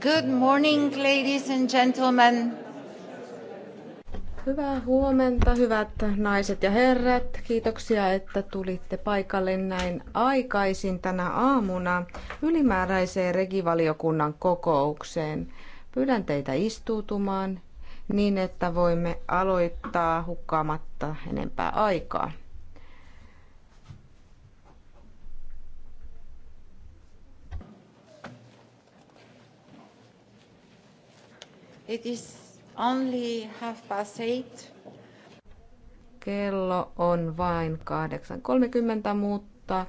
Good morning, ladies and gentlemen. Hyvää huomenta, hyvät naiset ja herrat. Kiitoksia, että tulitte paikalle näin aikaisin tänä aamuna ylimääräiseen regivaliokunnan kokoukseen. Pyydän teitä istuutumaan niin, että voimme aloittaa hukkaamatta enempää aikaa. It is only half past eight. Kello on vain 8.30, mutta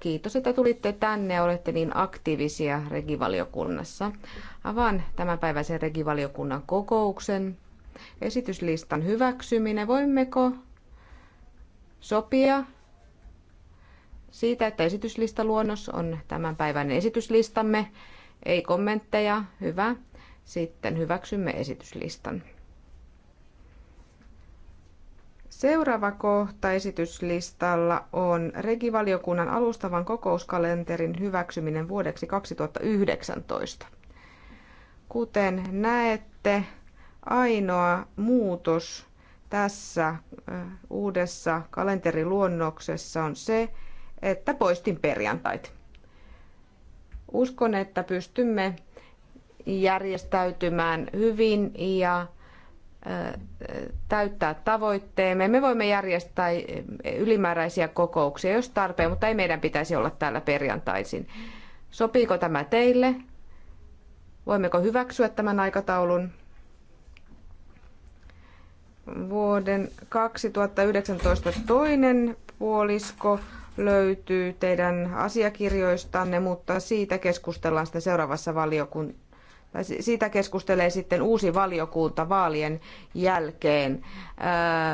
kiitos, että tulitte tänne ja olette niin aktiivisia regivaliokunnassa. Avaan tämän päiväisen regivaliokunnan kokouksen. Esityslistan hyväksyminen. Voimmeko sopia siitä, että esityslistaluonnos on tämän päivän esityslistamme. Ei kommentteja, hyvä sitten hyväksymme esityslistan. Seuraava kohta esityslistalla on regivaliokunnan alustavan kokouskalenterin hyväksyminen vuodeksi 2019. Kuten näette, ainoa muutos tässä uudessa kalenteriluonnoksessa on se, että poistin perjantait. Uskon, että pystymme järjestäytymään hyvin ja täyttää tavoitteemme. Me voimme järjestää ylimääräisiä kokouksia, jos tarpeen, mutta ei meidän pitäisi olla täällä perjantaisin. Sopiiko tämä teille? Voimmeko hyväksyä tämän aikataulun? Vuoden 2019 toinen puolisko löytyy teidän asiakirjoistanne, mutta siitä keskustellaan sitten seuraavassa valiokunnassa siitä keskustelee sitten uusi valiokunta vaalien jälkeen.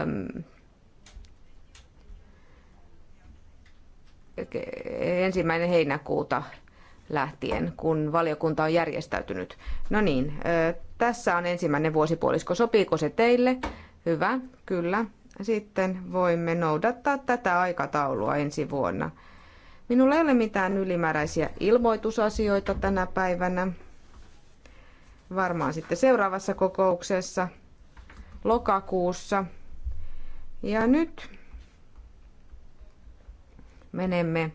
Ähm, ensimmäinen heinäkuuta lähtien, kun valiokunta on järjestäytynyt. No niin, tässä on ensimmäinen vuosipuolisko. Sopiiko se teille? Hyvä, kyllä. Sitten voimme noudattaa tätä aikataulua ensi vuonna. Minulla ei ole mitään ylimääräisiä ilmoitusasioita tänä päivänä varmaan sitten seuraavassa kokouksessa lokakuussa. Ja nyt menemme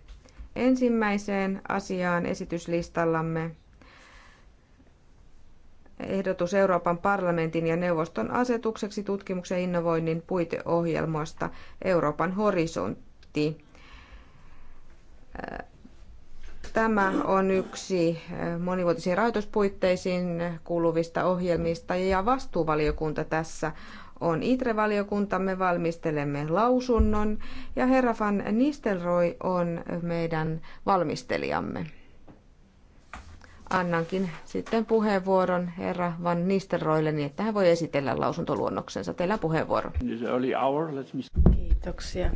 ensimmäiseen asiaan esityslistallamme. Ehdotus Euroopan parlamentin ja neuvoston asetukseksi tutkimuksen innovoinnin puiteohjelmasta Euroopan horisontti. Tämä on yksi eh, monivuotisiin rahoituspuitteisiin kuuluvista ohjelmista ja vastuuvaliokunta tässä on ITRE-valiokunta. Me valmistelemme lausunnon ja herra Van Nistelrooy on meidän valmistelijamme. Annankin sitten puheenvuoron herra Van Nistelrooylle niin, että hän voi esitellä lausuntoluonnoksensa. Teillä puheenvuoro. Kiitoksia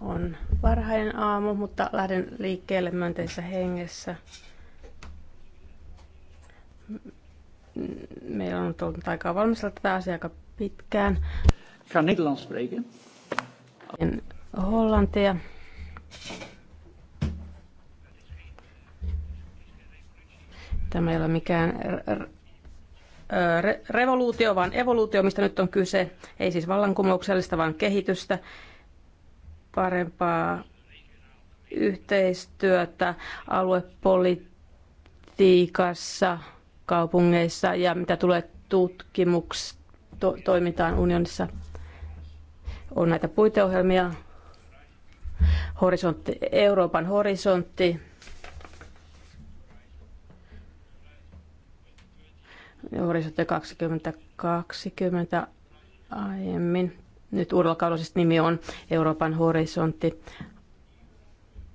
on varhainen aamu, mutta lähden liikkeelle myönteisessä hengessä. Meillä on ollut aikaa valmistella tätä asiaa aika pitkään. Kan Nederlands spreken. En hollantia. Tämä ei ole mikään revoluutio, vaan evoluutio, mistä nyt on kyse. Ei siis vallankumouksellista, vaan kehitystä parempaa yhteistyötä aluepolitiikassa kaupungeissa ja mitä tulee tutkimustoimintaan toimintaan unionissa. On näitä puiteohjelmia, horisontti, Euroopan horisontti, horisontti 2020 aiemmin nyt uudella kaudella siis nimi on Euroopan horisontti.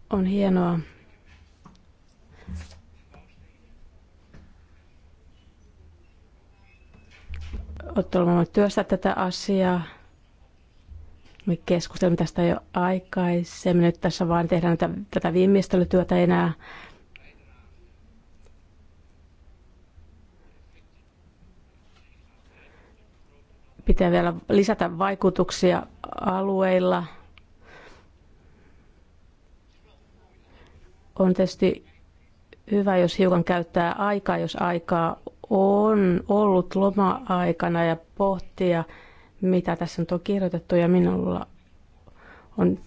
On hienoa. Olette olleet työstä tätä asiaa. Me keskustelimme tästä jo aikaisemmin. Nyt tässä vain tehdään tätä viimeistelytyötä enää. Pitää vielä lisätä vaikutuksia alueilla. On tietysti hyvä, jos hiukan käyttää aikaa, jos aikaa on ollut loma-aikana ja pohtia, mitä tässä nyt on kirjoitettu. Ja minulla on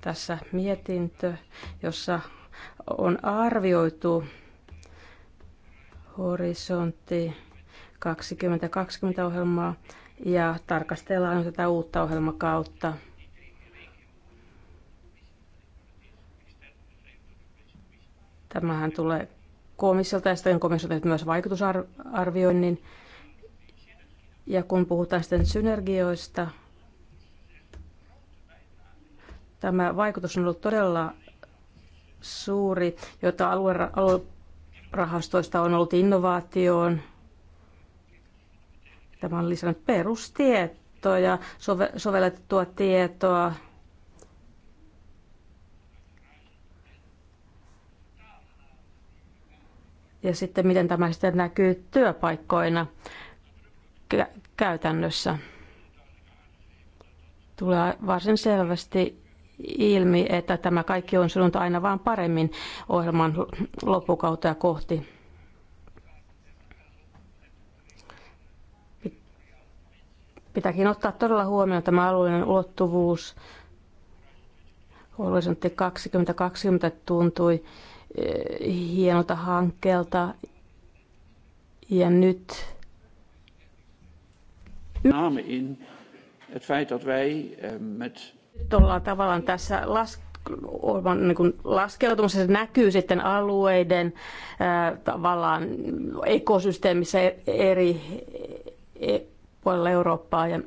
tässä mietintö, jossa on arvioitu horisontti 2020 ohjelmaa ja tarkastellaan tätä uutta ohjelmakautta. Tämähän tulee komissiolta ja sitten komissio tehnyt myös vaikutusarvioinnin. Ja kun puhutaan sitten synergioista, tämä vaikutus on ollut todella suuri, jota aluerahastoista on ollut innovaatioon, mä olen lisännyt perustietoja, sove- sovellettua tietoa. Ja sitten miten tämä sitten näkyy työpaikkoina käytännössä. Tulee varsin selvästi ilmi, että tämä kaikki on sinulta aina vaan paremmin ohjelman loppukautta kohti. Pitääkin ottaa todella huomioon tämä alueellinen ulottuvuus. Horisontti 2020 tuntui eh, hienolta hankkeelta. Ja nyt... Name in het feit dat wij eh, met... Nyt ollaan tavallaan tässä las, niin laskeutumassa, se näkyy sitten alueiden eh, tavallaan ekosysteemissä eri puolella Eurooppaa. Ja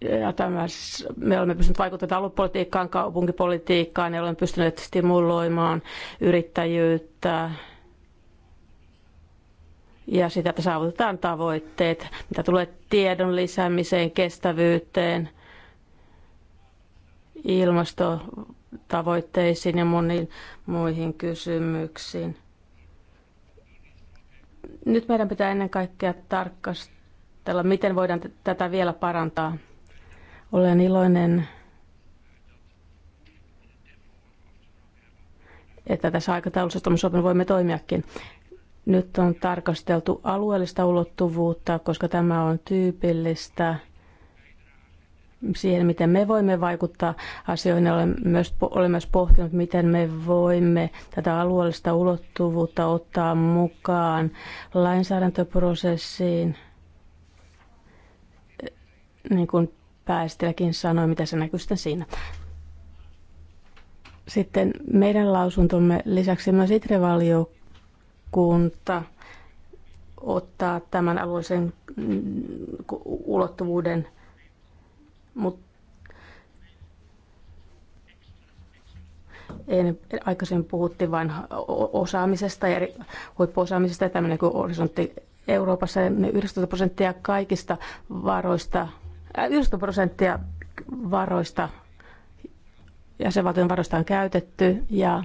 ja tämä, me olemme pystyneet vaikuttamaan aluepolitiikkaan, kaupunkipolitiikkaan ja olemme pystyneet stimuloimaan yrittäjyyttä ja sitä, että saavutetaan tavoitteet, mitä tulee tiedon lisäämiseen, kestävyyteen, ilmasto, tavoitteisiin ja moniin muihin kysymyksiin. Nyt meidän pitää ennen kaikkea tarkastella, miten voidaan tätä vielä parantaa. Olen iloinen, että tässä aikataulussa sopimuksen voimme toimiakin. Nyt on tarkasteltu alueellista ulottuvuutta, koska tämä on tyypillistä – siihen, miten me voimme vaikuttaa asioihin. Olen myös, olen myös pohtinut, miten me voimme tätä alueellista ulottuvuutta ottaa mukaan lainsäädäntöprosessiin. Niin kuin päästilläkin sanoi, mitä se näkyy sitten siinä. Sitten meidän lausuntomme lisäksi myös itrevaliokunta ottaa tämän alueellisen mm, ulottuvuuden Mut en, aikaisemmin puhuttiin vain osaamisesta ja huippuosaamisesta ja tämmöinen kuin horisontti Euroopassa 90 prosenttia kaikista varoista, äh, 90 prosenttia varoista jäsenvaltion varoista on käytetty ja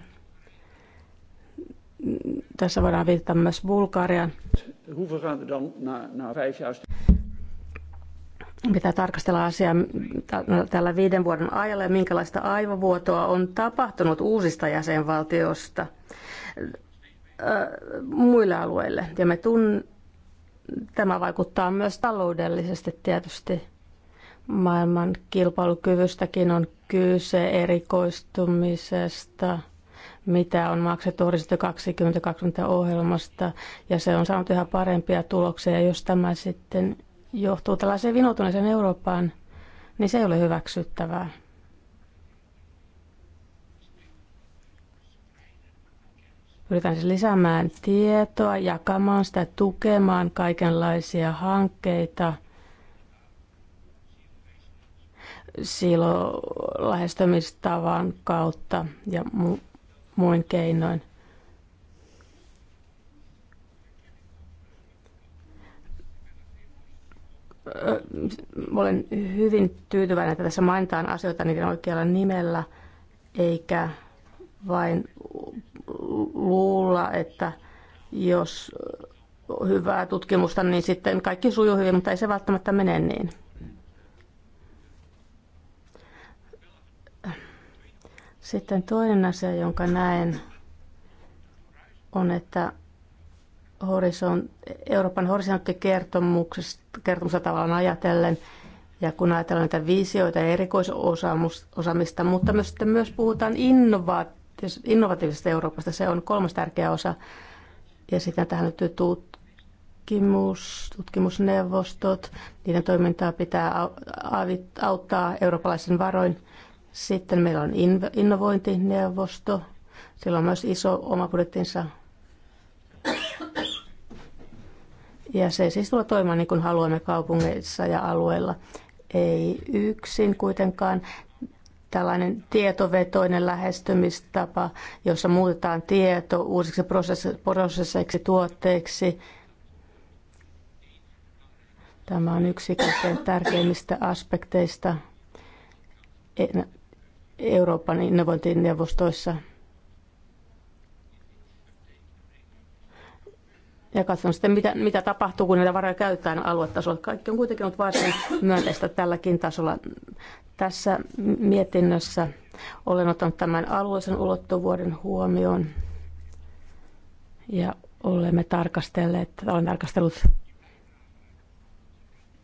tässä voidaan viitata myös Bulgarian. Hoeveel gaan er dan na, na vijf jaar pitää tarkastella asiaa no, tällä viiden vuoden ajalla ja minkälaista aivovuotoa on tapahtunut uusista jäsenvaltioista muille alueille. Ja me tun... tämä vaikuttaa myös taloudellisesti tietysti. Maailman kilpailukyvystäkin on kyse erikoistumisesta, mitä on maksettu Horisontti 2020 ohjelmasta, ja se on saanut yhä parempia tuloksia, jos tämä sitten johtuu tällaiseen vinoutuneeseen Eurooppaan, niin se ei ole hyväksyttävää. Pyritään siis lisäämään tietoa, jakamaan sitä, tukemaan kaikenlaisia hankkeita. Silo lähestymistavan kautta ja mu- muin keinoin. olen hyvin tyytyväinen, että tässä mainitaan asioita niiden oikealla nimellä, eikä vain luulla, että jos hyvää tutkimusta, niin sitten kaikki sujuu hyvin, mutta ei se välttämättä mene niin. Sitten toinen asia, jonka näen, on, että horisont, Euroopan horisonttikertomuksesta tavallaan ajatellen, ja kun ajatellaan näitä visioita ja erikoisosaamista, mutta myös, että myös puhutaan innovatiivisesta Euroopasta, se on kolmas tärkeä osa. Ja sitten tähän löytyy tutkimus, tutkimusneuvostot, niiden toimintaa pitää auttaa eurooppalaisen varoin. Sitten meillä on innovointineuvosto, sillä on myös iso oma budjettinsa Ja se siis tulee toimimaan niin kuin haluamme kaupungeissa ja alueilla. Ei yksin kuitenkaan tällainen tietovetoinen lähestymistapa, jossa muutetaan tieto uusiksi prosesseiksi, tuotteiksi. Tämä on yksi tärkeimmistä aspekteista Euroopan innovointineuvostoissa. neuvostoissa ja katson sitten, mitä, mitä tapahtuu, kun niitä varoja käytetään aluetasolla. Kaikki on kuitenkin ollut varsin myönteistä tälläkin tasolla. Tässä mietinnössä olen ottanut tämän alueellisen ulottuvuuden huomioon ja olemme tarkastelleet, olen tarkastellut,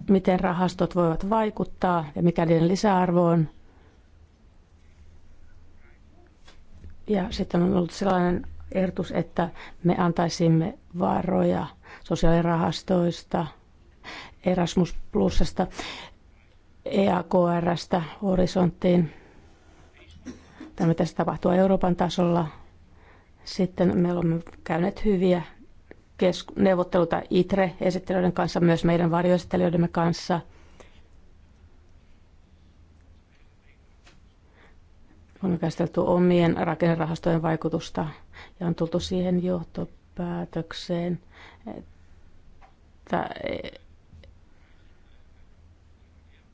miten rahastot voivat vaikuttaa ja mikä niiden lisäarvo on. Ja sitten on ollut sellainen ehdotus, että me antaisimme varoja sosiaalirahastoista, Erasmus Plusasta, EAKRstä, horisonttiin. Tämä tässä tapahtuu Euroopan tasolla. Sitten me olemme käyneet hyviä kesku- neuvotteluita ITRE-esittelijöiden kanssa, myös meidän varjoesittelijöidemme kanssa. On käsitelty omien rakennerahastojen vaikutusta ja on tultu siihen johtopäätökseen, että e,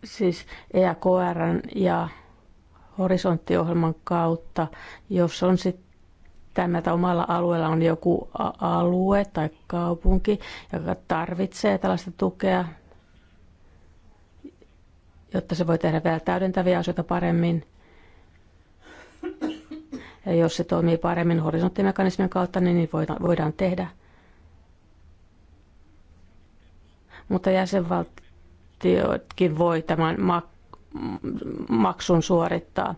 siis EAKR ja horisonttiohjelman kautta, jos on sitten tämä että omalla alueella on joku alue tai kaupunki, joka tarvitsee tällaista tukea, jotta se voi tehdä vielä täydentäviä asioita paremmin, ja jos se toimii paremmin horisonttimekanismin kautta, niin niin voidaan tehdä. Mutta jäsenvaltiotkin voi tämän maksun suorittaa.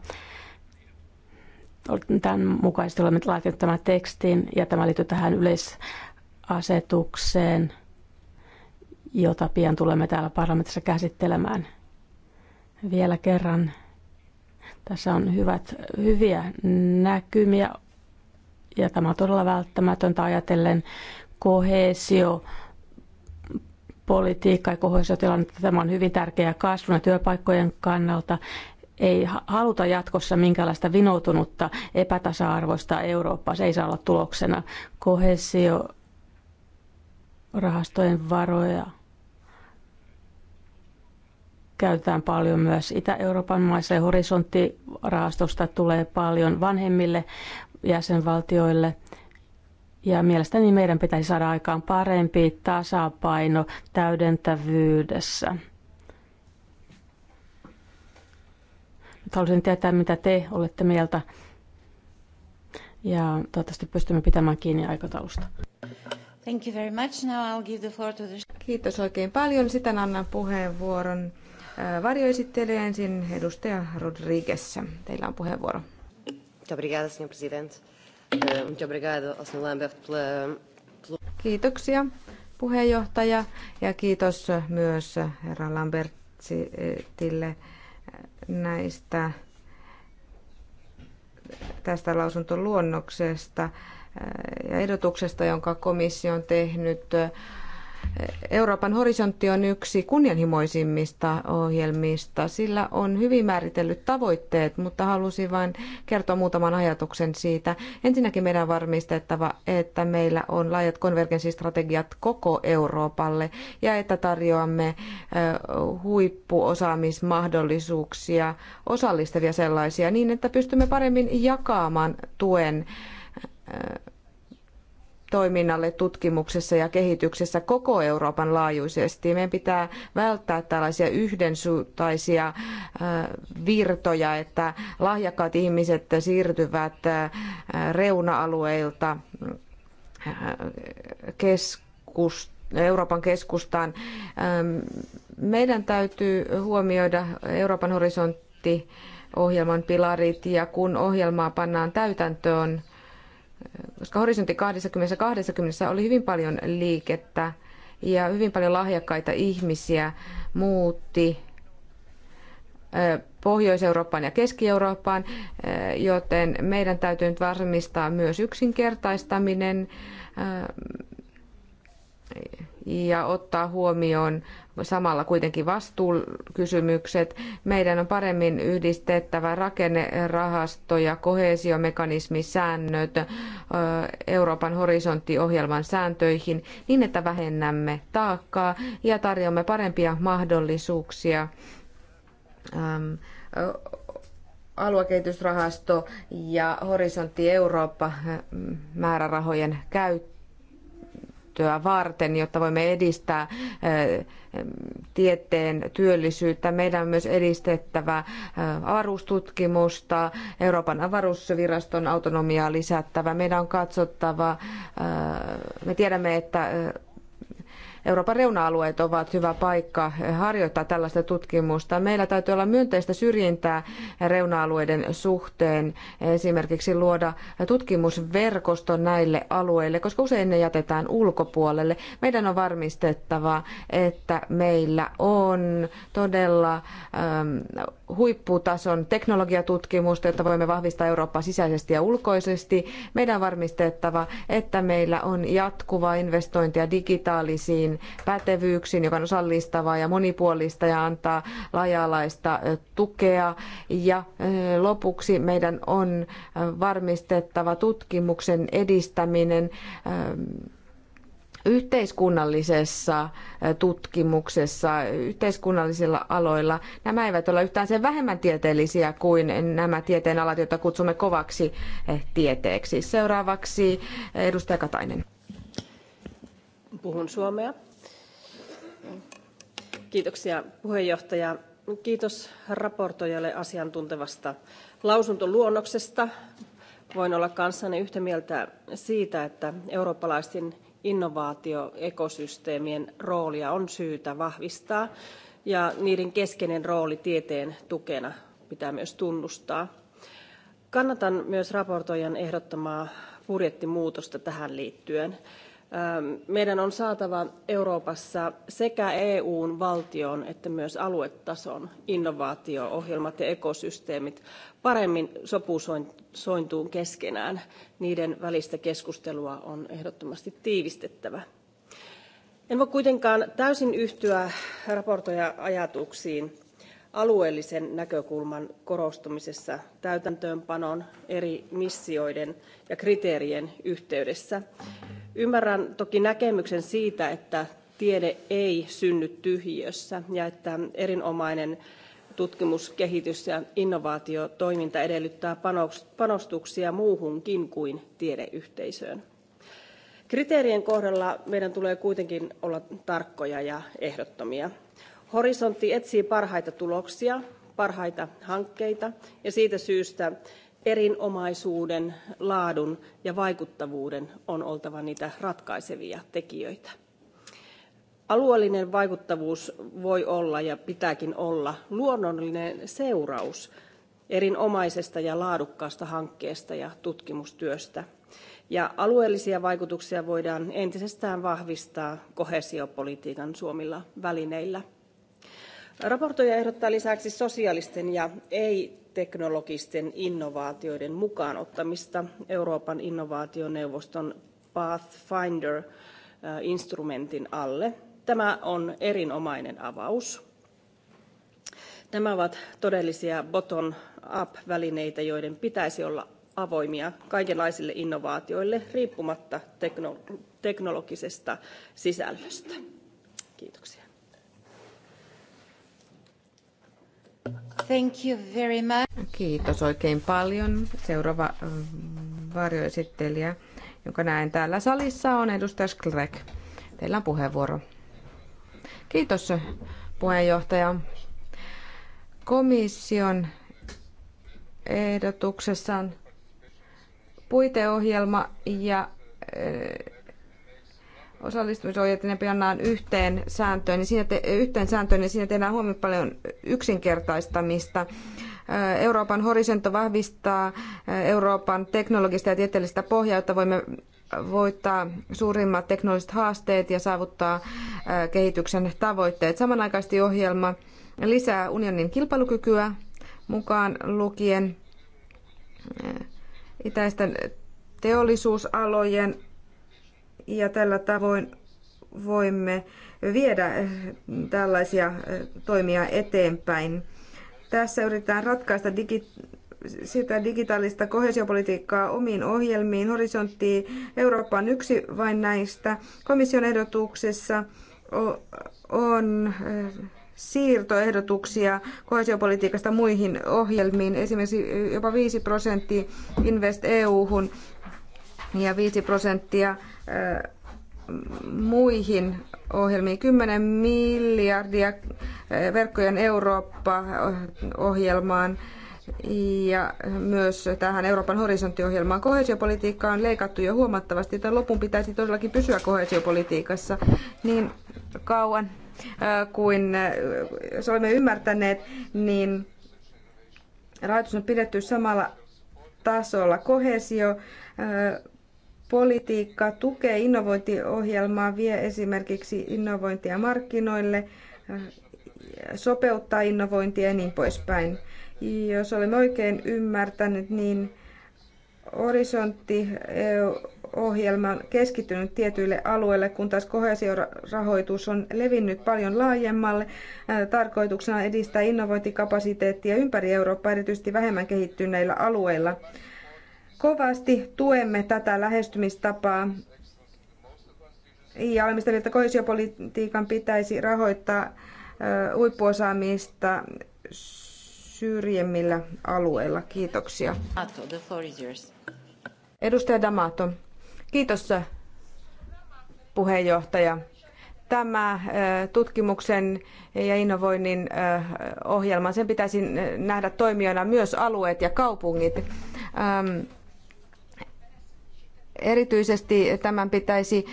Tämän mukaisesti olemme laatineet tämän tekstin ja tämä liittyy tähän yleisasetukseen, jota pian tulemme täällä parlamentissa käsittelemään. Vielä kerran tässä on hyvät, hyviä näkymiä ja tämä on todella välttämätöntä ajatellen kohesio, politiikka ja kohesiotilannetta. Tämä on hyvin tärkeää kasvun ja työpaikkojen kannalta. Ei haluta jatkossa minkäänlaista vinoutunutta epätasa-arvoista Eurooppaa. Se ei saa olla tuloksena kohesio rahastojen varoja käytetään paljon myös Itä-Euroopan maissa ja horisonttirahastosta tulee paljon vanhemmille jäsenvaltioille. Ja mielestäni meidän pitäisi saada aikaan parempi tasapaino täydentävyydessä. Nyt haluaisin tietää, mitä te olette mieltä. Ja toivottavasti pystymme pitämään kiinni aikataulusta. Thank you very much. Now I'll give the floor to the... Kiitos oikein paljon. Sitten annan puheenvuoron varjoesittelyä. Ensin edustaja Rodriguez. Teillä on puheenvuoro. Kiitoksia puheenjohtaja ja kiitos myös herra Lambertille näistä tästä lausuntoluonnoksesta ja ehdotuksesta, jonka komissio on tehnyt Euroopan horisontti on yksi kunnianhimoisimmista ohjelmista. Sillä on hyvin määritellyt tavoitteet, mutta halusin vain kertoa muutaman ajatuksen siitä. Ensinnäkin meidän on varmistettava, että meillä on laajat konvergenssistrategiat koko Euroopalle ja että tarjoamme huippuosaamismahdollisuuksia, osallistavia sellaisia, niin että pystymme paremmin jakamaan tuen toiminnalle tutkimuksessa ja kehityksessä koko Euroopan laajuisesti. Meidän pitää välttää tällaisia yhdensuuntaisia äh, virtoja, että lahjakkaat ihmiset siirtyvät äh, reuna-alueilta äh, Euroopan keskustaan. Ähm, meidän täytyy huomioida Euroopan horisontti ohjelman pilarit ja kun ohjelmaa pannaan täytäntöön, koska horisontti 2020 oli hyvin paljon liikettä ja hyvin paljon lahjakkaita ihmisiä muutti Pohjois-Eurooppaan ja Keski-Eurooppaan, joten meidän täytyy nyt varmistaa myös yksinkertaistaminen ja ottaa huomioon samalla kuitenkin vastuukysymykset. Meidän on paremmin yhdistettävä ja kohesiomekanismisäännöt Euroopan horisonttiohjelman sääntöihin niin, että vähennämme taakkaa ja tarjoamme parempia mahdollisuuksia aluekehitysrahasto ja horisontti Eurooppa määrärahojen käyttöön käyttöä varten, jotta voimme edistää eh, tieteen työllisyyttä. Meidän on myös edistettävä avaruustutkimusta, eh, Euroopan avaruusviraston autonomiaa lisättävä. Meidän on katsottava, eh, me tiedämme, että Euroopan reuna-alueet ovat hyvä paikka harjoittaa tällaista tutkimusta. Meillä täytyy olla myönteistä syrjintää reuna-alueiden suhteen, esimerkiksi luoda tutkimusverkosto näille alueille, koska usein ne jätetään ulkopuolelle. Meidän on varmistettava, että meillä on todella ähm, huipputason teknologiatutkimusta, jotta voimme vahvistaa Eurooppaa sisäisesti ja ulkoisesti. Meidän on varmistettava, että meillä on jatkuvaa investointia digitaalisiin pätevyyksiin, joka on osallistavaa ja monipuolista ja antaa laaja-alaista tukea. Ja lopuksi meidän on varmistettava tutkimuksen edistäminen yhteiskunnallisessa tutkimuksessa, yhteiskunnallisilla aloilla. Nämä eivät ole yhtään sen vähemmän tieteellisiä kuin nämä tieteenalat, joita kutsumme kovaksi eh, tieteeksi. Seuraavaksi edustaja Katainen puhun suomea. Kiitoksia puheenjohtaja. Kiitos raportoijalle asiantuntevasta lausuntoluonnoksesta. Voin olla kanssanne yhtä mieltä siitä, että eurooppalaisten innovaatioekosysteemien roolia on syytä vahvistaa ja niiden keskeinen rooli tieteen tukena pitää myös tunnustaa. Kannatan myös raportoijan ehdottamaa budjettimuutosta tähän liittyen meidän on saatava Euroopassa sekä EUn valtion että myös aluetason innovaatio-ohjelmat ja ekosysteemit paremmin sopusointuun keskenään. Niiden välistä keskustelua on ehdottomasti tiivistettävä. En voi kuitenkaan täysin yhtyä raportoja ajatuksiin alueellisen näkökulman korostumisessa täytäntöönpanon eri missioiden ja kriteerien yhteydessä Ymmärrän toki näkemyksen siitä, että tiede ei synny tyhjiössä ja että erinomainen tutkimus, kehitys ja innovaatiotoiminta edellyttää panostuksia muuhunkin kuin tiedeyhteisöön. Kriteerien kohdalla meidän tulee kuitenkin olla tarkkoja ja ehdottomia. Horisontti etsii parhaita tuloksia, parhaita hankkeita ja siitä syystä erinomaisuuden, laadun ja vaikuttavuuden on oltava niitä ratkaisevia tekijöitä. Alueellinen vaikuttavuus voi olla ja pitääkin olla luonnollinen seuraus erinomaisesta ja laadukkaasta hankkeesta ja tutkimustyöstä. Ja alueellisia vaikutuksia voidaan entisestään vahvistaa kohesiopolitiikan suomilla välineillä. Raportoija ehdottaa lisäksi sosiaalisten ja ei teknologisten innovaatioiden mukaan ottamista Euroopan innovaationeuvoston Pathfinder-instrumentin äh, alle. Tämä on erinomainen avaus. Nämä ovat todellisia bottom-up-välineitä, joiden pitäisi olla avoimia kaikenlaisille innovaatioille riippumatta teknologisesta sisällöstä. Kiitoksia. Thank you very much. Kiitos oikein paljon. Seuraava mm, varjoesittelijä, jonka näen täällä salissa, on edustaja Skrek. Teillä on puheenvuoro. Kiitos puheenjohtaja. Komission ehdotuksessa on puiteohjelma ja eh, osallistumisohjeet pannaan yhteen sääntöön, niin siinä, te, yhteen sääntöön, niin siinä tehdään huomioon paljon yksinkertaistamista. Euroopan horisonto vahvistaa Euroopan teknologista ja tieteellistä pohjaa, jotta voimme voittaa suurimmat teknologiset haasteet ja saavuttaa kehityksen tavoitteet. Samanaikaisesti ohjelma lisää unionin kilpailukykyä mukaan lukien itäisten teollisuusalojen ja tällä tavoin voimme viedä eh, tällaisia eh, toimia eteenpäin. Tässä yritetään ratkaista digi- sitä digitaalista kohesiopolitiikkaa omiin ohjelmiin. Horisontti Eurooppa on yksi vain näistä. Komission ehdotuksessa on eh, siirtoehdotuksia kohesiopolitiikasta muihin ohjelmiin, esimerkiksi jopa 5 prosenttia Invest EU-hun ja 5 prosenttia muihin ohjelmiin. 10 miljardia eh, verkkojen Eurooppa-ohjelmaan ja myös tähän Euroopan horisonttiohjelmaan. Kohesiopolitiikka on leikattu jo huomattavasti, että lopun pitäisi todellakin pysyä kohesiopolitiikassa niin kauan eh, kuin eh, se olemme ymmärtäneet, niin rahoitus on pidetty samalla tasolla. Kohesio politiikka tukee innovointiohjelmaa, vie esimerkiksi innovointia markkinoille, äh, sopeuttaa innovointia ja niin poispäin. Jos olen oikein ymmärtänyt, niin horisontti ohjelma on keskittynyt tietyille alueille, kun taas kohesiorahoitus on levinnyt paljon laajemmalle. Äh, tarkoituksena edistää innovointikapasiteettia ympäri Eurooppaa, erityisesti vähemmän kehittyneillä alueilla. Kovasti tuemme tätä lähestymistapaa ja olemme sitä mieltä, että koisiopolitiikan pitäisi rahoittaa huippuosaamista syrjemmillä alueilla. Kiitoksia. Edustaja Damato. Kiitos puheenjohtaja. Tämä tutkimuksen ja innovoinnin ohjelma, sen pitäisi nähdä toimijana myös alueet ja kaupungit Erityisesti tämän pitäisi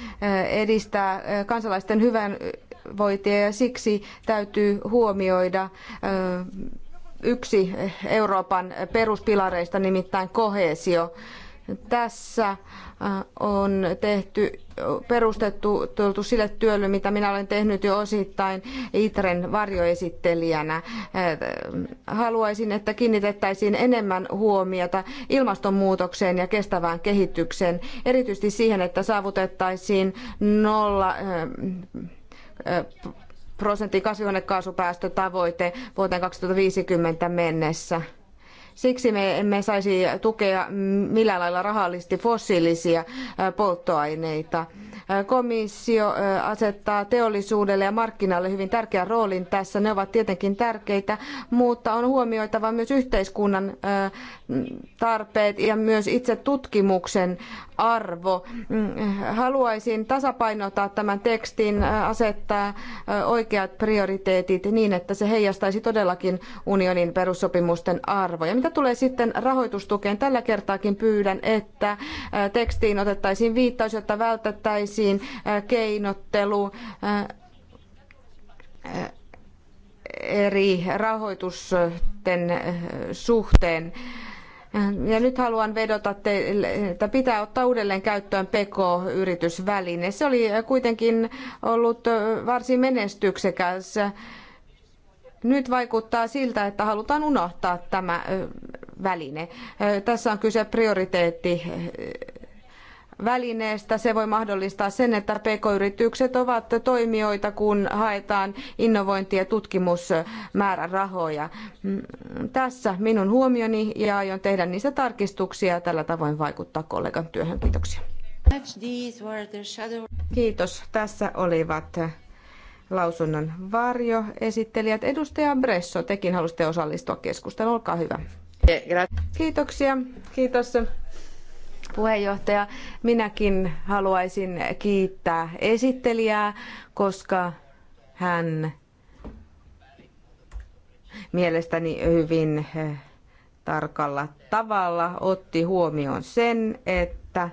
edistää kansalaisten hyvänvointia ja siksi täytyy huomioida yksi Euroopan peruspilareista, nimittäin koheesio tässä äh, on tehty, perustettu tultu sille työlle, mitä minä olen tehnyt jo osittain ITREn varjoesittelijänä. Äh, haluaisin, että kiinnitettäisiin enemmän huomiota ilmastonmuutokseen ja kestävään kehitykseen, erityisesti siihen, että saavutettaisiin nolla äh, prosentin kasvihuonekaasupäästötavoite vuoteen 2050 mennessä Siksi me emme saisi tukea millään lailla rahallisesti fossiilisia polttoaineita. Komissio asettaa teollisuudelle ja markkinalle hyvin tärkeän roolin tässä. Ne ovat tietenkin tärkeitä, mutta on huomioitava myös yhteiskunnan tarpeet ja myös itse tutkimuksen arvo. Haluaisin tasapainottaa tämän tekstin, asettaa oikeat prioriteetit niin, että se heijastaisi todellakin unionin perussopimusten arvoja. Mitä tulee sitten rahoitustukeen, tällä kertaakin pyydän, että äh, tekstiin otettaisiin viittaus, jotta vältettäisiin äh, keinottelu äh, eri rahoitusten suhteen. Ja nyt haluan vedota teille, että pitää ottaa uudelleen käyttöön PK-yritysväline. Se oli kuitenkin ollut varsin menestyksekäs nyt vaikuttaa siltä, että halutaan unohtaa tämä väline. Tässä on kyse prioriteetti välineestä. Se voi mahdollistaa sen, että pk-yritykset ovat toimijoita, kun haetaan innovointi- ja tutkimusmäärärahoja. Mm, tässä minun huomioni ja aion tehdä niistä tarkistuksia ja tällä tavoin vaikuttaa kollegan työhön. Kiitoksia. Kiitos. Tässä olivat lausunnon varjo. Esittelijät edustaja Bresso, tekin halusitte osallistua keskusteluun, olkaa hyvä. Kiitoksia, kiitos puheenjohtaja. Minäkin haluaisin kiittää esittelijää, koska hän mielestäni hyvin eh, tarkalla tavalla otti huomioon sen, että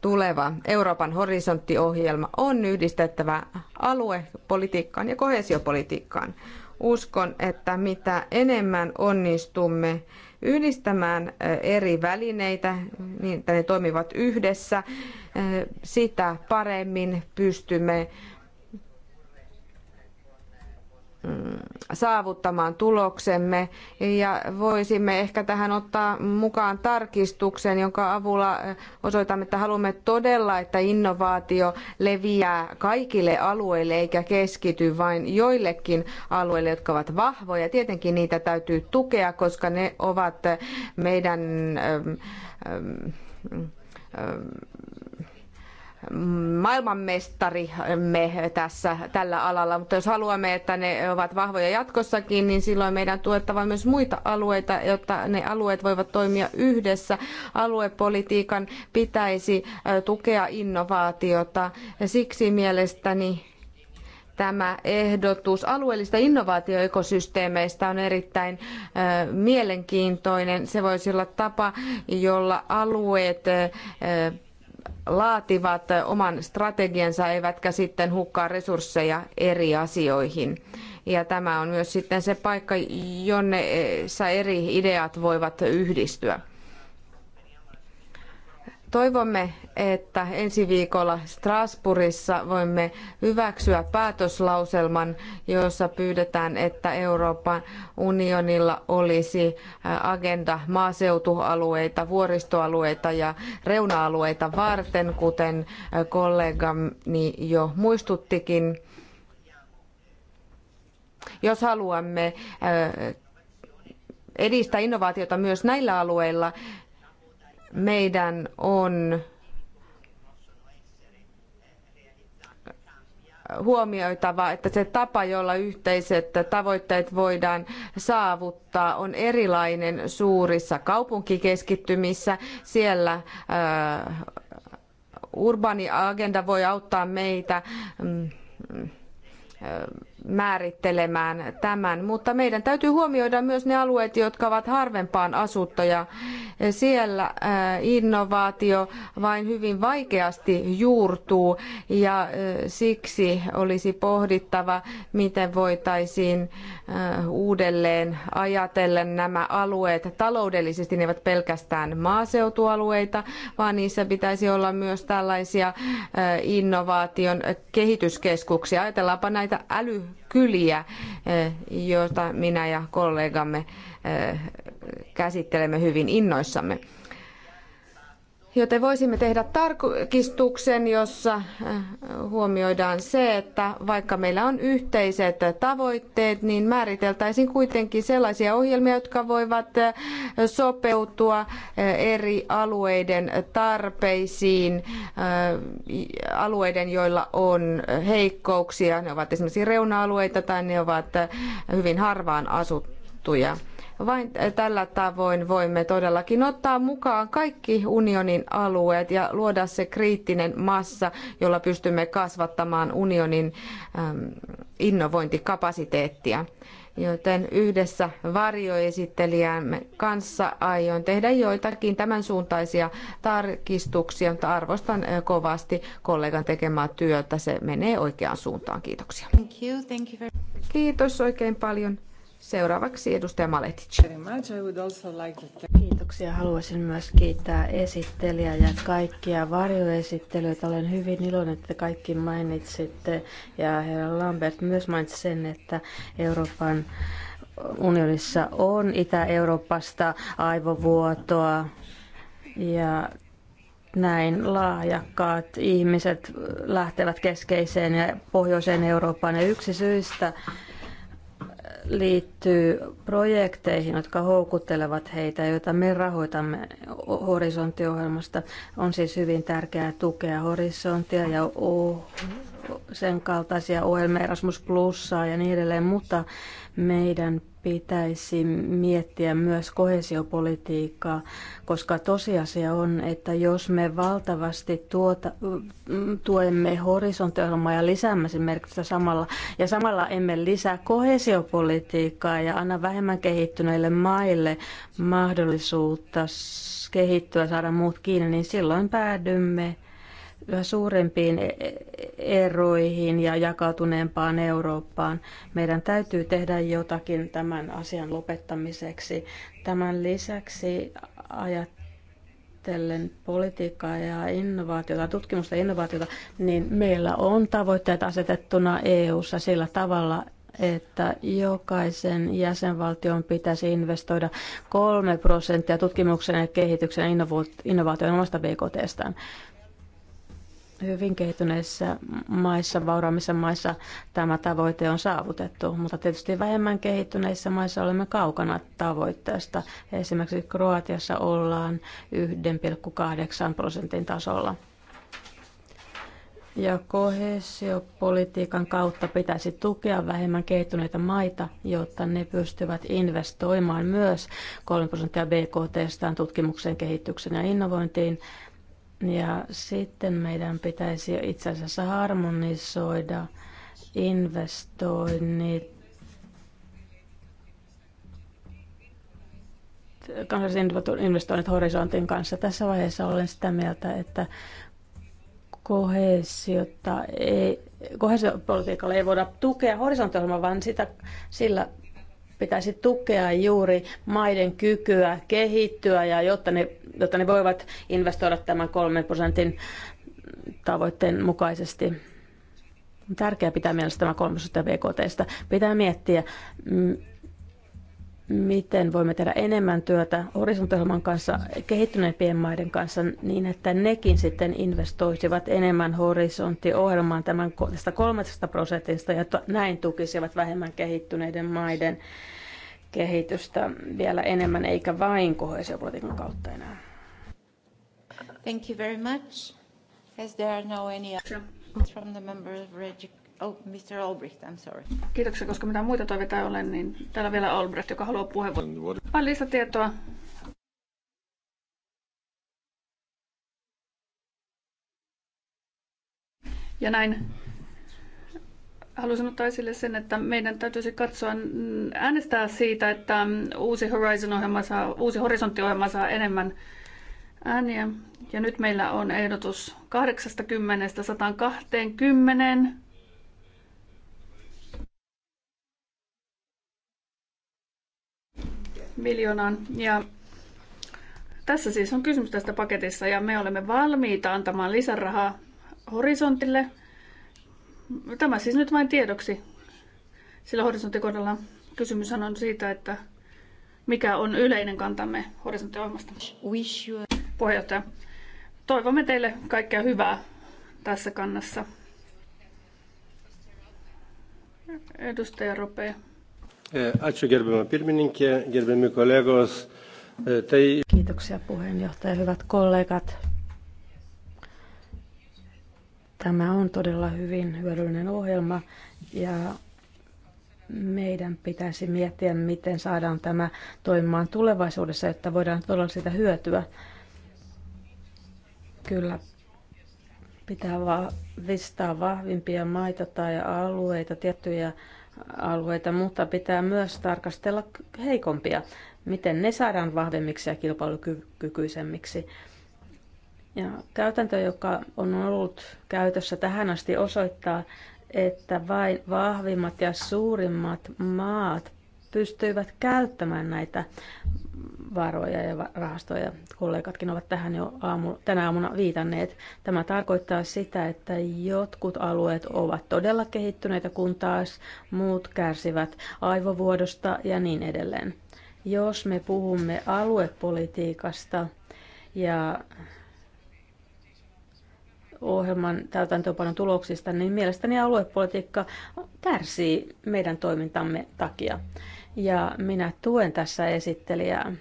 tuleva Euroopan horisonttiohjelma on yhdistettävä aluepolitiikkaan ja kohesiopolitiikkaan. Uskon, että mitä enemmän onnistumme yhdistämään eri välineitä, niin että ne toimivat yhdessä, sitä paremmin pystymme Mm, saavuttamaan tuloksemme ja voisimme ehkä tähän ottaa mukaan tarkistuksen, jonka avulla eh, osoitamme, että haluamme todella, että innovaatio leviää kaikille alueille eikä keskity vain joillekin alueille, jotka ovat vahvoja. Tietenkin niitä täytyy tukea, koska ne ovat eh, meidän eh, mm, mm, maailmanmestarimme tässä, tällä alalla, mutta jos haluamme, että ne ovat vahvoja jatkossakin, niin silloin meidän tuettava myös muita alueita, jotta ne alueet voivat toimia yhdessä. Aluepolitiikan pitäisi tukea innovaatiota. Siksi mielestäni tämä ehdotus alueellista innovaatioekosysteemeistä on erittäin mielenkiintoinen. Se voisi olla tapa, jolla alueet laativat oman strategiansa eivätkä sitten hukkaa resursseja eri asioihin. Ja tämä on myös sitten se paikka, jonne eh, eri ideat voivat yhdistyä. Toivomme, että ensi viikolla Strasbourgissa voimme hyväksyä päätöslauselman, jossa pyydetään, että Euroopan unionilla olisi agenda maaseutualueita, vuoristoalueita ja reuna-alueita varten, kuten kollegani jo muistuttikin. Jos haluamme edistää innovaatiota myös näillä alueilla, meidän on huomioitava, että se tapa, jolla yhteiset tavoitteet voidaan saavuttaa, on erilainen suurissa kaupunkikeskittymissä. Siellä äh, urbaani agenda voi auttaa meitä mm, äh, määrittelemään tämän, mutta meidän täytyy huomioida myös ne alueet, jotka ovat harvempaan asuttuja. Siellä äh, innovaatio vain hyvin vaikeasti juurtuu ja äh, siksi olisi pohdittava, miten voitaisiin äh, uudelleen ajatella nämä alueet taloudellisesti. Ne eivät pelkästään maaseutualueita, vaan niissä pitäisi olla myös tällaisia innovaation kehityskeskuksia. Ajatellaanpa näitä äly kyliä, eh, joita minä ja kollegamme eh, käsittelemme hyvin innoissamme. Joten voisimme tehdä tarkistuksen, jossa äh, huomioidaan se, että vaikka meillä on yhteiset tavoitteet, niin määriteltäisiin kuitenkin sellaisia ohjelmia, jotka voivat äh, sopeutua äh, eri alueiden tarpeisiin, alueiden, joilla on heikkouksia. Ne ovat esimerkiksi reuna-alueita tai ne ovat hyvin harvaan asuttuja vain tällä tavoin voimme todellakin ottaa mukaan kaikki unionin alueet ja luoda se kriittinen massa, jolla pystymme kasvattamaan unionin innovointikapasiteettia joten yhdessä varjoesittelijämme kanssa aion tehdä joitakin tämän suuntaisia tarkistuksia, mutta arvostan kovasti kollegan tekemää työtä. Se menee oikeaan suuntaan. Kiitoksia. Thank you. Thank you Kiitos oikein paljon. Seuraavaksi edustaja Maletic. Kiitoksia. Haluaisin myös kiittää esittelijää ja kaikkia varjoesittelyitä. Olen hyvin iloinen, että kaikki mainitsitte ja herra Lambert myös mainitsi sen, että Euroopan unionissa on Itä-Euroopasta aivovuotoa ja näin laajakkaat ihmiset lähtevät keskeiseen ja pohjoiseen Eurooppaan. Ja yksi syistä, liittyy projekteihin, jotka houkuttelevat heitä, joita me rahoitamme horisonttiohjelmasta. On siis hyvin tärkeää tukea horisonttia ja sen kaltaisia ohjelmia Erasmus Plussaa ja niin edelleen, mutta meidän pitäisi miettiä myös kohesiopolitiikkaa, koska tosiasia on, että jos me valtavasti tuota, tuemme horisonttiohjelmaa ja lisäämme sen merkitystä samalla, ja samalla emme lisää kohesiopolitiikkaa ja anna vähemmän kehittyneille maille mahdollisuutta kehittyä, saada muut kiinni, niin silloin päädymme yhä suurempiin e- e- eroihin ja jakautuneempaan Eurooppaan. Meidän täytyy tehdä jotakin tämän asian lopettamiseksi. Tämän lisäksi ajattelen politiikkaa ja innovaatiota, tutkimusta ja innovaatiota, niin meillä on tavoitteet asetettuna EU:ssa sillä tavalla, että jokaisen jäsenvaltion pitäisi investoida kolme prosenttia tutkimuksen ja kehityksen ja innovaatioon omasta BKTstään hyvin kehittyneissä maissa, vauraamissa maissa tämä tavoite on saavutettu, mutta tietysti vähemmän kehittyneissä maissa olemme kaukana tavoitteesta. Esimerkiksi Kroatiassa ollaan 1,8 prosentin tasolla. Ja kohesiopolitiikan kautta pitäisi tukea vähemmän kehittyneitä maita, jotta ne pystyvät investoimaan myös 3 prosenttia BKTstään tutkimukseen, kehitykseen ja innovointiin – ja sitten meidän pitäisi itse asiassa harmonisoida investoinnit kansallisen investoinnit horisontin kanssa. Tässä vaiheessa olen sitä mieltä, että kohesiota ei, kohesiopolitiikalla ei voida tukea horisontti vaan sitä, sillä Pitäisi tukea juuri maiden kykyä kehittyä ja jotta ne, jotta ne voivat investoida tämän kolmen prosentin tavoitteen mukaisesti. On tärkeää pitää mielessä tämä kolmasosa BKTstä. Pitää miettiä, mm, miten voimme tehdä enemmän työtä horisontelman kanssa, kehittyneempien maiden kanssa, niin että nekin sitten investoisivat enemmän horisonttiohjelmaan tämän, tästä 13 prosentista, ja näin tukisivat vähemmän kehittyneiden maiden kehitystä vielä enemmän, eikä vain kohesiopolitiikan kautta enää. Thank you very much. As there are no any from the members of Oh, Mr. Albrecht, I'm sorry. Kiitoksia, koska mitä muita toiveita ei ole, niin täällä on vielä Albrecht, joka haluaa puheenvuoron. Vain lisätietoa. Ja näin haluaisin ottaa esille sen, että meidän täytyisi katsoa, mm, äänestää siitä, että mm, uusi Horizon-ohjelma saa, uusi horisonttiohjelma saa enemmän ääniä. Ja nyt meillä on ehdotus 80-120 miljoonaan. Ja tässä siis on kysymys tästä paketissa ja me olemme valmiita antamaan lisärahaa horisontille. Tämä siis nyt vain tiedoksi, sillä horisonttikohdalla kysymys on siitä, että mikä on yleinen kantamme horisonttiohjelmasta. Puheenjohtaja, toivomme teille kaikkea hyvää tässä kannassa. Edustaja Ropea. E, ačiū gerbiamą pirmininkę, gerbiami kollegos. E, tai... Kiitoksia puheenjohtaja, hyvät kollegat. Tämä on todella hyvin hyödyllinen ohjelma ja meidän pitäisi miettiä, miten saadaan tämä toimimaan tulevaisuudessa, jotta voidaan todella sitä hyötyä. Kyllä pitää vahvistaa vahvimpia maita tai alueita, tiettyjä alueita, mutta pitää myös tarkastella heikompia, miten ne saadaan vahvemmiksi ja kilpailukykyisemmiksi. Ja käytäntö, joka on ollut käytössä tähän asti, osoittaa, että vain vahvimmat ja suurimmat maat pystyivät käyttämään näitä varoja ja rahastoja. Kollegatkin ovat tähän jo aamu, tänä aamuna viitanneet. Tämä tarkoittaa sitä, että jotkut alueet ovat todella kehittyneitä, kun taas muut kärsivät aivovuodosta ja niin edelleen. Jos me puhumme aluepolitiikasta ja ohjelman täytäntöönpanon tuloksista, niin mielestäni aluepolitiikka kärsii meidän toimintamme takia. Mm ja minä tuen tässä esittelijää.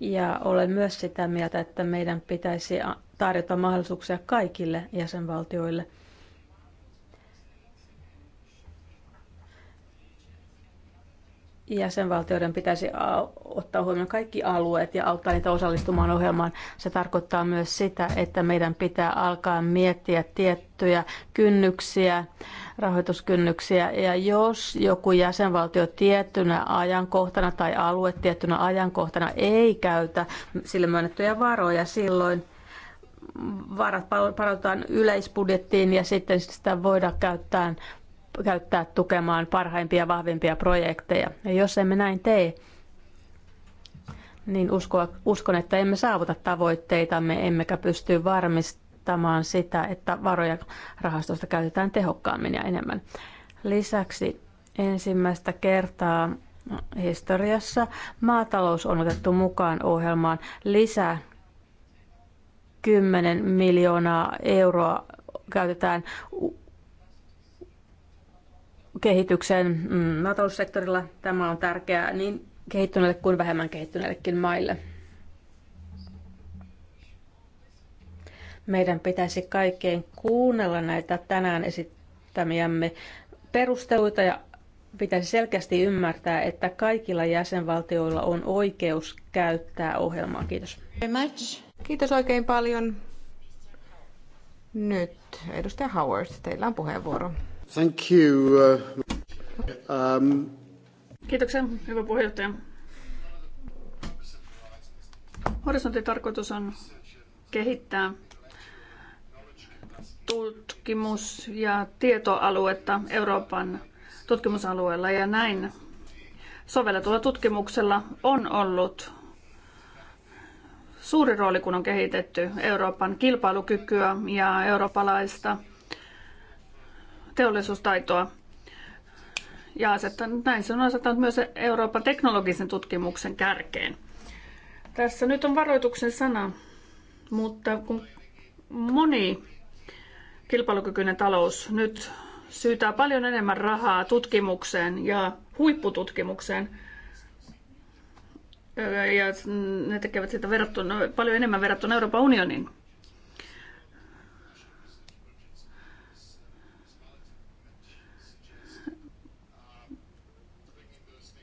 Ja olen myös sitä mieltä, että meidän pitäisi tarjota mahdollisuuksia kaikille jäsenvaltioille. Jäsenvaltioiden pitäisi ottaa huomioon kaikki alueet ja auttaa niitä osallistumaan ohjelmaan. Se tarkoittaa myös sitä, että meidän pitää alkaa miettiä tiettyjä kynnyksiä rahoituskynnyksiä. Ja jos joku jäsenvaltio tiettynä ajankohtana tai alue tiettynä ajankohtana ei käytä sille myönnettyjä varoja, silloin varat palautetaan yleisbudjettiin ja sitten sitä voidaan käyttää, käyttää tukemaan parhaimpia vahvimpia projekteja. Ja jos emme näin tee, niin uskon, että emme saavuta tavoitteitamme, emmekä pysty varmistamaan, painottamaan sitä, että varoja rahastosta käytetään tehokkaammin ja enemmän. Lisäksi ensimmäistä kertaa historiassa maatalous on otettu mukaan ohjelmaan. Lisää 10 miljoonaa euroa käytetään kehityksen mm, maataloussektorilla. Tämä on tärkeää niin kehittyneille kuin vähemmän kehittyneillekin maille. Meidän pitäisi kaikkein kuunnella näitä tänään esittämiämme perusteluita ja pitäisi selkeästi ymmärtää, että kaikilla jäsenvaltioilla on oikeus käyttää ohjelmaa. Kiitos. Kiitos oikein paljon. Nyt edustaja Howard, teillä on puheenvuoro. Thank you. Uh, um... Kiitoksia, hyvä puheenjohtaja. Horisontin tarkoitus on kehittää tutkimus- ja tietoaluetta Euroopan tutkimusalueella ja näin sovelletulla tutkimuksella on ollut suuri rooli, kun on kehitetty Euroopan kilpailukykyä ja eurooppalaista teollisuustaitoa. Ja asettanut, näin se on asettanut myös Euroopan teknologisen tutkimuksen kärkeen. Tässä nyt on varoituksen sana, mutta kun moni kilpailukykyinen talous nyt syytää paljon enemmän rahaa tutkimukseen ja huippututkimukseen. Ja ne tekevät sitä verrattuna, paljon enemmän verrattuna Euroopan unioniin.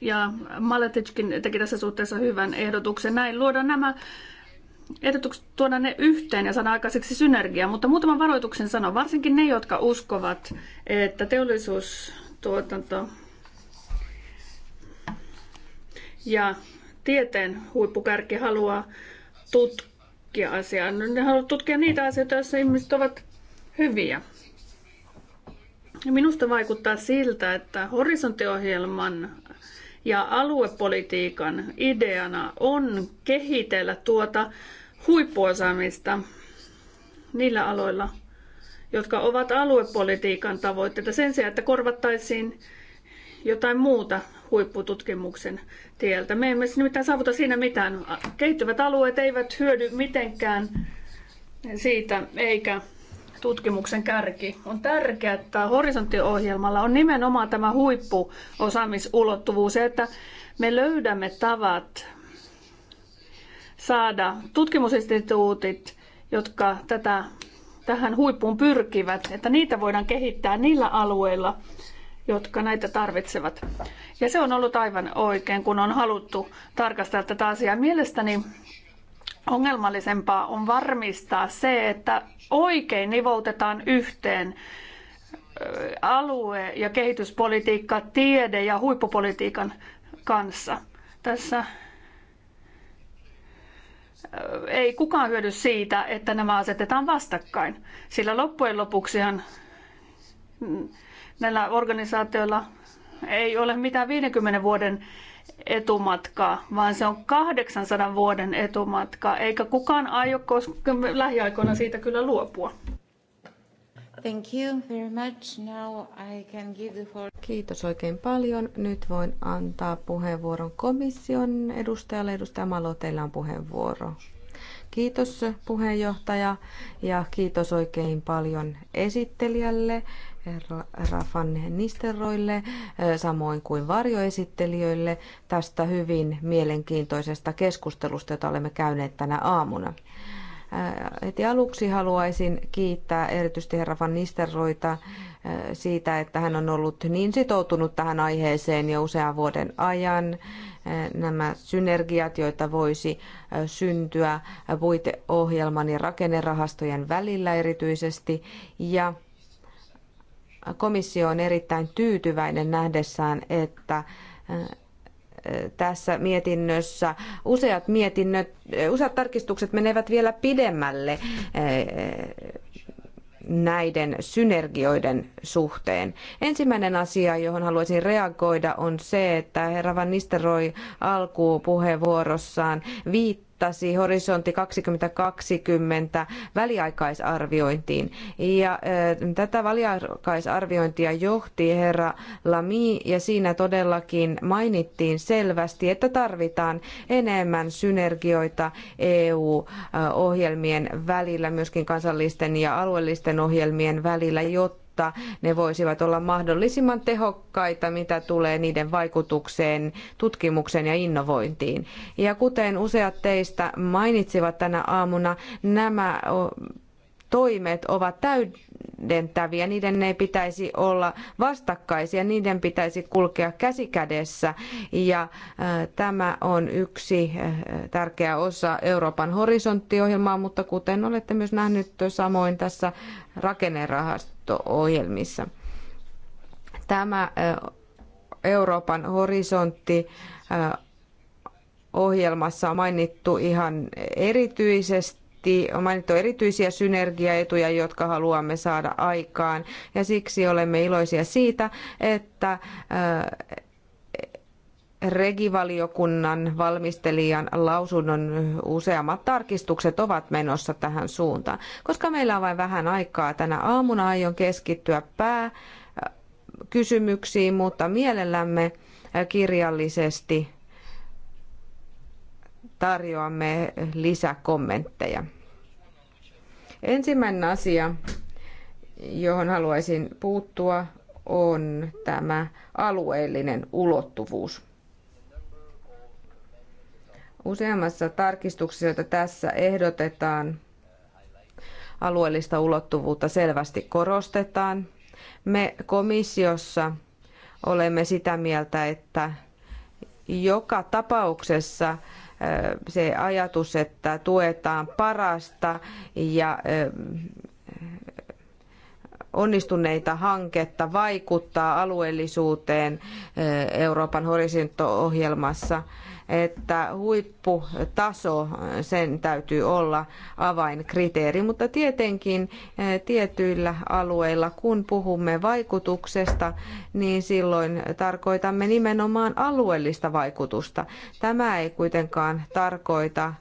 Ja Maletitkin teki tässä suhteessa hyvän ehdotuksen. Näin luodaan nämä ehdotukset tuoda ne yhteen ja saada aikaiseksi synergiaa, mutta muutaman varoituksen sanon, varsinkin ne, jotka uskovat, että teollisuustuotanto ja tieteen huippukärki haluaa tutkia asiaa. No, ne haluavat tutkia niitä asioita, joissa ihmiset ovat hyviä. Minusta vaikuttaa siltä, että horisonttiohjelman ja aluepolitiikan ideana on kehitellä tuota huippuosaamista niillä aloilla, jotka ovat aluepolitiikan tavoitteita sen sijaan, että korvattaisiin jotain muuta huippututkimuksen tieltä. Me emme siis mitään saavuta siinä mitään. Kehittyvät alueet eivät hyödy mitenkään siitä, eikä tutkimuksen kärki. On tärkeää, että horisonttiohjelmalla on nimenomaan tämä huippuosaamisulottuvuus, että me löydämme tavat saada tutkimusinstituutit, jotka tätä, tähän huippuun pyrkivät, että niitä voidaan kehittää niillä alueilla, jotka näitä tarvitsevat. Ja se on ollut aivan oikein, kun on haluttu tarkastella tätä asiaa. Mielestäni ongelmallisempaa on varmistaa se, että oikein nivoutetaan yhteen alue- ja kehityspolitiikka, tiede- ja huippupolitiikan kanssa. Tässä ei kukaan hyödy siitä, että nämä asetetaan vastakkain, sillä loppujen lopuksihan näillä organisaatioilla ei ole mitään 50 vuoden etumatkaa, vaan se on 800 vuoden etumatka, eikä kukaan aio lähiaikoina siitä kyllä luopua. Thank you very much. Now I can give the floor. Kiitos oikein paljon. Nyt voin antaa puheenvuoron komission edustajalle. Edustaja Malo, teillä on puheenvuoro. Kiitos puheenjohtaja ja kiitos oikein paljon esittelijälle. Rafan Nisteroille, samoin kuin varjoesittelijöille tästä hyvin mielenkiintoisesta keskustelusta, jota olemme käyneet tänä aamuna. Heti aluksi haluaisin kiittää erityisesti herra Van Nisterroita siitä, että hän on ollut niin sitoutunut tähän aiheeseen jo usean vuoden ajan. Nämä synergiat, joita voisi syntyä puiteohjelman ja rakennerahastojen välillä erityisesti. Ja komissio on erittäin tyytyväinen nähdessään, että tässä mietinnössä. Useat, mietinnöt, useat tarkistukset menevät vielä pidemmälle eh, näiden synergioiden suhteen. Ensimmäinen asia, johon haluaisin reagoida, on se, että herra Van Nisteroi alkupuheenvuorossaan viittaa viittasi Horisontti 2020 väliaikaisarviointiin. Ja tätä väliaikaisarviointia johti herra Lami ja siinä todellakin mainittiin selvästi, että tarvitaan enemmän synergioita EU-ohjelmien välillä, myöskin kansallisten ja alueellisten ohjelmien välillä, jotta jotta ne voisivat olla mahdollisimman tehokkaita, mitä tulee niiden vaikutukseen tutkimukseen ja innovointiin. Ja kuten useat teistä mainitsivat tänä aamuna, nämä toimet ovat täydentäviä, niiden ei pitäisi olla vastakkaisia, niiden pitäisi kulkea käsi kädessä. Ja äh, tämä on yksi äh, tärkeä osa Euroopan horisonttiohjelmaa, mutta kuten olette myös nähnyt samoin tässä rakennerahastossa ilmasto-ohjelmissa. Tämä Euroopan horisontti ohjelmassa on mainittu ihan erityisesti on mainittu erityisiä synergiaetuja, jotka haluamme saada aikaan. Ja siksi olemme iloisia siitä, että regivaliokunnan valmistelijan lausunnon useammat tarkistukset ovat menossa tähän suuntaan. Koska meillä on vain vähän aikaa tänä aamuna, aion keskittyä pääkysymyksiin, mutta mielellämme kirjallisesti tarjoamme lisäkommentteja. Ensimmäinen asia, johon haluaisin puuttua, on tämä alueellinen ulottuvuus. Useammassa tarkistuksessa, joita tässä ehdotetaan, alueellista ulottuvuutta selvästi korostetaan. Me komissiossa olemme sitä mieltä, että joka tapauksessa se ajatus, että tuetaan parasta ja onnistuneita hanketta vaikuttaa alueellisuuteen Euroopan horisonttoohjelmassa ohjelmassa että huipputaso sen täytyy olla avainkriteeri, mutta tietenkin eh, tietyillä alueilla, kun puhumme vaikutuksesta, niin silloin tarkoitamme nimenomaan alueellista vaikutusta. Tämä ei kuitenkaan tarkoita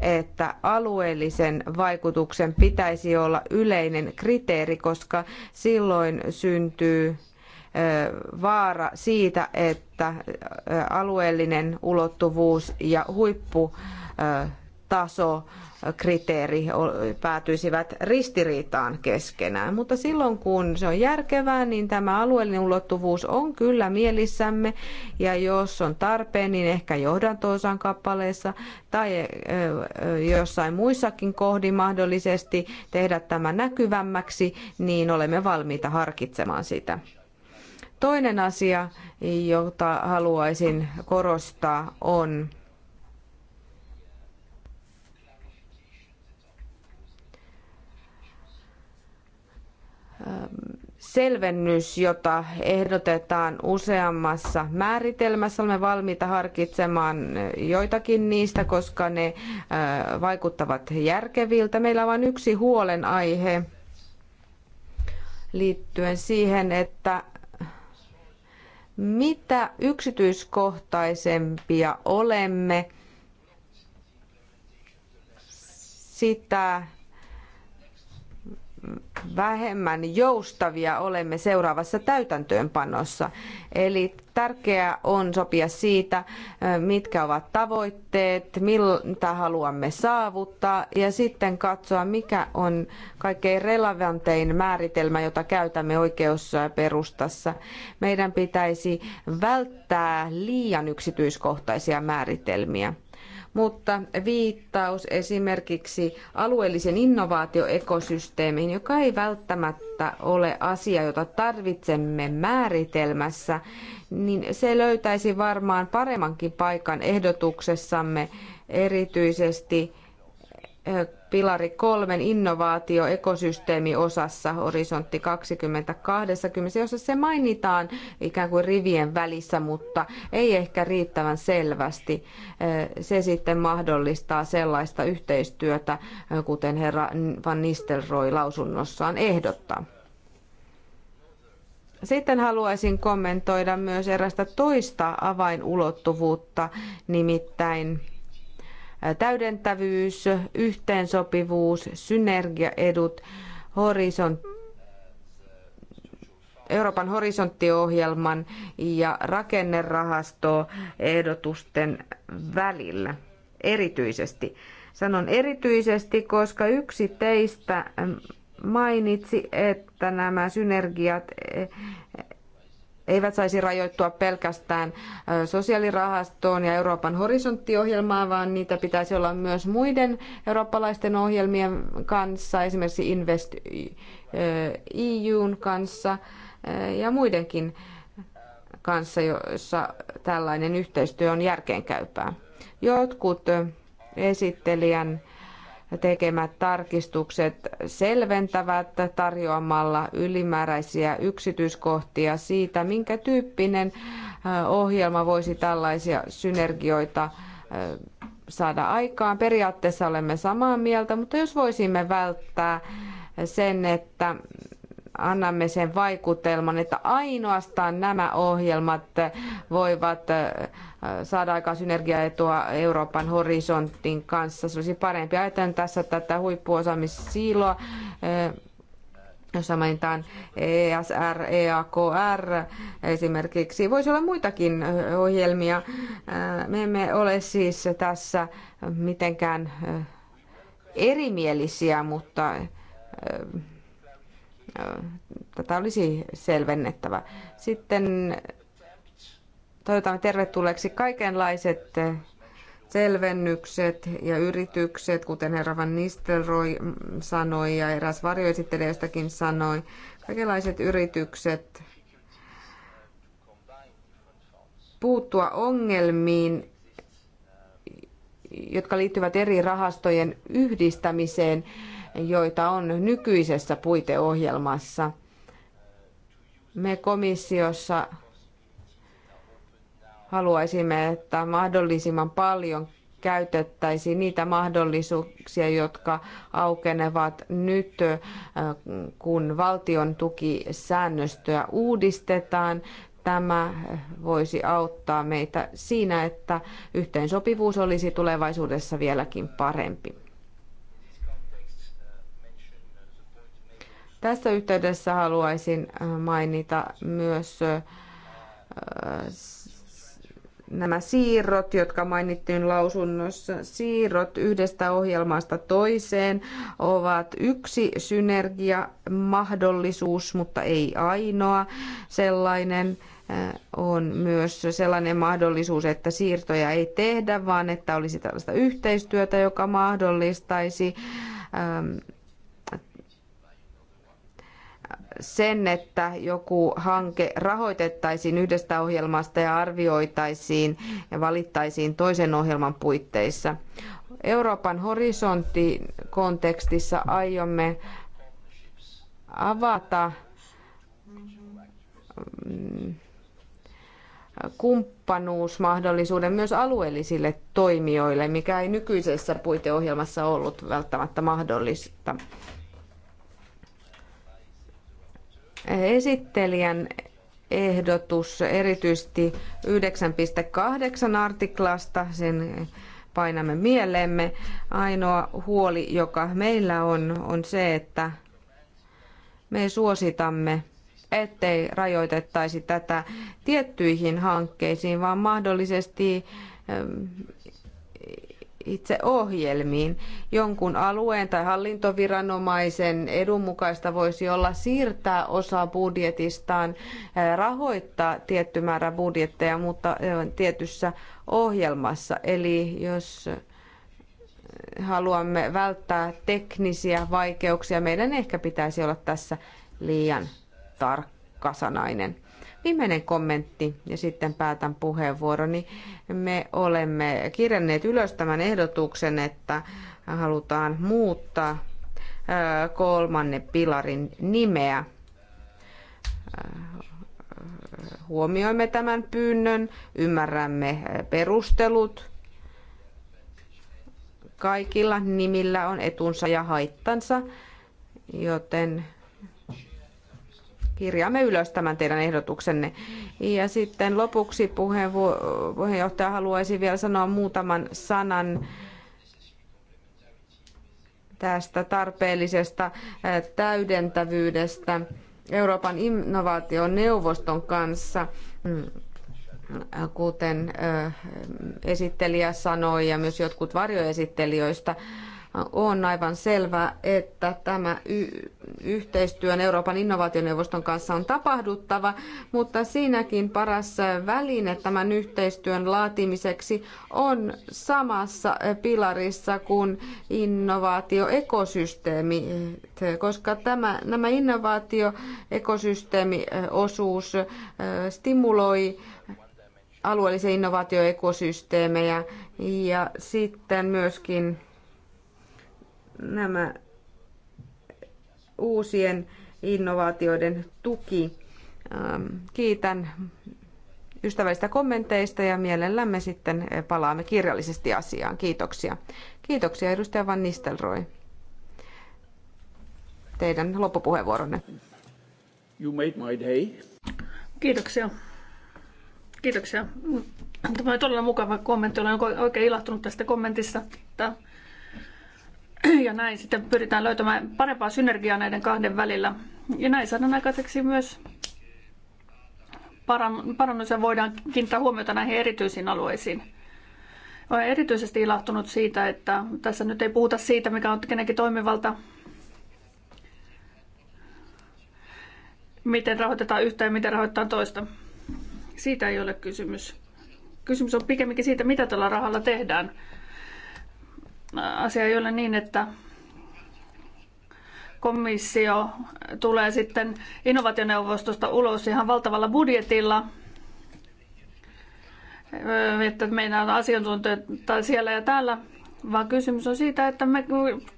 että alueellisen vaikutuksen pitäisi olla yleinen kriteeri, koska silloin syntyy vaara siitä, että alueellinen ulottuvuus ja huipputaso kriteeri päätyisivät ristiriitaan keskenään. Mutta silloin kun se on järkevää, niin tämä alueellinen ulottuvuus on kyllä mielissämme ja jos on tarpeen, niin ehkä johdantoosan kappaleessa tai jossain muissakin kohdin mahdollisesti tehdä tämä näkyvämmäksi, niin olemme valmiita harkitsemaan sitä. Toinen asia, jota haluaisin korostaa, on selvennys, jota ehdotetaan useammassa määritelmässä. Olemme valmiita harkitsemaan joitakin niistä, koska ne vaikuttavat järkeviltä. Meillä on vain yksi huolenaihe liittyen siihen, että mitä yksityiskohtaisempia olemme, sitä vähemmän joustavia olemme seuraavassa täytäntöönpanossa. Eli tärkeää on sopia siitä, mitkä ovat tavoitteet, mitä haluamme saavuttaa ja sitten katsoa, mikä on kaikkein relevantein määritelmä, jota käytämme oikeusperustassa. Meidän pitäisi välttää liian yksityiskohtaisia määritelmiä mutta viittaus esimerkiksi alueellisen innovaatioekosysteemiin, joka ei välttämättä ole asia, jota tarvitsemme määritelmässä, niin se löytäisi varmaan paremmankin paikan ehdotuksessamme erityisesti pilari kolmen innovaatio ekosysteemiosassa horisontti 2020, jossa se mainitaan ikään kuin rivien välissä, mutta ei ehkä riittävän selvästi. Se sitten mahdollistaa sellaista yhteistyötä, kuten herra Van Nistelrooy lausunnossaan ehdottaa. Sitten haluaisin kommentoida myös erästä toista avainulottuvuutta, nimittäin täydentävyys, yhteensopivuus, synergiaedut, horisont, Euroopan horisonttiohjelman ja rakennerahastoehdotusten välillä erityisesti. Sanon erityisesti, koska yksi teistä mainitsi, että nämä synergiat eivät saisi rajoittua pelkästään sosiaalirahastoon ja Euroopan horisonttiohjelmaan, vaan niitä pitäisi olla myös muiden eurooppalaisten ohjelmien kanssa, esimerkiksi Invest EUn kanssa ja muidenkin kanssa, joissa tällainen yhteistyö on järkeenkäypää. Jotkut esittelijän tekemät tarkistukset selventävät tarjoamalla ylimääräisiä yksityiskohtia siitä, minkä tyyppinen ohjelma voisi tällaisia synergioita saada aikaan. Periaatteessa olemme samaa mieltä, mutta jos voisimme välttää sen, että annamme sen vaikutelman, että ainoastaan nämä ohjelmat voivat äh, saada aikaan synergiaetua Euroopan horisontin kanssa. Se olisi parempi. Ajattelen tässä tätä huippuosaamissiiloa, äh, jossa mainitaan ESR, EAKR esimerkiksi. Voisi olla muitakin äh, ohjelmia. Me emme ole siis tässä mitenkään erimielisiä, mutta tätä olisi selvennettävä. Sitten toivotamme tervetulleeksi kaikenlaiset selvennykset ja yritykset, kuten herra Van Nistelrooy sanoi ja eräs varjoesittelijöistäkin sanoi, kaikenlaiset yritykset puuttua ongelmiin, jotka liittyvät eri rahastojen yhdistämiseen joita on nykyisessä puiteohjelmassa. Me komissiossa haluaisimme, että mahdollisimman paljon käytettäisiin niitä mahdollisuuksia, jotka aukenevat nyt, kun valtion tukisäännöstöä uudistetaan. Tämä voisi auttaa meitä siinä, että yhteensopivuus olisi tulevaisuudessa vieläkin parempi. Tässä yhteydessä haluaisin äh, mainita myös äh, nämä siirrot, jotka mainittiin lausunnossa. Siirrot yhdestä ohjelmasta toiseen ovat yksi synergiamahdollisuus, mutta ei ainoa sellainen äh, on myös sellainen mahdollisuus, että siirtoja ei tehdä, vaan että olisi tällaista yhteistyötä, joka mahdollistaisi ähm, sen, että joku hanke rahoitettaisiin yhdestä ohjelmasta ja arvioitaisiin ja valittaisiin toisen ohjelman puitteissa. Euroopan horisontin kontekstissa aiomme avata mm, kumppanuusmahdollisuuden myös alueellisille toimijoille, mikä ei nykyisessä puiteohjelmassa ollut välttämättä mahdollista. esittelijän ehdotus erityisesti 9.8 artiklasta, sen painamme mieleemme. Ainoa huoli, joka meillä on, on se, että me suositamme, ettei rajoitettaisi tätä tiettyihin hankkeisiin, vaan mahdollisesti itse ohjelmiin. Jonkun alueen tai hallintoviranomaisen edun mukaista voisi olla siirtää osa budjetistaan, eh, rahoittaa tietty määrä budjetteja, mutta eh, tietyssä ohjelmassa. Eli jos eh, haluamme välttää teknisiä vaikeuksia, meidän ehkä pitäisi olla tässä liian tarkkasanainen. Viimeinen kommentti ja sitten päätän puheenvuoroni. Me olemme kirjanneet ylös tämän ehdotuksen, että halutaan muuttaa kolmannen pilarin nimeä. Huomioimme tämän pyynnön, ymmärrämme perustelut. Kaikilla nimillä on etunsa ja haittansa, joten kirjaamme ylös tämän teidän ehdotuksenne. Ja sitten lopuksi puheenjohtaja haluaisi vielä sanoa muutaman sanan tästä tarpeellisesta täydentävyydestä Euroopan innovaationeuvoston kanssa mm, kuten esittelijä sanoi ja myös jotkut varjoesittelijöistä on aivan selvää, että tämä y- yhteistyön Euroopan innovaationeuvoston kanssa on tapahduttava, mutta siinäkin paras väline tämän yhteistyön laatimiseksi on samassa pilarissa kuin innovaatioekosysteemi, koska tämä, nämä innovaatioekosysteemiosuus stimuloi alueellisia innovaatioekosysteemejä ja sitten myöskin nämä uusien innovaatioiden tuki. Ähm, kiitän ystävällistä kommenteista ja mielellämme sitten palaamme kirjallisesti asiaan. Kiitoksia. Kiitoksia edustaja Van Nistelrooy. Teidän loppupuheenvuoronne. You made my day. Kiitoksia. Kiitoksia. Tämä oli todella mukava kommentti. Olen oikein ilahtunut tästä kommentista. Tämä ja näin sitten pyritään löytämään parempaa synergiaa näiden kahden välillä. Ja näin saadaan aikaiseksi myös parannus ja voidaan kiinnittää huomiota näihin erityisiin alueisiin. Olen erityisesti ilahtunut siitä, että tässä nyt ei puhuta siitä, mikä on kenenkin toimivalta, miten rahoitetaan yhtä ja miten rahoitetaan toista. Siitä ei ole kysymys. Kysymys on pikemminkin siitä, mitä tällä rahalla tehdään asia ei ole niin, että komissio tulee sitten innovaationeuvostosta ulos ihan valtavalla budjetilla, että meillä on asiantuntijoita siellä ja täällä, vaan kysymys on siitä, että me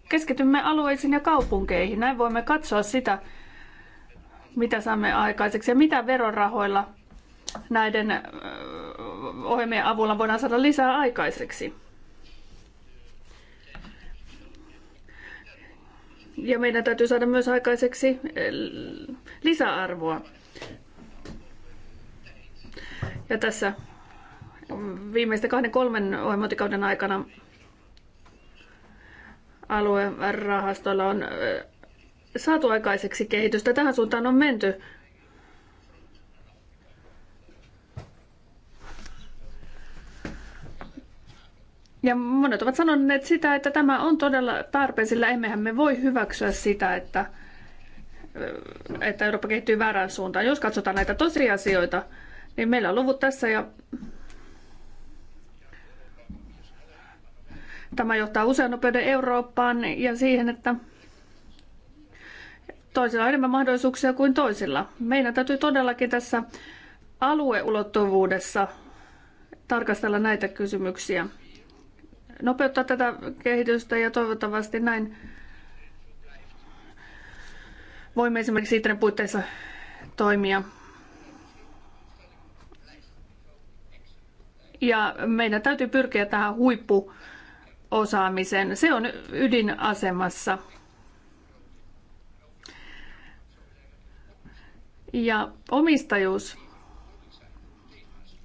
keskitymme alueisiin ja kaupunkeihin. Näin voimme katsoa sitä, mitä saamme aikaiseksi ja mitä verorahoilla näiden ohjelmien avulla voidaan saada lisää aikaiseksi. Ja meidän täytyy saada myös aikaiseksi eh, lisäarvoa. Ja tässä viimeisten kahden kolmen ohjelmointikauden aikana aluerahastoilla on eh, saatu aikaiseksi kehitystä. Tähän suuntaan on menty. Ja monet ovat sanoneet sitä, että tämä on todella tarpeen, sillä emmehän me voi hyväksyä sitä, että, että Eurooppa kehittyy väärään suuntaan. Jos katsotaan näitä tosiasioita, niin meillä on luvut tässä ja tämä johtaa usean nopeuden Eurooppaan ja siihen, että toisilla on enemmän mahdollisuuksia kuin toisilla. Meidän täytyy todellakin tässä alueulottuvuudessa tarkastella näitä kysymyksiä nopeuttaa tätä kehitystä ja toivottavasti näin voimme esimerkiksi Itren puitteissa toimia. Ja meidän täytyy pyrkiä tähän huippuosaamiseen. Se on ydinasemassa. Ja omistajuus,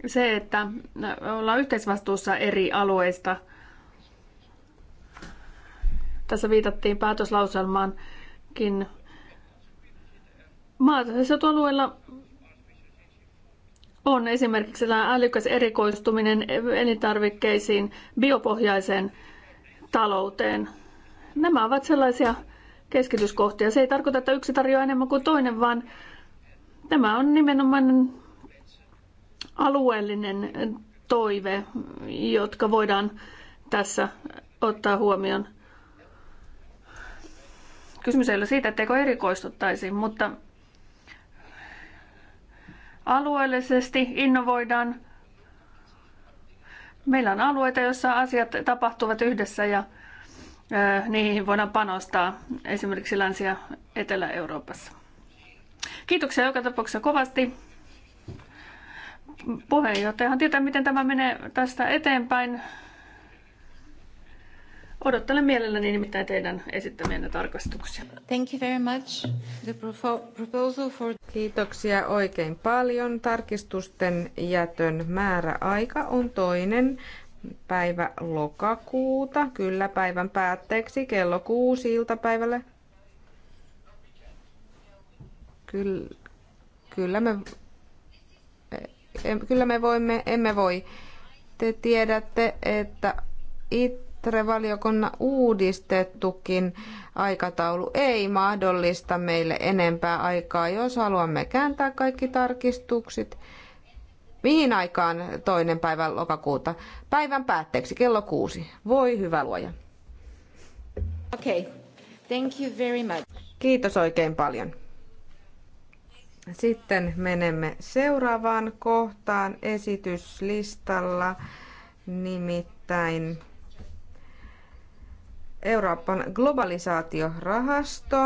se, että ollaan yhteisvastuussa eri alueista – tässä viitattiin päätöslauselmaankin. Maaseutualueella on esimerkiksi tämä älykäs erikoistuminen elintarvikkeisiin, biopohjaiseen talouteen. Nämä ovat sellaisia keskityskohtia. Se ei tarkoita, että yksi tarjoaa enemmän kuin toinen, vaan tämä on nimenomaan alueellinen toive, jotka voidaan tässä ottaa huomioon. Kysymys ei ole siitä, etteikö erikoistuttaisi, mutta alueellisesti innovoidaan. Meillä on alueita, joissa asiat tapahtuvat yhdessä ja niihin voidaan panostaa esimerkiksi Länsi- ja Etelä-Euroopassa. Kiitoksia joka tapauksessa kovasti. Puheenjohtajahan tietää, miten tämä menee tästä eteenpäin. Odottelen mielelläni nimittäin teidän esittämienne tarkastuksia. Thank you very much. The proposal for... Kiitoksia oikein paljon. Tarkistusten jätön määräaika on toinen päivä lokakuuta, kyllä päivän päätteeksi kello kuusi iltapäivälle. Kyllä, kyllä me eh, kyllä me voimme, emme voi. Te tiedätte, että it, itre uudistettukin aikataulu ei mahdollista meille enempää aikaa, jos haluamme kääntää kaikki tarkistukset. Mihin aikaan toinen päivä lokakuuta? Päivän päätteeksi kello kuusi. Voi hyvä luoja. Okay. Thank you very much. Kiitos oikein paljon. Sitten menemme seuraavaan kohtaan esityslistalla, nimittäin Euroopan globalisaatiorahasto.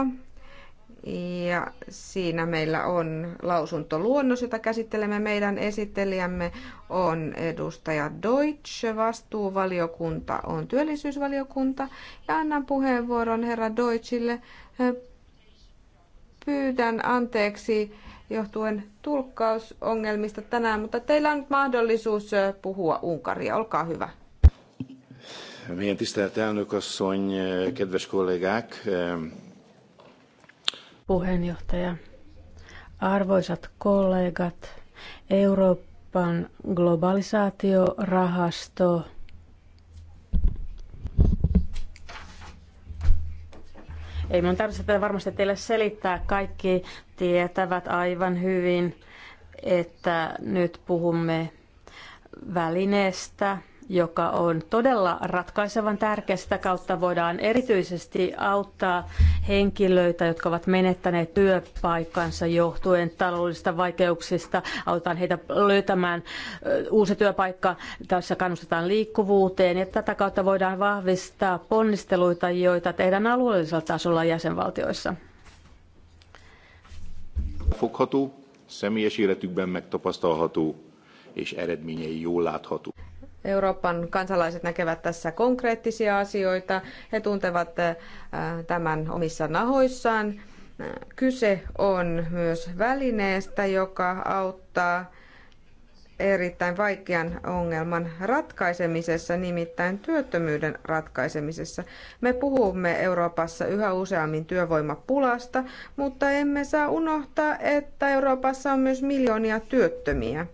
Ja siinä meillä on lausuntoluonnos, jota käsittelemme. Meidän esittelijämme on edustaja Deutsch, vastuuvaliokunta on työllisyysvaliokunta. Ja annan puheenvuoron herra Deutschille. Pyydän anteeksi johtuen tulkkausongelmista tänään, mutta teillä on mahdollisuus puhua Unkaria. Olkaa hyvä. Milyen tisztelt elnök asszony, eh, kedves kollégák! Eh, Puheenjohtaja, arvoisat kollegat, Euroopan globalisaatiorahasto Ei minun tarvitse tätä varmasti teille selittää. Kaikki tietävät aivan hyvin, että nyt puhumme välineestä, joka on todella ratkaisevan tärkeä. Sitä kautta voidaan erityisesti auttaa henkilöitä, jotka ovat menettäneet työpaikkansa johtuen taloudellisista vaikeuksista. Autetaan heitä löytämään uusi työpaikka. Tässä kannustetaan liikkuvuuteen ja tätä kautta voidaan vahvistaa ponnisteluita, joita tehdään alueellisella tasolla jäsenvaltioissa. Fogható, személyes életükben megtapasztalható és eredményei jól látható. Euroopan kansalaiset näkevät tässä konkreettisia asioita. He tuntevat äh, tämän omissa nahoissaan. Kyse on myös välineestä, joka auttaa erittäin vaikean ongelman ratkaisemisessa, nimittäin työttömyyden ratkaisemisessa. Me puhumme Euroopassa yhä useammin työvoimapulasta, mutta emme saa unohtaa, että Euroopassa on myös miljoonia työttömiä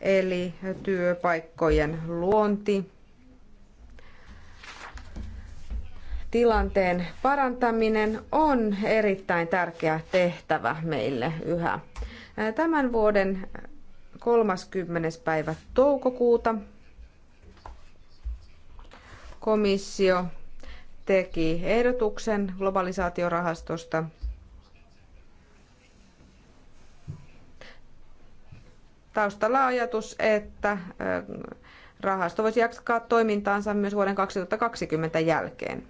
eli työpaikkojen luonti, tilanteen parantaminen on erittäin tärkeä tehtävä meille yhä. Tämän vuoden 30. päivä toukokuuta komissio teki ehdotuksen globalisaatiorahastosta – Taustalla ajatus, että rahasto voisi jatkaa toimintaansa myös vuoden 2020 jälkeen.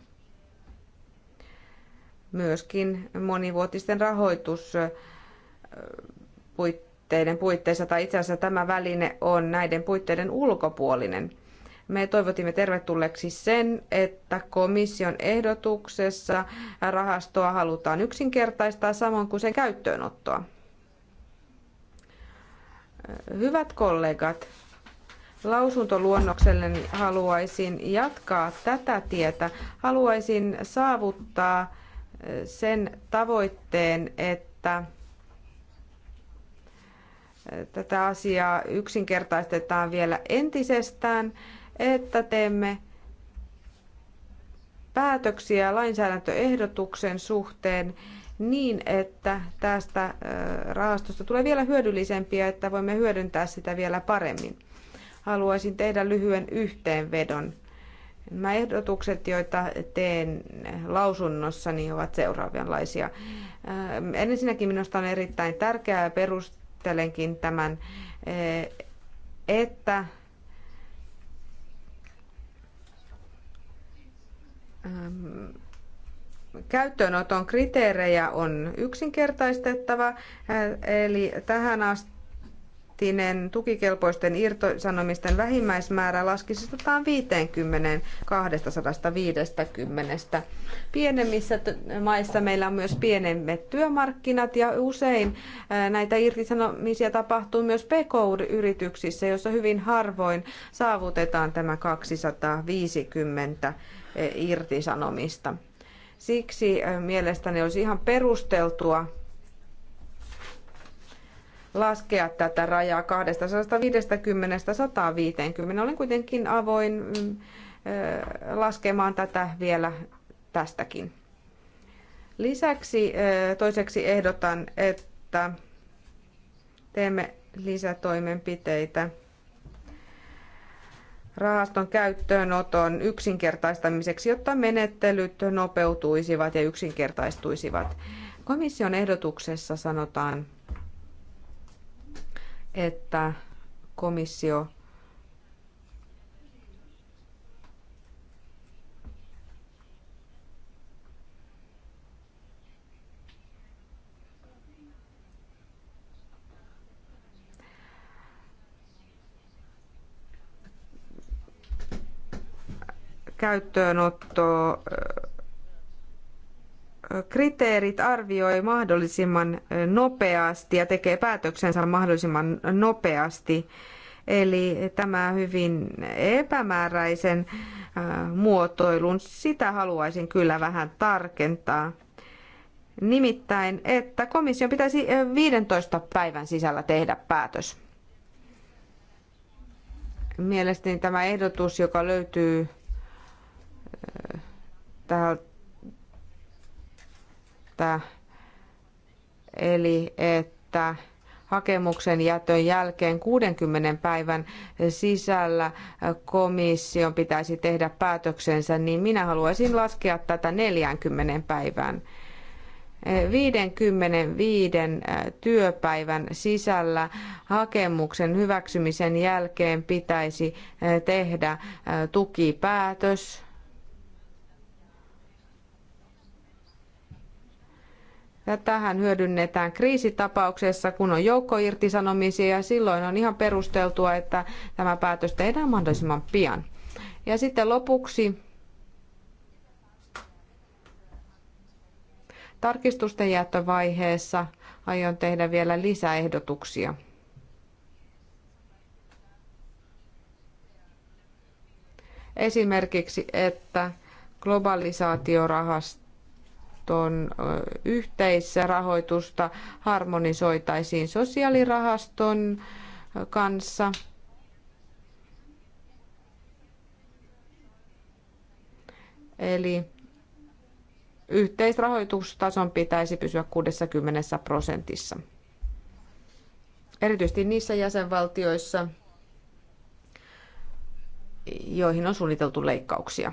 Myöskin monivuotisten rahoituspuitteiden puitteissa, tai itse asiassa tämä väline on näiden puitteiden ulkopuolinen. Me toivotimme tervetulleeksi sen, että komission ehdotuksessa rahastoa halutaan yksinkertaistaa samoin kuin sen käyttöönottoa. Hyvät kollegat, lausuntoluonnokselleni haluaisin jatkaa tätä tietä. Haluaisin saavuttaa eh, sen tavoitteen, että eh, tätä asiaa yksinkertaistetaan vielä entisestään, että teemme päätöksiä lainsäädäntöehdotuksen suhteen, niin, että tästä rahastosta tulee vielä hyödyllisempiä, että voimme hyödyntää sitä vielä paremmin. Haluaisin tehdä lyhyen yhteenvedon. Nämä ehdotukset, joita teen lausunnossa, niin ovat seuraavanlaisia. Ensinnäkin minusta on erittäin tärkeää ja perustelenkin tämän, että Käyttöönoton kriteerejä on yksinkertaistettava, eli tähän asti tukikelpoisten irtosanomisten vähimmäismäärä laskisi 150 250. Pienemmissä maissa meillä on myös pienemmät työmarkkinat ja usein näitä irtisanomisia tapahtuu myös pk-yrityksissä, joissa hyvin harvoin saavutetaan tämä 250 irtisanomista. Siksi mielestäni olisi ihan perusteltua laskea tätä rajaa 250-150. Olen kuitenkin avoin mm, laskemaan tätä vielä tästäkin. Lisäksi toiseksi ehdotan, että teemme lisätoimenpiteitä – rahaston käyttöönoton yksinkertaistamiseksi, jotta menettelyt nopeutuisivat ja yksinkertaistuisivat. Komission ehdotuksessa sanotaan, että komissio käyttöönotto kriteerit arvioi mahdollisimman nopeasti ja tekee päätöksensä mahdollisimman nopeasti. Eli tämä hyvin epämääräisen muotoilun, sitä haluaisin kyllä vähän tarkentaa. Nimittäin, että komission pitäisi 15 päivän sisällä tehdä päätös. Mielestäni tämä ehdotus, joka löytyy täältä. eli että hakemuksen jätön jälkeen 60 päivän sisällä komission pitäisi tehdä päätöksensä, niin minä haluaisin laskea tätä 40 päivään. 55 työpäivän sisällä hakemuksen hyväksymisen jälkeen pitäisi tehdä tukipäätös Tähän hyödynnetään kriisitapauksessa, kun on joukkoirtisanomisia ja silloin on ihan perusteltua, että tämä päätös tehdään mahdollisimman pian. Ja sitten lopuksi tarkistusten jättövaiheessa aion tehdä vielä lisäehdotuksia. Esimerkiksi, että globalisaatiorahasto rahaston yhteisrahoitusta harmonisoitaisiin sosiaalirahaston kanssa. Eli yhteisrahoitustason pitäisi pysyä 60 prosentissa. Erityisesti niissä jäsenvaltioissa, joihin on suunniteltu leikkauksia.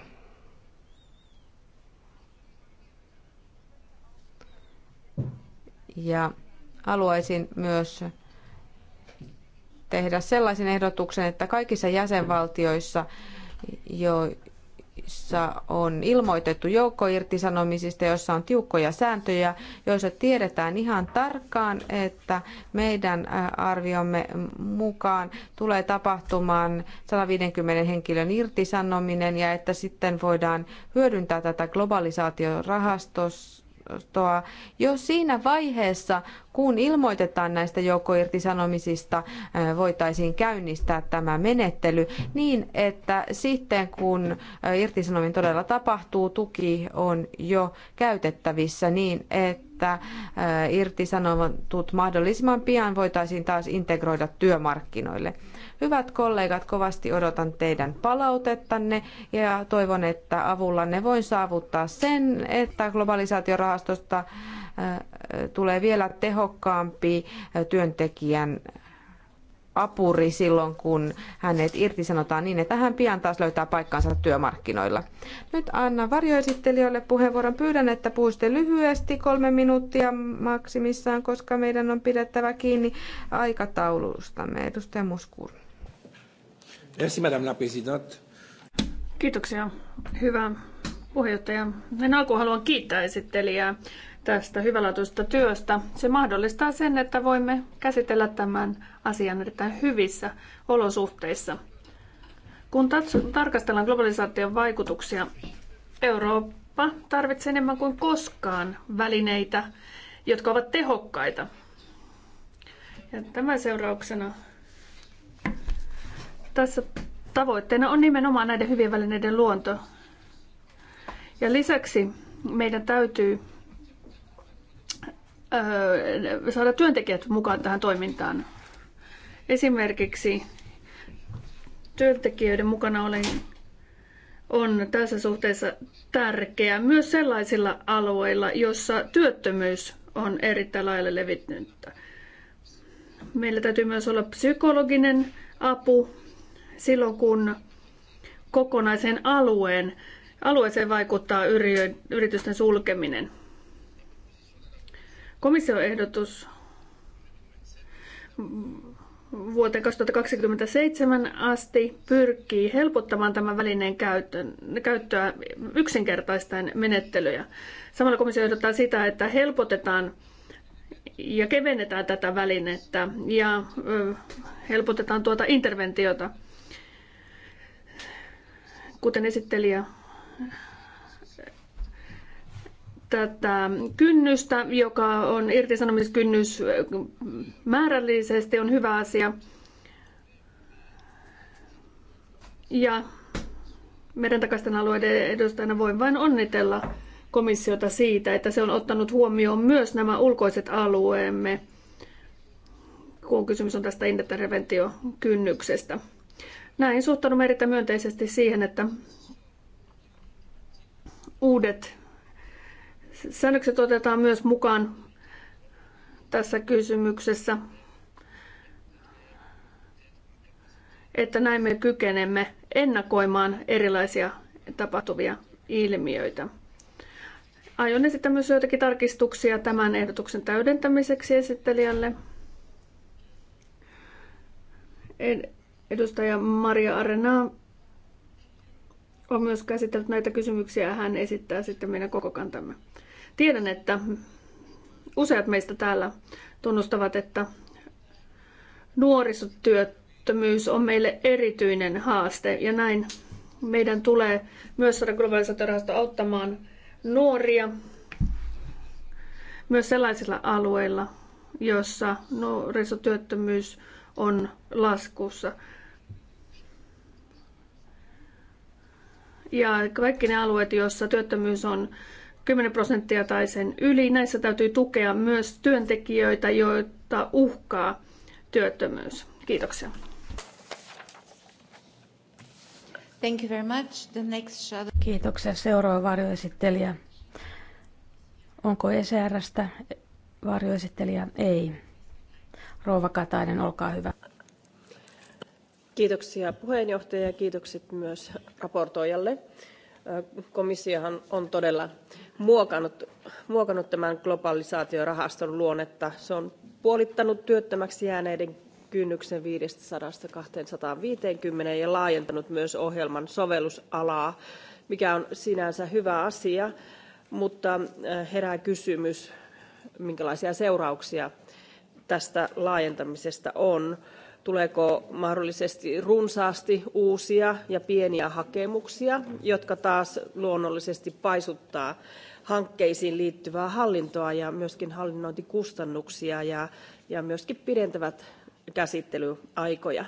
Ja haluaisin myös tehdä sellaisen ehdotuksen, että kaikissa jäsenvaltioissa, joissa on ilmoitettu joukkoirtisanomisista, joissa on tiukkoja sääntöjä, joissa tiedetään ihan tarkkaan, että meidän arviomme mukaan tulee tapahtumaan 150 henkilön irtisanominen ja että sitten voidaan hyödyntää tätä globalisaatiorahastosta neuvostoa jo siinä vaiheessa, kun ilmoitetaan näistä joukkoirtisanomisista, voitaisiin käynnistää tämä menettely niin, että sitten kun irtisanominen todella tapahtuu, tuki on jo käytettävissä niin, että irtisanotut mahdollisimman pian voitaisiin taas integroida työmarkkinoille. Hyvät kollegat, kovasti odotan teidän palautettanne ja toivon, että avullanne voin saavuttaa sen, että globalisaatiorahastosta äh, tulee vielä tehokkaampi äh, työntekijän apuri silloin, kun hänet irtisanotaan niin, että hän pian taas löytää paikkaansa työmarkkinoilla. Nyt anna varjoesittelijöille puheenvuoron. Pyydän, että puhuisitte lyhyesti kolme minuuttia maksimissaan, koska meidän on pidettävä kiinni aikataulustamme. Edustaja Muskuri. Merci, Madame la Présidente. Kiitoksia. Hyvä puheenjohtaja. En alkuun haluan kiittää esittelijää tästä hyvälaatuisesta työstä. Se mahdollistaa sen, että voimme käsitellä tämän asian erittäin hyvissä olosuhteissa. Kun tarkastellaan globalisaation vaikutuksia, Eurooppa tarvitsee enemmän kuin koskaan välineitä, jotka ovat tehokkaita. Ja tämän seurauksena tässä tavoitteena on nimenomaan näiden hyvien välineiden luonto. Ja lisäksi meidän täytyy saada työntekijät mukaan tähän toimintaan. Esimerkiksi työntekijöiden mukana olen, on tässä suhteessa tärkeää myös sellaisilla alueilla, joissa työttömyys on erittäin laajalle levittynyttä. Meillä täytyy myös olla psykologinen apu silloin, kun kokonaisen alueen, alueeseen vaikuttaa yritysten sulkeminen. Komission ehdotus vuoteen 2027 asti pyrkii helpottamaan tämän välineen käyttöä yksinkertaistaen menettelyjä. Samalla komissio ehdottaa sitä, että helpotetaan ja kevennetään tätä välinettä ja helpotetaan tuota interventiota – kuten esittelijä tätä kynnystä, joka on irtisanomiskynnys määrällisesti, on hyvä asia. Ja meidän takaisten alueiden edustajana voin vain onnitella komissiota siitä, että se on ottanut huomioon myös nämä ulkoiset alueemme, kun kysymys on tästä interventiokynnyksestä. kynnyksestä. Näin suhtaudun erittäin myönteisesti siihen, että uudet säännökset otetaan myös mukaan tässä kysymyksessä, että näin me kykenemme ennakoimaan erilaisia tapahtuvia ilmiöitä. Aion esittää myös joitakin tarkistuksia tämän ehdotuksen täydentämiseksi esittelijälle. Edustaja Maria Arena on myös käsitellyt näitä kysymyksiä ja hän esittää sitten meidän koko kantamme. Tiedän, että useat meistä täällä tunnustavat, että nuorisotyöttömyys on meille erityinen haaste ja näin meidän tulee myös saada globaalisaatiorahasto auttamaan nuoria myös sellaisilla alueilla, jossa nuorisotyöttömyys on laskussa. ja kaikki ne alueet, joissa työttömyys on 10 prosenttia tai sen yli, näissä täytyy tukea myös työntekijöitä, joita uhkaa työttömyys. Kiitoksia. Thank you very much. The next shadow... Kiitoksia. Seuraava varjoesittelijä. Onko ECRstä varjoesittelijä? Ei. Rouva Katainen, olkaa hyvä. Kiitoksia puheenjohtaja ja kiitokset myös raportoijalle. Komissiohan on todella muokannut, muokannut tämän globalisaatiorahaston luonnetta. Se on puolittanut työttömäksi jääneiden kynnyksen 500-250 ja laajentanut myös ohjelman sovellusalaa, mikä on sinänsä hyvä asia, mutta eh, herää kysymys, minkälaisia seurauksia tästä laajentamisesta on tuleeko mahdollisesti runsaasti uusia ja pieniä hakemuksia, jotka taas luonnollisesti paisuttaa hankkeisiin liittyvää hallintoa ja myöskin hallinnointikustannuksia ja, ja myöskin pidentävät käsittelyaikoja.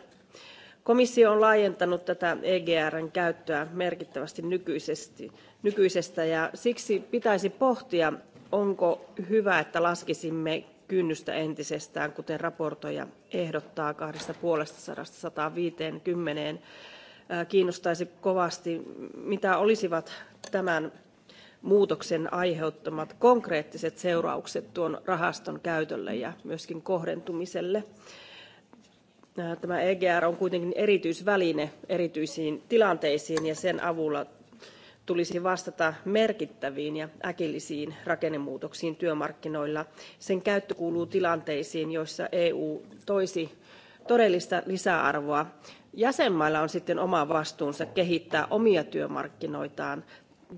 Komissio on laajentanut tätä EGRn käyttöä merkittävästi nykyisestä ja siksi pitäisi pohtia, onko hyvä, että laskisimme kynnystä entisestään, kuten raportoija ehdottaa 250-150. Kiinnostaisi kovasti, mitä olisivat tämän muutoksen aiheuttamat konkreettiset seuraukset tuon rahaston käytölle ja myöskin kohdentumiselle. Tämä EGR on kuitenkin erityisväline erityisiin tilanteisiin ja sen avulla tulisi vastata merkittäviin ja äkillisiin rakennemuutoksiin työmarkkinoilla. Sen käyttö kuuluu tilanteisiin, joissa EU toisi todellista lisäarvoa. Jäsenmailla on sitten oma vastuunsa kehittää omia työmarkkinoitaan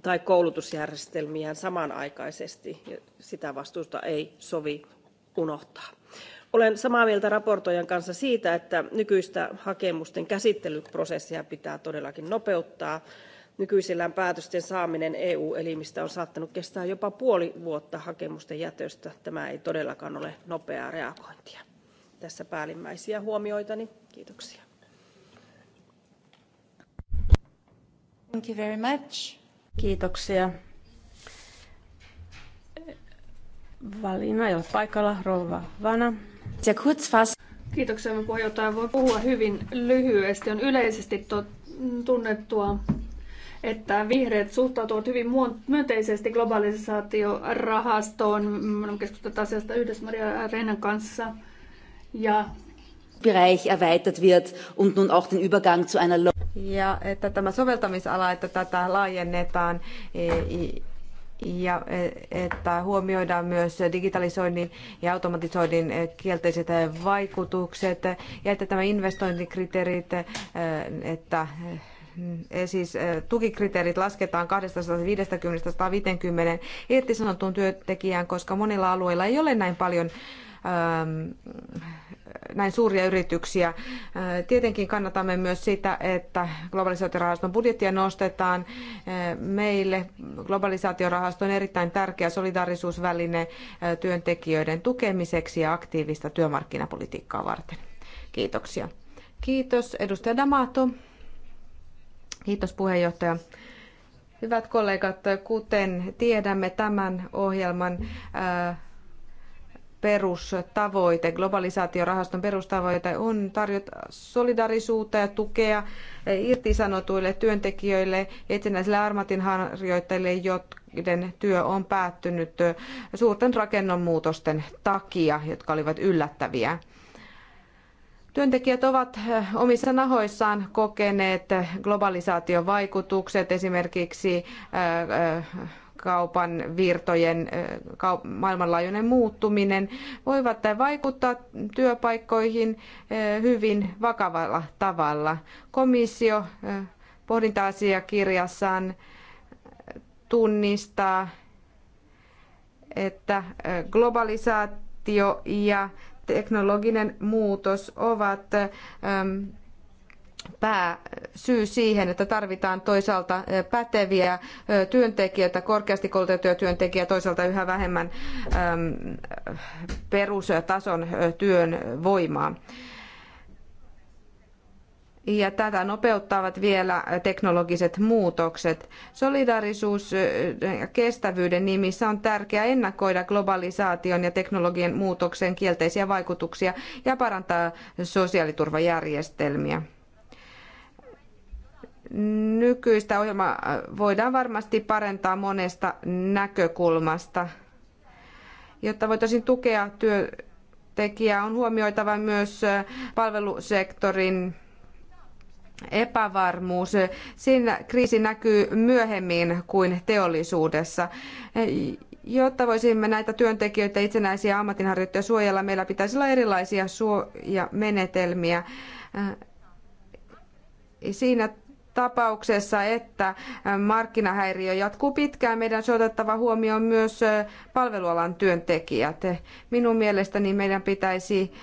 tai koulutusjärjestelmiään samanaikaisesti. Ja sitä vastuuta ei sovi unohtaa. Olen samaa mieltä raportoijan kanssa siitä, että nykyistä hakemusten käsittelyprosessia pitää todellakin nopeuttaa Nykyisellään päätösten saaminen EU-elimistä on saattanut kestää jopa puoli vuotta hakemusten jätöstä. Tämä ei todellakaan ole nopeaa reagointia. Tässä päällimmäisiä huomioitani. Kiitoksia. Thank you very much. Kiitoksia. Valina ei ole paikalla, Rova Vana. Kiitoksia, puheenjohtaja. Voi puhua hyvin lyhyesti. On yleisesti tunnettua että vihreät suhtautuvat hyvin myönteisesti globalisaatiorahastoon. Me olemme keskustelleet asiasta yhdessä Maria Reinan kanssa. Ja Bereich erweitert wird und nun auch den Übergang zu einer ja että tämä soveltamisala, että tätä laajennetaan e, ja e, että huomioidaan myös digitalisoinnin ja automatisoinnin e, kielteiset vaikutukset ja että tämä investointikriteerit, että Eh, siis eh, tukikriteerit lasketaan 250-150 irtisanottuun työntekijään, koska monilla alueilla ei ole näin paljon ähm, näin suuria yrityksiä. Äh, tietenkin kannatamme myös sitä, että globalisaatiorahaston budjettia nostetaan. Eh, meille globalisaatiorahasto on erittäin tärkeä solidaarisuusväline työntekijöiden tukemiseksi ja aktiivista työmarkkinapolitiikkaa varten. Kiitoksia. Kiitos. Edustaja Damato. Kiitos puheenjohtaja. Hyvät kollegat, kuten tiedämme tämän ohjelman äh, perustavoite, globalisaatiorahaston perustavoite on tarjota solidarisuutta ja tukea irtisanotuille työntekijöille etsinäisille armatinharjoittajille, joiden työ on päättynyt suurten rakennonmuutosten takia, jotka olivat yllättäviä. Työntekijät ovat eh, omissa nahoissaan kokeneet eh, globalisaation vaikutukset, esimerkiksi eh, kaupan virtojen maailmanlaajuinen muuttuminen voivat vaikuttaa työpaikkoihin hyvin vakavalla tavalla. Komissio pohdinta-asiakirjassaan tunnistaa, että globalisaatio ja teknologinen muutos ovat ähm, syy siihen, että tarvitaan toisaalta äh, päteviä äh, työntekijöitä, korkeasti koulutettuja työntekijöitä, toisaalta yhä vähemmän ähm, perustason äh, työn voimaa ja tätä nopeuttavat vielä teknologiset muutokset. Solidaarisuus ja kestävyyden nimissä on tärkeää ennakoida globalisaation ja teknologian muutoksen kielteisiä vaikutuksia ja parantaa sosiaaliturvajärjestelmiä nykyistä ohjelmaa voidaan varmasti parantaa monesta näkökulmasta. Jotta voitaisiin tukea työntekijää, on huomioitava myös palvelusektorin epävarmuus. Siinä kriisi näkyy myöhemmin kuin teollisuudessa. Jotta voisimme näitä työntekijöitä itsenäisiä ammatinharjoittajia suojella, meillä pitäisi olla erilaisia suojamenetelmiä. Siinä tapauksessa, että markkinahäiriö jatkuu pitkään, meidän on otettava huomioon myös palvelualan työntekijät. Minun mielestäni meidän pitäisi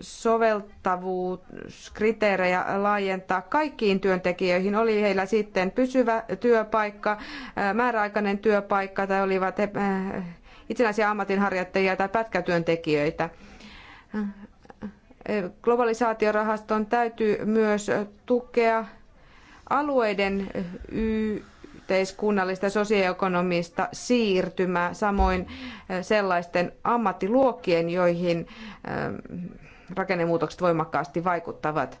soveltavuuskriteerejä laajentaa kaikkiin työntekijöihin, oli heillä sitten pysyvä työpaikka, määräaikainen työpaikka tai olivat he itsenäisiä ammatinharjoittajia tai pätkätyöntekijöitä globalisaatiorahaston täytyy myös tukea alueiden eh, yhteiskunnallista ja sosioekonomista siirtymää, samoin eh, sellaisten ammattiluokkien, joihin eh, rakennemuutokset voimakkaasti vaikuttavat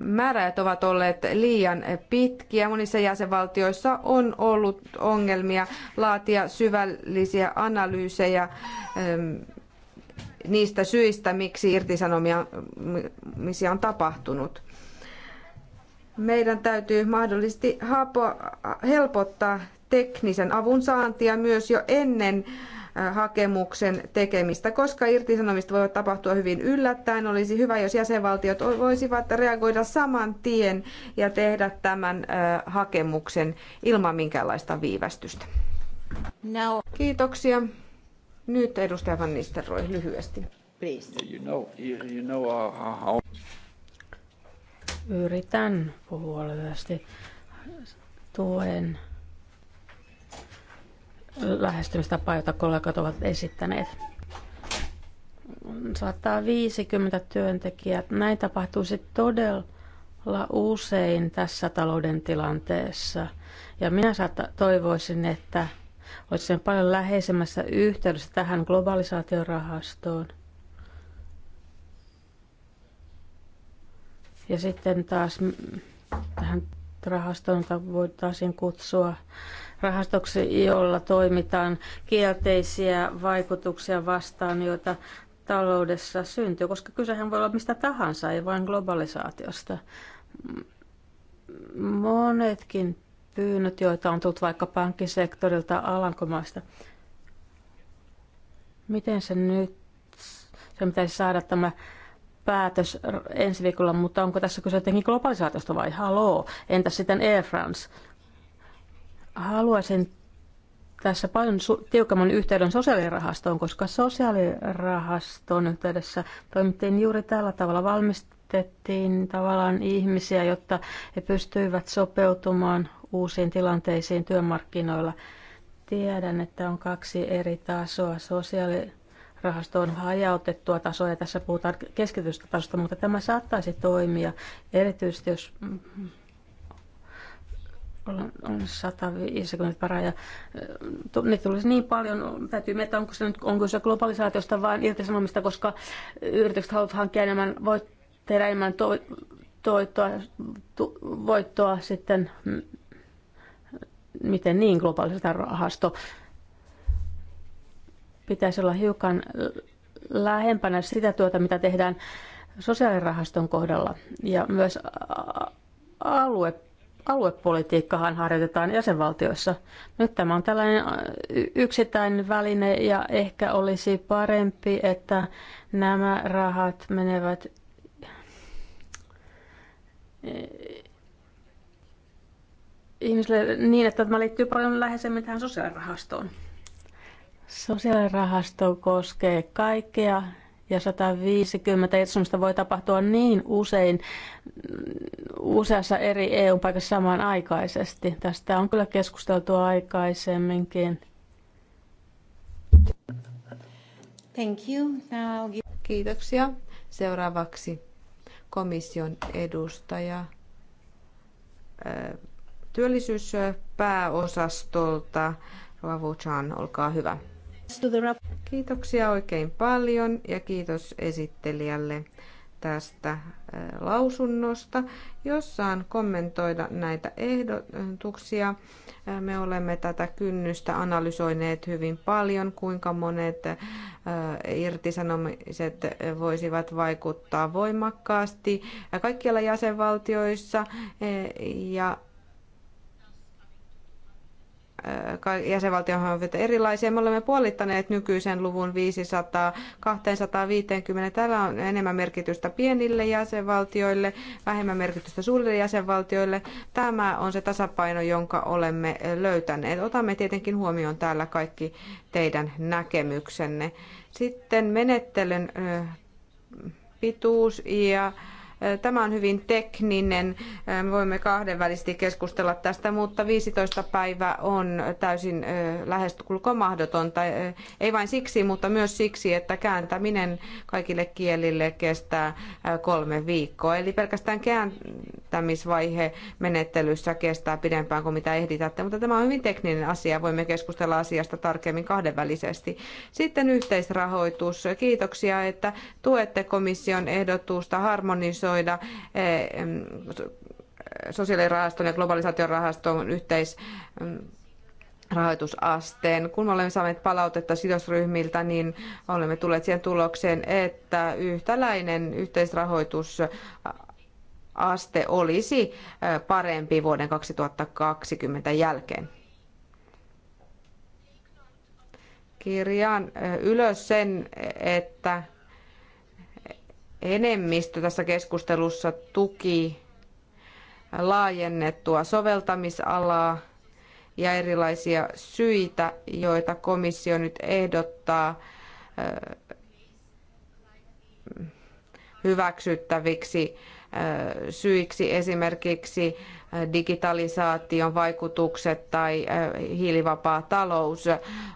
määrät ovat olleet liian pitkiä. Monissa jäsenvaltioissa on ollut ongelmia laatia syvällisiä analyysejä niistä syistä, miksi irtisanomisia on tapahtunut meidän täytyy mahdollisesti helpottaa teknisen avun saantia myös jo ennen äh, hakemuksen tekemistä, koska irtisanomista voi tapahtua hyvin yllättäen. Olisi hyvä, jos jäsenvaltiot voisivat reagoida saman tien ja tehdä tämän äh, hakemuksen ilman minkäänlaista viivästystä. No. Kiitoksia. Nyt edustaja Van Nistelrooy lyhyesti. Please. You know, you know Yritän puhua Tuen lähestymistapaa, jota kollegat ovat esittäneet. 150 työntekijää. Näin tapahtuisi todella usein tässä talouden tilanteessa. Ja minä saatta, toivoisin, että olisi paljon läheisemmässä yhteydessä tähän globalisaatiorahastoon Ja sitten taas tähän rahastoon voitaisiin kutsua rahastoksi, jolla toimitaan kielteisiä vaikutuksia vastaan, joita taloudessa syntyy, koska kysehän voi olla mistä tahansa, ei vain globalisaatiosta. Monetkin pyynnöt, joita on tullut vaikka pankkisektorilta Alankomaista, miten se nyt, se pitäisi saada tämä päätös ensi viikolla, mutta onko tässä kyse jotenkin globalisaatiosta vai haloo? Entäs sitten Air France? Haluaisin tässä paljon tiukemman yhteyden sosiaalirahastoon, koska sosiaalirahaston yhteydessä toimittiin juuri tällä tavalla. Valmistettiin tavallaan ihmisiä, jotta he pystyivät sopeutumaan uusiin tilanteisiin työmarkkinoilla. Tiedän, että on kaksi eri tasoa sosiaali rahasto on hajautettua tasoa ja tässä puhutaan keskitystä tasosta, mutta tämä saattaisi toimia erityisesti, jos mm, mm, on 150 paraa ja mm, niitä tulisi niin paljon, täytyy miettiä, onko se nyt onko se globalisaatiosta vain irtisanomista, koska yritykset haluavat hankkia enemmän, voit tehdä enemmän to, toittoa, to, voittoa sitten, miten niin globaalista rahasto pitäisi olla hiukan lähempänä sitä tuota, mitä tehdään sosiaalirahaston kohdalla. Ja myös alue, aluepolitiikkahan harjoitetaan jäsenvaltioissa. Nyt tämä on tällainen yksittäinen väline ja ehkä olisi parempi, että nämä rahat menevät e, ihmisille niin, että tämä liittyy paljon läheisemmin tähän sosiaalirahastoon. Sosiaalirahasto koskee kaikkea ja 150 irtisanomista voi tapahtua niin usein useassa eri EU-paikassa samanaikaisesti. Tästä on kyllä keskusteltu aikaisemminkin. Thank you. Now give... Kiitoksia. Seuraavaksi komission edustaja työllisyyspääosastolta. Chan, olkaa hyvä. Kiitoksia oikein paljon ja kiitos esittelijälle tästä äh, lausunnosta, Jos saan kommentoida näitä ehdotuksia. Äh, me olemme tätä kynnystä analysoineet hyvin paljon, kuinka monet äh, irtisanomiset voisivat vaikuttaa voimakkaasti kaikkialla jäsenvaltioissa ja jäsenvaltiohan on erilaisia. Me olemme puolittaneet nykyisen luvun 500 250. Tällä on enemmän merkitystä pienille jäsenvaltioille, vähemmän merkitystä suurille jäsenvaltioille. Tämä on se tasapaino, jonka olemme löytäneet. Otamme tietenkin huomioon täällä kaikki teidän näkemyksenne. Sitten menettelyn pituus ja Tämä on hyvin tekninen, voimme kahdenvälisesti keskustella tästä, mutta 15 päivää on täysin lähestulkoon mahdotonta. Ei vain siksi, mutta myös siksi, että kääntäminen kaikille kielille kestää kolme viikkoa. Eli pelkästään kääntämisvaihe menettelyssä kestää pidempään kuin mitä ehditätte, mutta tämä on hyvin tekninen asia. Voimme keskustella asiasta tarkemmin kahdenvälisesti. Sitten yhteisrahoitus. Kiitoksia, että tuette komission ehdotusta harmonisoida priorisoida eh, sosiaalirahaston ja globalisaatiorahaston yhteis rahoitusasteen. Kun olemme saaneet palautetta sidosryhmiltä, niin olemme tulleet siihen tulokseen, että yhtäläinen yhteisrahoitus aste olisi eh, parempi vuoden 2020 jälkeen. Kirjaan eh, ylös sen, että enemmistö tässä keskustelussa tuki laajennettua soveltamisalaa ja erilaisia syitä, joita komissio nyt ehdottaa hyväksyttäviksi syiksi esimerkiksi digitalisaation vaikutukset tai hiilivapaa talous,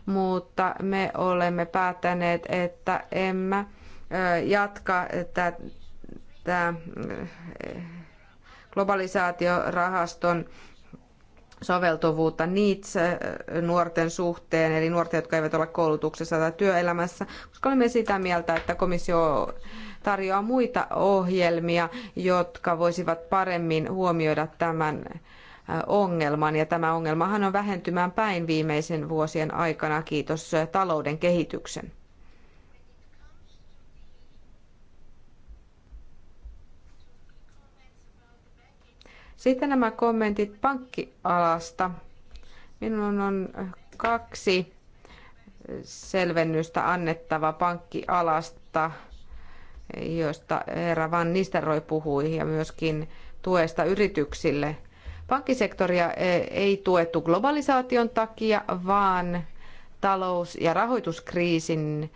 mutta me olemme päättäneet, että emme jatka tätä globalisaatiorahaston soveltuvuutta needs nuorten suhteen, eli nuorten, jotka eivät ole koulutuksessa tai työelämässä, koska olemme sitä mieltä, että komissio tarjoaa muita ohjelmia, jotka voisivat paremmin huomioida tämän ongelman. Ja tämä ongelmahan on vähentymään päin viimeisen vuosien aikana, kiitos talouden kehityksen. Sitten nämä kommentit pankkialasta. Minun on kaksi selvennystä annettava pankkialasta, josta herra Van Nisteroi puhui, ja myöskin tuesta yrityksille. Pankkisektoria e, ei tuettu globalisaation takia, vaan talous- ja rahoituskriisin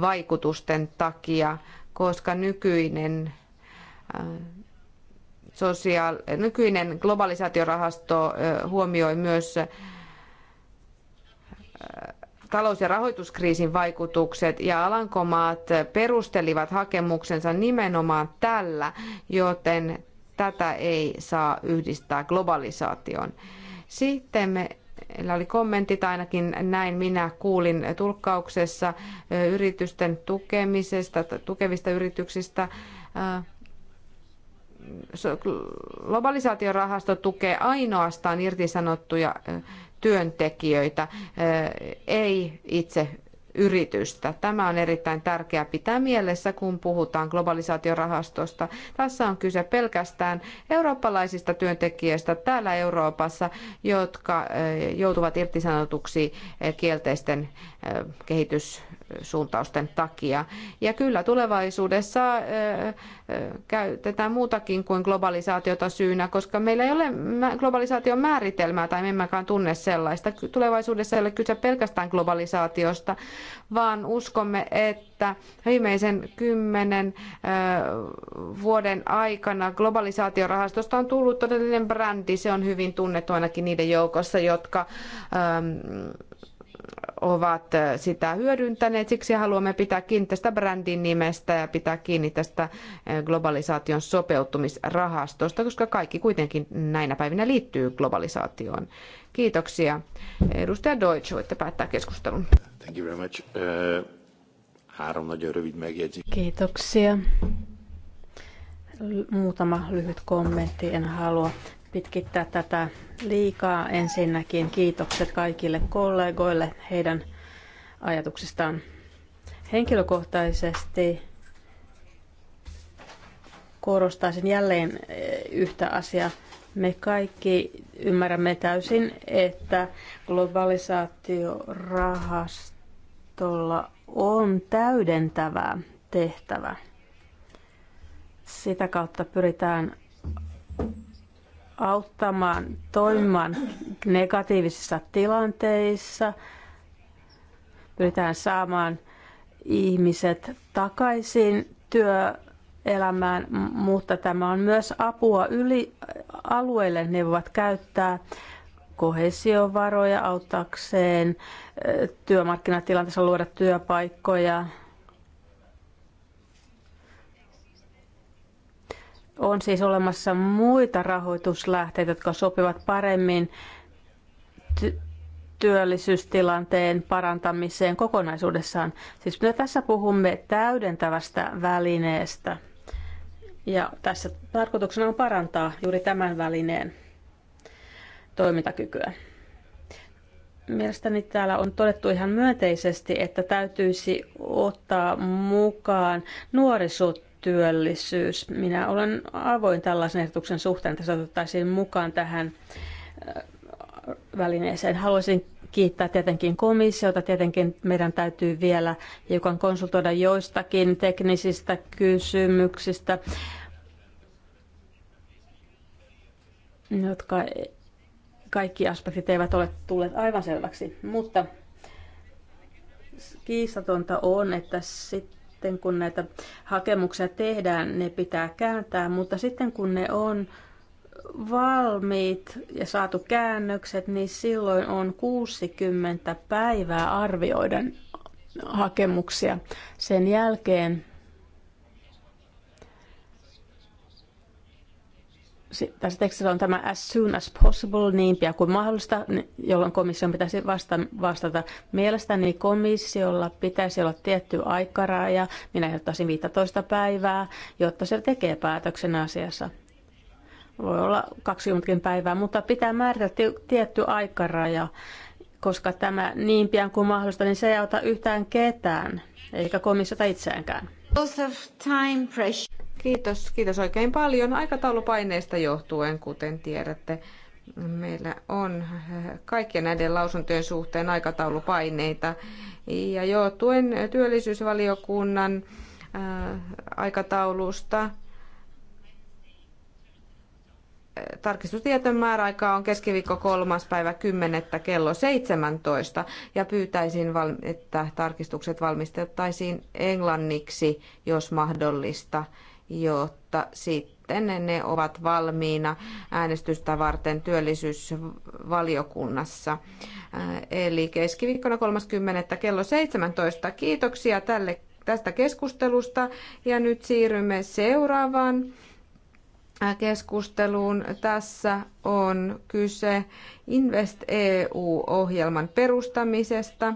vaikutusten takia, koska nykyinen sosiaal- nykyinen globalisaatiorahasto huomioi myös talous- ja rahoituskriisin vaikutukset ja Alankomaat perustelivat hakemuksensa nimenomaan tällä, joten tätä ei saa yhdistää globalisaatioon. Sitten me Meillä oli tai ainakin näin minä kuulin tulkkauksessa yritysten tukemisesta, tukevista yrityksistä globalisaatiorahasto tukee ainoastaan irtisanottuja työntekijöitä, ei itse yritystä. Tämä on erittäin tärkeää pitää mielessä, kun puhutaan globalisaatiorahastosta. Tässä on kyse pelkästään eurooppalaisista työntekijöistä täällä Euroopassa, jotka joutuvat irtisanotuksi kielteisten kehitys suuntausten takia. Ja kyllä tulevaisuudessa käytetään muutakin kuin globalisaatiota syynä, koska meillä ei ole globalisaation määritelmää tai me emmekään tunne sellaista. Tulevaisuudessa ei ole kyse pelkästään globalisaatiosta, vaan uskomme, että viimeisen kymmenen vuoden aikana globalisaatiorahastosta on tullut todellinen brändi. Se on hyvin tunnettu ainakin niiden joukossa, jotka ovat eh, sitä hyödyntäneet. Siksi haluamme pitää kiinni tästä brändin nimestä ja pitää kiinni tästä eh, globalisaation sopeutumisrahastosta, koska kaikki kuitenkin näinä päivinä liittyy globalisaatioon. Kiitoksia. Edustaja Deutsch, voitte päättää keskustelun. Thank you very much. Eh, három nagyon Kiitoksia. Muutama lyhyt kommentti. En halua pitkittää tätä liikaa. Ensinnäkin kiitokset kaikille kollegoille heidän ajatuksistaan henkilökohtaisesti. Korostaisin jälleen eh, yhtä asiaa. Me kaikki ymmärrämme täysin, että globalisaatiorahastolla on täydentävä tehtävä. Sitä kautta pyritään auttamaan toimimaan negatiivisissa tilanteissa. Pyritään saamaan ihmiset takaisin työelämään, mutta tämä on myös apua yli alueille. Ne voivat käyttää kohesiovaroja auttaakseen työmarkkinatilanteessa luoda työpaikkoja – On siis olemassa muita rahoituslähteitä, jotka sopivat paremmin ty- työllisyystilanteen parantamiseen kokonaisuudessaan. Siis me tässä puhumme täydentävästä välineestä. Ja tässä tarkoituksena on parantaa juuri tämän välineen toimintakykyä. Mielestäni täällä on todettu ihan myönteisesti, että täytyisi ottaa mukaan nuorisot työllisyys. Minä olen avoin tällaisen ehdotuksen suhteen, että se otettaisiin mukaan tähän äh, välineeseen. Haluaisin kiittää tietenkin komissiota. Tietenkin meidän täytyy vielä hiukan konsultoida joistakin teknisistä kysymyksistä, jotka kaikki aspektit eivät ole tulleet aivan selväksi. Mutta kiistatonta on, että sitten sitten kun näitä hakemuksia tehdään, ne pitää kääntää, mutta sitten kun ne on valmiit ja saatu käännökset, niin silloin on 60 päivää arvioida hakemuksia. Sen jälkeen tässä tekstissä on tämä as soon as possible, niin pian kuin mahdollista, jolloin komission pitäisi vastata. Mielestäni komissiolla pitäisi olla tietty aikaraja, minä ehdottaisin 15 päivää, jotta se tekee päätöksen asiassa. Voi olla 20 päivää, mutta pitää määrätä tietty aikaraja, koska tämä niin pian kuin mahdollista, niin se ei auta yhtään ketään, eikä komissiota itseäänkään. of time pressure Kiitos, kiitos oikein paljon aikataulupaineista johtuen, kuten tiedätte. Meillä on kaikkien näiden lausuntojen suhteen aikataulupaineita. Ja johtuen työllisyysvaliokunnan äh, aikataulusta äh, tarkistustietojen määräaika on keskiviikko kolmas päivä kymmenettä kello 17 ja pyytäisin, että tarkistukset valmistettaisiin englanniksi, jos mahdollista jotta sitten ne ovat valmiina äänestystä varten työllisyysvaliokunnassa. Eli keskiviikkona 30. kello 17. Kiitoksia tälle, tästä keskustelusta ja nyt siirrymme seuraavaan keskusteluun. Tässä on kyse Invest EU-ohjelman perustamisesta.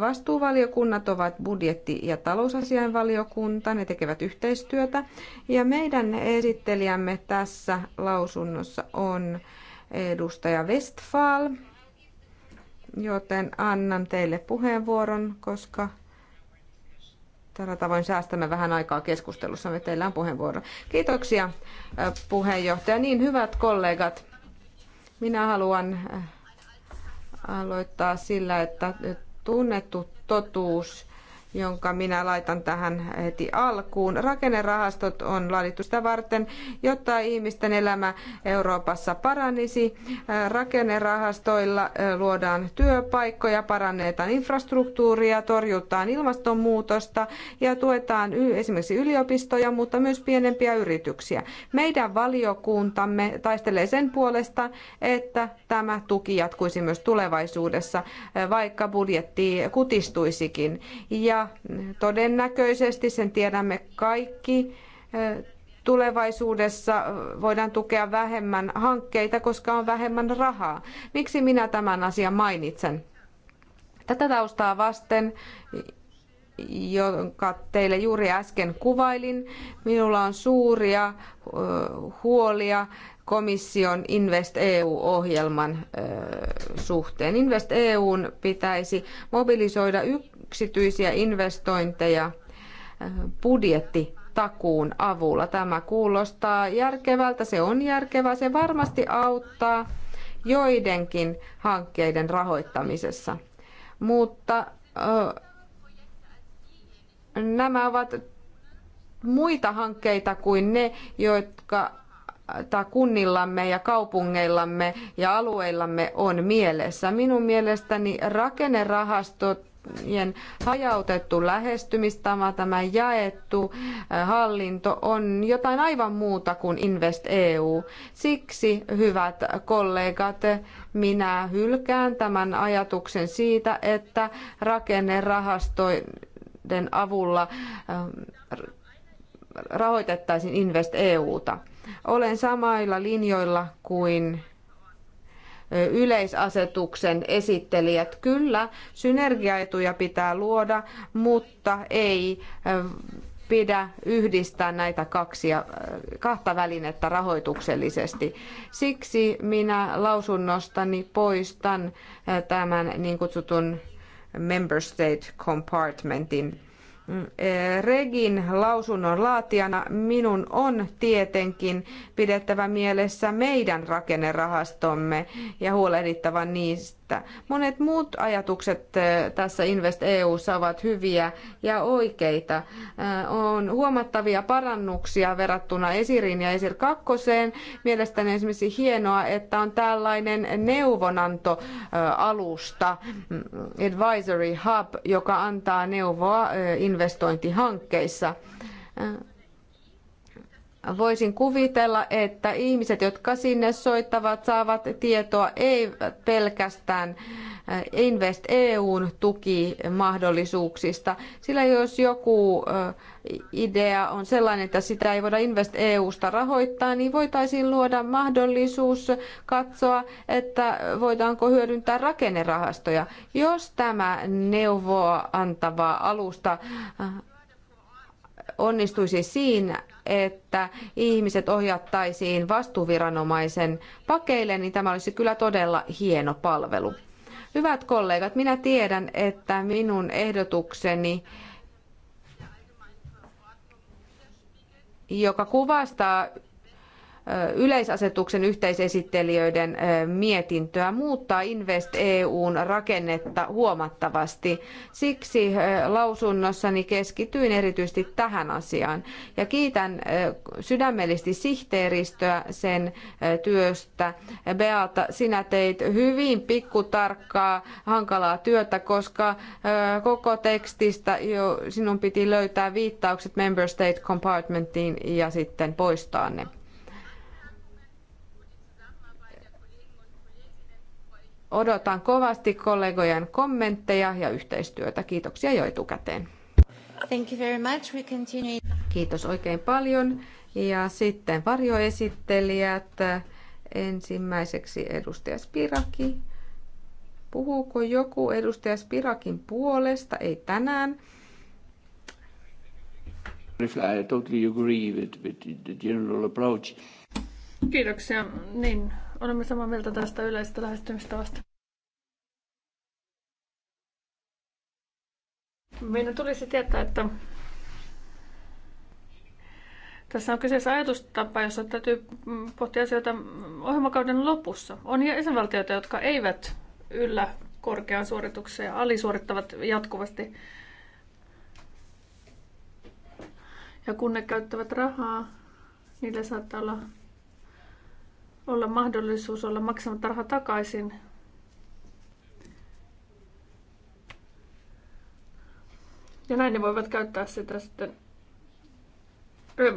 Vastuuvaliokunnat ovat budjetti- ja talousasiainvaliokunta, ne tekevät yhteistyötä. Ja meidän esittelijämme tässä lausunnossa on edustaja Westfall, joten annan teille puheenvuoron, koska tällä tavoin säästämme vähän aikaa keskustelussa. Me teillä on puheenvuoro. Kiitoksia äh, puheenjohtaja. Niin, hyvät kollegat, minä haluan äh, aloittaa sillä, että tunnettu totuus jonka minä laitan tähän heti alkuun. Rakennerahastot on laadittu sitä varten, jotta ihmisten elämä Euroopassa paranisi. Rakennerahastoilla luodaan työpaikkoja, parannetaan infrastruktuuria, torjutaan ilmastonmuutosta ja tuetaan esimerkiksi yliopistoja, mutta myös pienempiä yrityksiä. Meidän valiokuntamme taistelee sen puolesta, että tämä tuki jatkuisi myös tulevaisuudessa, vaikka budjetti kutistuisikin. Ja todennäköisesti sen tiedämme kaikki. Tulevaisuudessa voidaan tukea vähemmän hankkeita, koska on vähemmän rahaa. Miksi minä tämän asian mainitsen? Tätä taustaa vasten, jonka teille juuri äsken kuvailin, minulla on suuria huolia komission Invest EU-ohjelman suhteen. Invest EUn pitäisi mobilisoida yksityisiä investointeja äh, budjettitakuun avulla. Tämä kuulostaa järkevältä, se on järkevää, se varmasti auttaa joidenkin hankkeiden rahoittamisessa. Mutta nämä ovat muita hankkeita kuin ne, jotka kunnillamme ja kaupungeillamme ja alueillamme on mielessä. Minun mielestäni rakennerahastot hajautettu lähestymistapa, tämä jaettu äh, hallinto on jotain aivan muuta kuin Invest EU. Siksi, hyvät kollegat, minä hylkään tämän ajatuksen siitä, että rakennerahastoiden avulla ähm, rahoitettaisiin Invest EUta. Olen samailla linjoilla kuin yleisasetuksen esittelijät. Kyllä, synergiaetuja pitää luoda, mutta ei pidä yhdistää näitä kaksia, kahta välinettä rahoituksellisesti. Siksi minä lausunnostani poistan tämän niin kutsutun member state compartmentin. Eh, Regin lausunnon laatijana minun on tietenkin pidettävä mielessä meidän rakennerahastomme ja huolehdittava niistä että monet muut ajatukset eh, tässä Invest EU ovat hyviä ja oikeita. Eh, on huomattavia parannuksia verrattuna Esiriin ja Esir 2. Mielestäni esimerkiksi hienoa, että on tällainen neuvonantoalusta, eh, mm, Advisory Hub, joka antaa neuvoa investointihankkeissa Voisin kuvitella, että ihmiset, jotka sinne soittavat, saavat tietoa ei pelkästään eh, Invest EUn tukimahdollisuuksista, sillä jos joku eh, idea on sellainen, että sitä ei voida Invest EUsta rahoittaa, niin voitaisiin luoda mahdollisuus katsoa, että voidaanko hyödyntää rakennerahastoja. Jos tämä neuvoa antava alusta eh, onnistuisi siinä, että ihmiset ohjattaisiin vastuuviranomaisen pakeille, niin tämä olisi kyllä todella hieno palvelu. Hyvät kollegat, minä tiedän, että minun ehdotukseni joka kuvastaa yleisasetuksen yhteisesittelijöiden mietintöä muuttaa Invest EUn rakennetta huomattavasti. Siksi lausunnossani keskityin erityisesti tähän asiaan ja kiitän sydämellisesti sihteeristöä sen työstä. Beata, sinä teit hyvin pikkutarkkaa, hankalaa työtä, koska koko tekstistä jo sinun piti löytää viittaukset Member State Compartmentiin ja sitten poistaa ne. Odotan kovasti kollegojen kommentteja ja yhteistyötä. Kiitoksia jo etukäteen. Thank you very much. We continue. Kiitos oikein paljon. Ja sitten varjoesittelijät. Ensimmäiseksi edustaja Spiraki. Puhuuko joku edustaja Spirakin puolesta? Ei tänään. I totally agree with, with the general approach. Kiitoksia. Niin, Olemme samaa mieltä tästä yleisestä lähestymistavasta. Meidän tulisi tietää, että tässä on kyseessä ajatustapa, jossa täytyy pohtia asioita ohjelmakauden lopussa. On jäsenvaltioita, jotka eivät yllä korkeaan ja alisuorittavat jatkuvasti. Ja kun ne käyttävät rahaa, niillä saattaa olla olla mahdollisuus olla maksamatta raha takaisin. Ja näin ne voivat käyttää sitä sitten,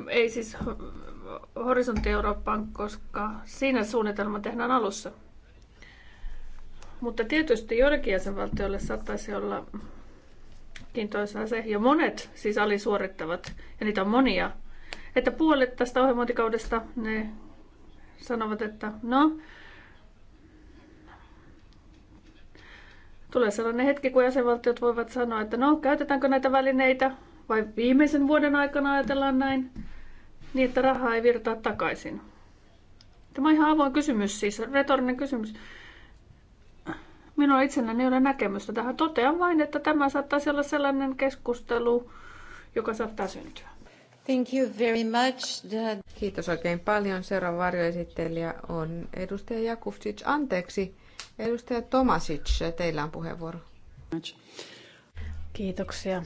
ei siis Horisontti Eurooppaan, koska siinä suunnitelma tehdään alussa. Mutta tietysti joillekin jäsenvaltioille saattaisi olla kiintoisaa se, ja monet siis alisuorittavat, ja niitä on monia, että puolet tästä ohjelmointikaudesta ne sanovat, että no, tulee sellainen hetki, kun jäsenvaltiot voivat sanoa, että no, käytetäänkö näitä välineitä vai viimeisen vuoden aikana ajatellaan näin, niin että rahaa ei virtaa takaisin. Tämä on ihan avoin kysymys, siis retorinen kysymys. Minulla itselläni ei ole näkemystä tähän. Totean vain, että tämä saattaisi olla sellainen keskustelu, joka saattaa syntyä. Thank you very much. The... Kiitos oikein paljon. Seuraava varjoesittelijä on edustaja Jakufcic. Anteeksi, edustaja Tomasic, teillä on puheenvuoro. Kiitoksia.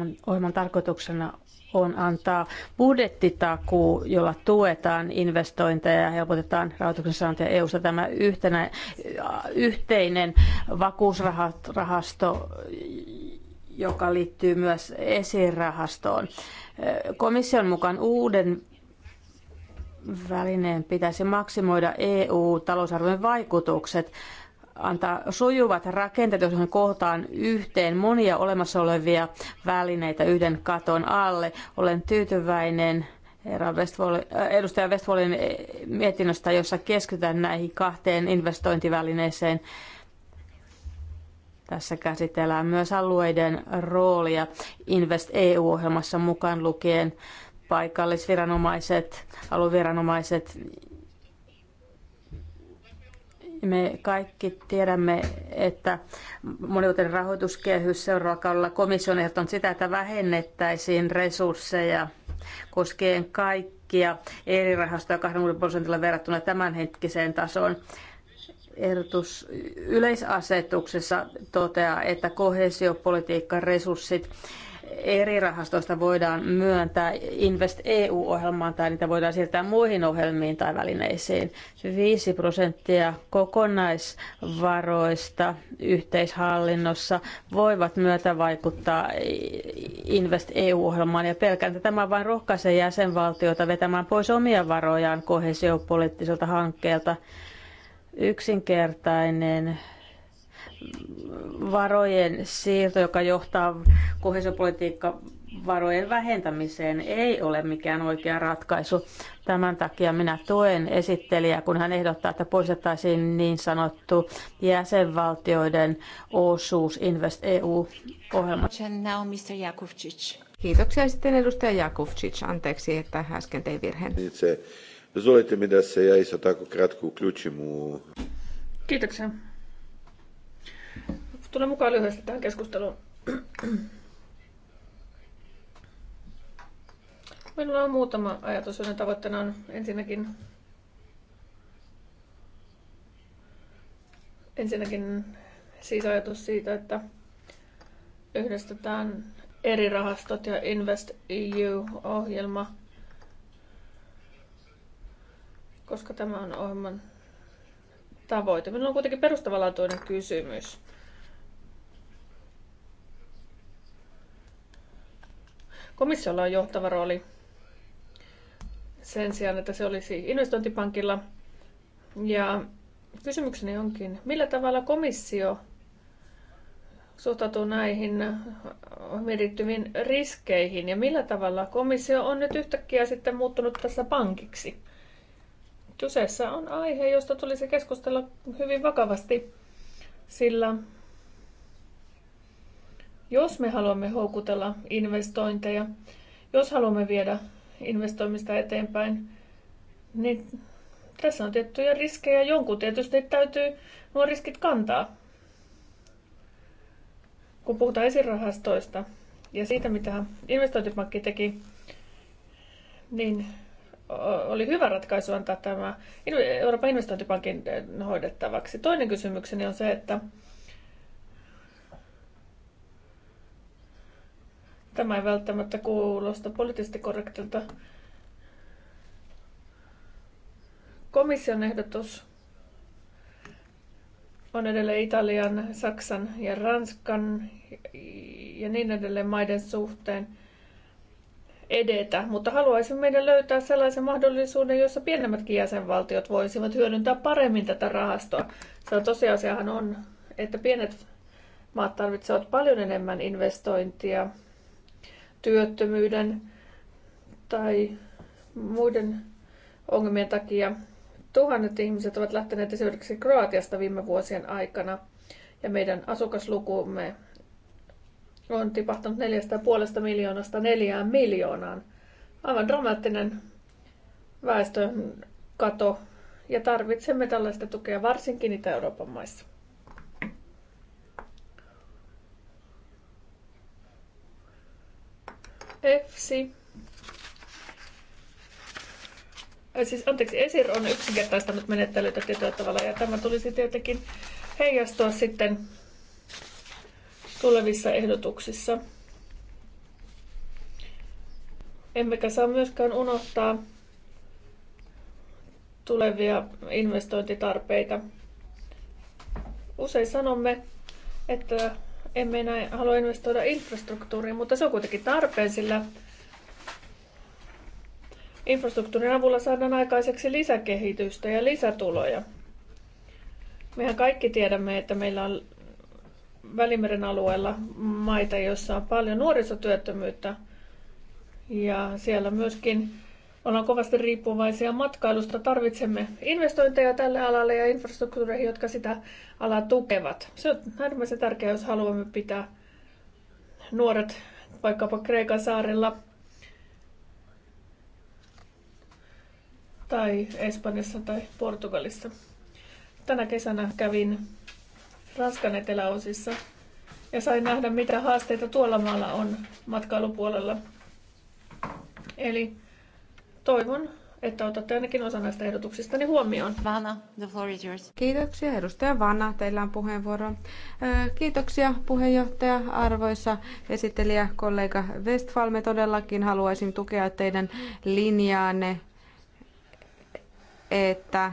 on ohjelman tarkoituksena on antaa budjettitakuu, jolla tuetaan investointeja ja helpotetaan rahoituksen saantia EU-sta. Tämä yhtenä, yhteinen vakuusrahasto, joka liittyy myös esirahastoon. Komission mukaan uuden välineen pitäisi maksimoida eu talousarvojen vaikutukset, antaa sujuvat rakenteet, jos kohtaan yhteen monia olemassa olevia välineitä yhden katon alle. Olen tyytyväinen äh, edustaja Westfallin mietinnöstä, jossa keskitytään näihin kahteen investointivälineeseen tässä käsitellään myös alueiden roolia Invest EU-ohjelmassa mukaan lukien paikallisviranomaiset, alueviranomaiset. Me kaikki tiedämme, että monivuotinen rahoituskehys seuraavalla kaudella komission on sitä, että vähennettäisiin resursseja koskien kaikkia eri rahastoja 20 prosentilla verrattuna tämänhetkiseen tasoon ehdotus yleisasetuksessa toteaa, että kohesiopolitiikan resurssit eri rahastoista voidaan myöntää Invest EU-ohjelmaan tai niitä voidaan siirtää muihin ohjelmiin tai välineisiin. 5 prosenttia kokonaisvaroista yhteishallinnossa voivat myötä vaikuttaa Invest EU-ohjelmaan ja pelkään, että tämä vain rohkaisee jäsenvaltiota vetämään pois omia varojaan kohesiopoliittiselta hankkeelta yksinkertainen varojen siirto, joka johtaa kohesiopolitiikka varojen vähentämiseen ei ole mikään oikea ratkaisu. Tämän takia minä tuen esittelijää, kun hän ehdottaa, että poistettaisiin niin sanottu jäsenvaltioiden osuus Invest EU-ohjelmasta. Kiitoksia sitten edustaja Jakovcic. Anteeksi, että äsken tein virheen. Dozvolite mi da se ja isto tako kratko uključim u... Kiitoksia. Tule mukaan lyhyesti tähän keskusteluun. Minulla on muutama ajatus, joiden tavoitteena on ensinnäkin ensinnäkin siis ajatus siitä, että yhdistetään eri rahastot ja Invest EU-ohjelma koska tämä on ohjelman tavoite. Minulla on kuitenkin perustavanlaatuinen kysymys. Komissiolla on johtava rooli sen sijaan, että se olisi investointipankilla. Ja kysymykseni onkin, millä tavalla komissio suhtautuu näihin mirittyviin riskeihin ja millä tavalla komissio on nyt yhtäkkiä sitten muuttunut tässä pankiksi? Kyseessä on aihe, josta tulisi keskustella hyvin vakavasti, sillä jos me haluamme houkutella investointeja, jos haluamme viedä investoimista eteenpäin, niin tässä on tiettyjä riskejä. Jonkun tietysti täytyy nuo riskit kantaa. Kun puhutaan esirahastoista ja siitä, mitä investointipankki teki, niin oli hyvä ratkaisu antaa tämä Euroopan investointipankin eh, hoidettavaksi. Toinen kysymykseni on se, että tämä ei välttämättä kuulosta poliittisesti korrektilta. Komission ehdotus on edelleen Italian, Saksan ja Ranskan ja niin edelleen maiden suhteen – edetä, mutta haluaisin meidän löytää sellaisen mahdollisuuden, jossa pienemmätkin jäsenvaltiot voisivat hyödyntää paremmin tätä rahastoa. Se on tosiasiahan on, että pienet maat tarvitsevat paljon enemmän investointia työttömyyden tai muiden ongelmien takia. Tuhannet ihmiset ovat lähteneet esimerkiksi Kroatiasta viime vuosien aikana ja meidän asukaslukumme on tipahtanut neljästä puolesta miljoonasta neljään miljoonaan. Aivan dramaattinen väestön kato ja tarvitsemme tällaista tukea varsinkin Itä-Euroopan maissa. EFSI. Siis, anteeksi, ESIR on yksinkertaistanut menettelyitä tietyllä tavalla ja tämä tulisi tietenkin heijastua sitten tulevissa ehdotuksissa. Emmekä saa myöskään unohtaa tulevia investointitarpeita. Usein sanomme, että emme enää halua investoida infrastruktuuriin, mutta se on kuitenkin tarpeen, sillä infrastruktuurin avulla saadaan aikaiseksi lisäkehitystä ja lisätuloja. Mehän kaikki tiedämme, että meillä on Välimeren alueella maita, joissa on paljon nuorisotyöttömyyttä. Ja siellä myöskin ollaan kovasti riippuvaisia matkailusta. Tarvitsemme investointeja tälle alalle ja infrastruktuureihin, jotka sitä alaa tukevat. Se on äärimmäisen tärkeää, jos haluamme pitää nuoret vaikkapa Kreikan saarella tai Espanjassa tai Portugalissa. Tänä kesänä kävin Ranskan eteläosissa ja sain nähdä, mitä haasteita tuolla maalla on matkailupuolella. Eli toivon, että otatte ainakin osa näistä ehdotuksistani huomioon. Vanna, the floor is yours. Kiitoksia edustaja Vanna, teillä on puheenvuoro. Kiitoksia puheenjohtaja, arvoisa esittelijä, kollega Westfall. Me todellakin haluaisin tukea teidän linjaanne, että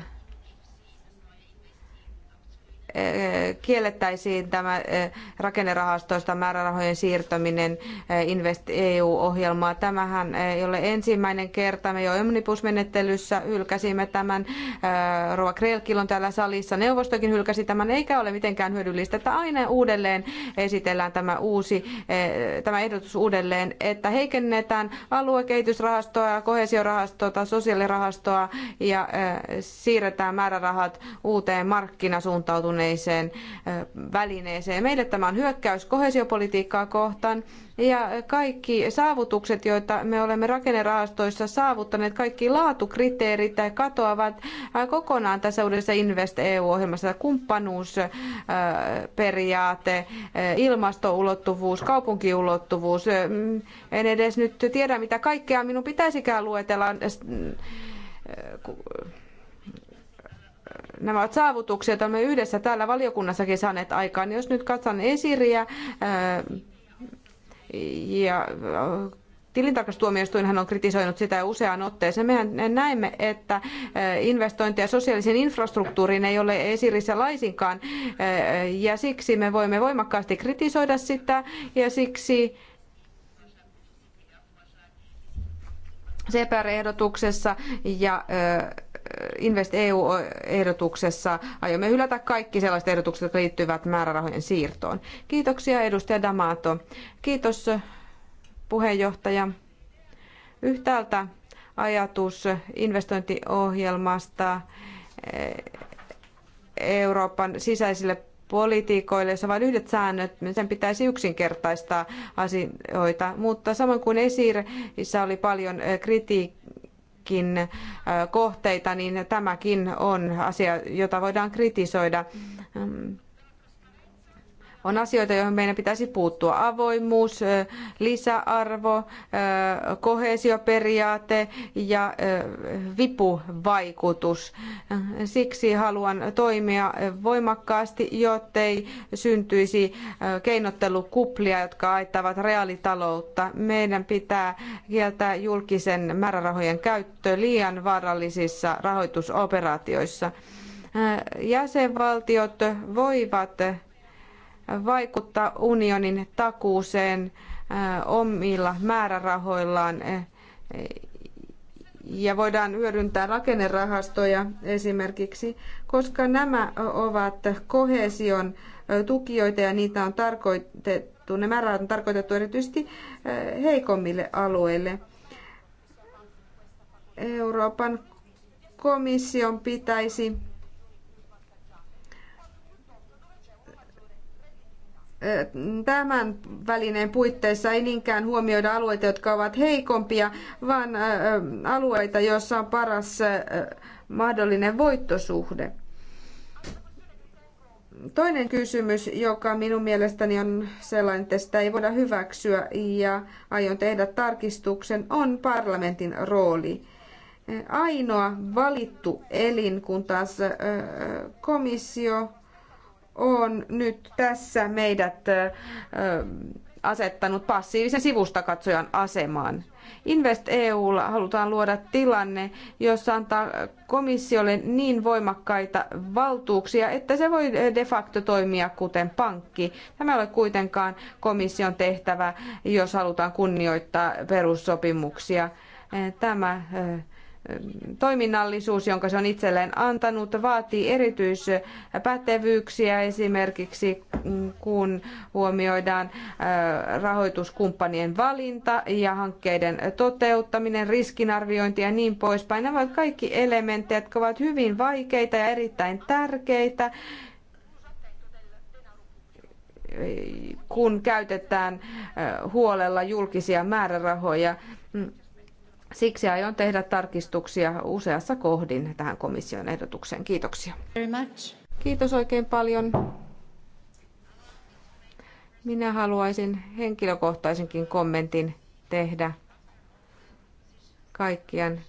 Eh, kiellettäisiin tämä eh, rakennerahastoista määrärahojen siirtäminen eh, Invest EU-ohjelmaa. Tämähän ei ole ensimmäinen kerta. Me jo omnibusmenettelyssä hylkäsimme tämän. Rova Krelkil on täällä salissa. Neuvostokin hylkäsi tämän, eikä ole mitenkään hyödyllistä, että aina uudelleen esitellään tämä uusi, tämä ehdotus uudelleen, että heikennetään aluekehitysrahastoa, kohesiorahastoa, sosiaalirahastoa ja siirretään määrärahat uuteen markkinasuuntautuneeseen onnistuneiseen välineeseen. Meille tämä on hyökkäys kohesiopolitiikkaa kohtaan ja kaikki saavutukset, joita me olemme rakennerahastoissa saavuttaneet, kaikki laatukriteerit katoavat kokonaan tässä uudessa Invest EU-ohjelmassa. Kumppanuusperiaate, ilmastoulottuvuus, kaupunkiulottuvuus. En edes nyt tiedä, mitä kaikkea minun pitäisikään luetella nämä ovat saavutuksia, joita me yhdessä täällä valiokunnassakin saaneet aikaan. Jos nyt katson esiriä äh, ja äh, tilintarkastustuomioistuinhan on kritisoinut sitä useaan otteeseen. Mehän näemme, että äh, investointeja sosiaalisiin infrastruktuuriin ei ole esirissä laisinkaan ja siksi me voimme voimakkaasti kritisoida sitä ja siksi CPR-ehdotuksessa ja Invest EU-ehdotuksessa aiomme hylätä kaikki sellaiset ehdotukset, jotka liittyvät määrärahojen siirtoon. Kiitoksia edustaja Damato. Kiitos puheenjohtaja. Yhtäältä ajatus investointiohjelmasta eh, Euroopan sisäisille poliitikoille, jossa vain yhdet säännöt, sen pitäisi yksinkertaistaa asioita. Mutta samoin kuin Esirissä oli paljon eh, kritiikkiä, muitakin kohteita, niin tämäkin on asia, jota voidaan kritisoida on asioita, joihin meidän pitäisi puuttua. Avoimuus, lisäarvo, kohesioperiaate ja vipuvaikutus. Siksi haluan toimia voimakkaasti, jottei syntyisi keinottelukuplia, jotka aittavat reaalitaloutta. Meidän pitää kieltää julkisen määrärahojen käyttö liian vaarallisissa rahoitusoperaatioissa jäsenvaltiot voivat vaikuttaa unionin takuuseen omilla määrärahoillaan ja voidaan hyödyntää rakennerahastoja esimerkiksi, koska nämä ovat kohesion tukijoita ja niitä on tarkoitettu, ne määrärahat on tarkoitettu erityisesti heikommille alueille. Euroopan komission pitäisi tämän välineen puitteissa ei niinkään huomioida alueita, jotka ovat heikompia, vaan alueita, joissa on paras mahdollinen voittosuhde. Toinen kysymys, joka minun mielestäni on sellainen, että sitä ei voida hyväksyä ja aion tehdä tarkistuksen, on parlamentin rooli. Ainoa valittu elin, kun taas komissio on nyt tässä meidät asettanut passiivisen sivustakatsojan asemaan. Invest EUlla halutaan luoda tilanne, jossa antaa komissiolle niin voimakkaita valtuuksia, että se voi de facto toimia kuten pankki. Tämä ei ole kuitenkaan komission tehtävä, jos halutaan kunnioittaa perussopimuksia. Tämä toiminnallisuus, jonka se on itselleen antanut, vaatii erityispätevyyksiä esimerkiksi, kun huomioidaan rahoituskumppanien valinta ja hankkeiden toteuttaminen, riskinarviointi ja niin poispäin. Nämä ovat kaikki elementtejä, jotka ovat hyvin vaikeita ja erittäin tärkeitä kun käytetään huolella julkisia määrärahoja. Mm. Siksi aion tehdä tarkistuksia useassa kohdin tähän komission ehdotukseen. Kiitoksia. Kiitos oikein paljon. Minä haluaisin henkilökohtaisenkin kommentin tehdä kaikkien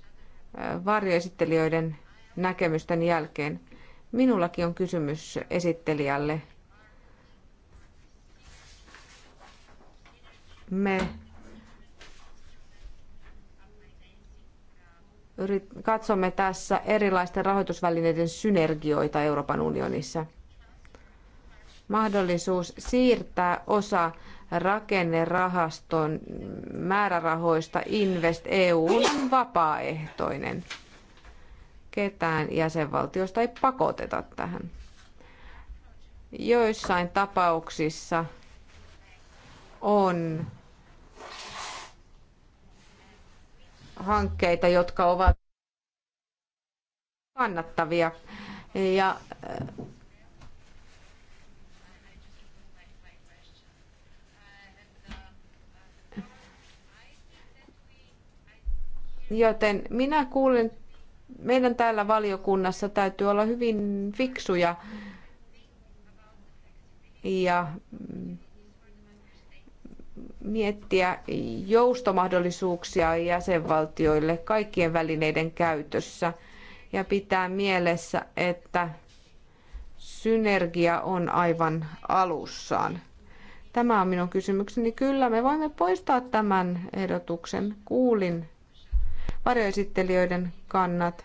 varjoesittelijöiden näkemysten jälkeen. Minullakin on kysymys esittelijälle. Me katsomme tässä erilaisten rahoitusvälineiden synergioita Euroopan unionissa. Mahdollisuus siirtää osa rakennerahaston määrärahoista Invest EU on vapaaehtoinen. Ketään jäsenvaltiosta ei pakoteta tähän. Joissain tapauksissa on hankkeita, jotka ovat kannattavia. Ja, äh, joten minä kuulen, meidän täällä valiokunnassa täytyy olla hyvin fiksuja ja mm, miettiä joustomahdollisuuksia jäsenvaltioille kaikkien välineiden käytössä ja pitää mielessä, että synergia on aivan alussaan. Tämä on minun kysymykseni. Kyllä, me voimme poistaa tämän ehdotuksen. Kuulin varjoesittelijöiden kannat.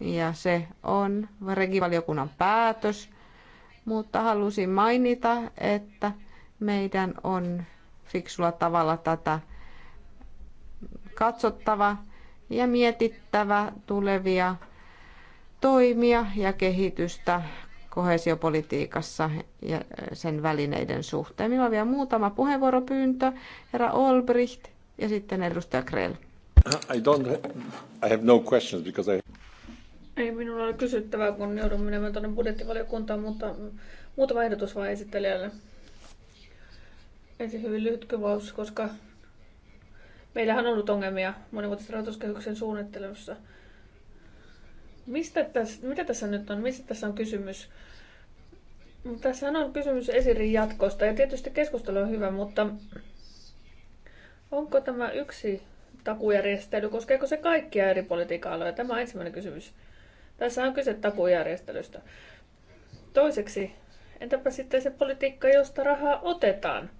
Ja se on regivaliokunnan päätös. Mutta halusin mainita, että meidän on fiksulla tavalla tätä katsottava ja mietittävä tulevia toimia ja kehitystä kohesiopolitiikassa ja sen välineiden suhteen. Minulla on vielä muutama puheenvuoropyyntö. Herra Olbricht ja sitten edustaja Krell. I don't, I have no questions because I... Ei minulla ole kysyttävää, kun joudun menemään tuonne budjettivaliokuntaan, mutta muutama ehdotus vain esittelijälle. Ensin hyvin lyhyt kuvaus, koska meillähän on ollut ongelmia monivuotisen rahoituskehyksen suunnittelussa. Mistä tässä, mitä tässä nyt on? Mistä tässä on kysymys? Tässä on kysymys esirin jatkosta ja tietysti keskustelu on hyvä, mutta onko tämä yksi takujärjestely, koskeeko se kaikkia eri politiikan aloja Tämä on ensimmäinen kysymys. Tässä on kyse takujärjestelystä. Toiseksi, entäpä sitten se politiikka, josta rahaa otetaan?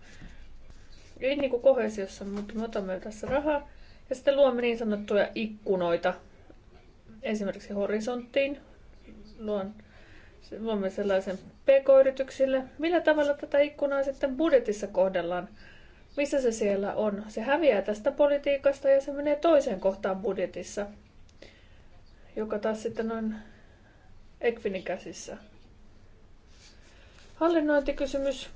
Ei niin kuin kohesiossa, mutta me otamme tässä rahaa ja sitten luomme niin sanottuja ikkunoita. Esimerkiksi horisonttiin luon, luomme sellaisen pk-yrityksille. Millä tavalla tätä ikkunaa sitten budjetissa kohdellaan? Missä se siellä on? Se häviää tästä politiikasta ja se menee toiseen kohtaan budjetissa, joka taas sitten on Ekvinin käsissä. Hallinnointikysymys.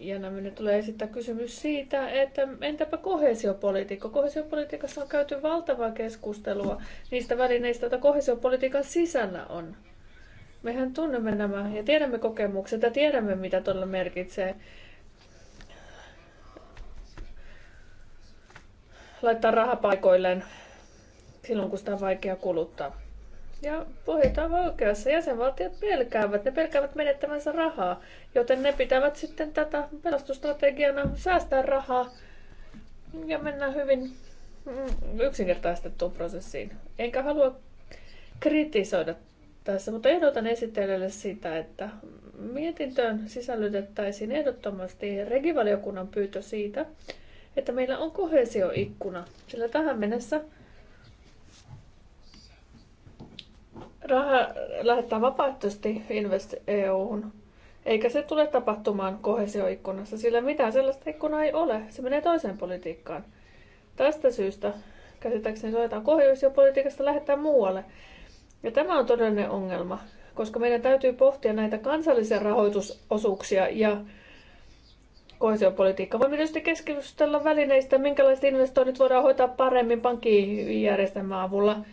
ja nämä nyt tulee esittää kysymys siitä, että entäpä kohesiopolitiikka? Kohesiopolitiikassa on käyty valtavaa keskustelua niistä välineistä, joita kohesiopolitiikan sisällä on. Mehän tunnemme nämä ja tiedämme kokemukset ja tiedämme, mitä todella merkitsee laittaa rahapaikoilleen silloin, kun sitä on vaikea kuluttaa. Ja pohjat ovat oikeassa. Jäsenvaltiot pelkäävät. Ne pelkäävät menettävänsä rahaa, joten ne pitävät sitten tätä pelastustrategiana säästää rahaa ja mennä hyvin mm, yksinkertaistettuun prosessiin. Enkä halua kritisoida tässä, mutta ehdotan esittelijälle sitä, että mietintöön sisällytettäisiin ehdottomasti regivaliokunnan pyytö siitä, että meillä on kohesioikkuna, sillä tähän mennessä – raha lähettää vapaaehtoisesti Invest e Eikä se tule tapahtumaan kohesioikkunassa, sillä mitään sellaista ikkunaa ei ole. Se menee toiseen politiikkaan. Tästä syystä käsittääkseni sovitaan kohesiopolitiikasta lähettää muualle. Ja tämä on todellinen ongelma, koska meidän täytyy pohtia näitä kansallisia rahoitusosuuksia ja kohesiopolitiikka. Voimme tietysti keskustella välineistä, minkälaiset investoinnit voidaan hoitaa paremmin pankkijärjestelmän avulla –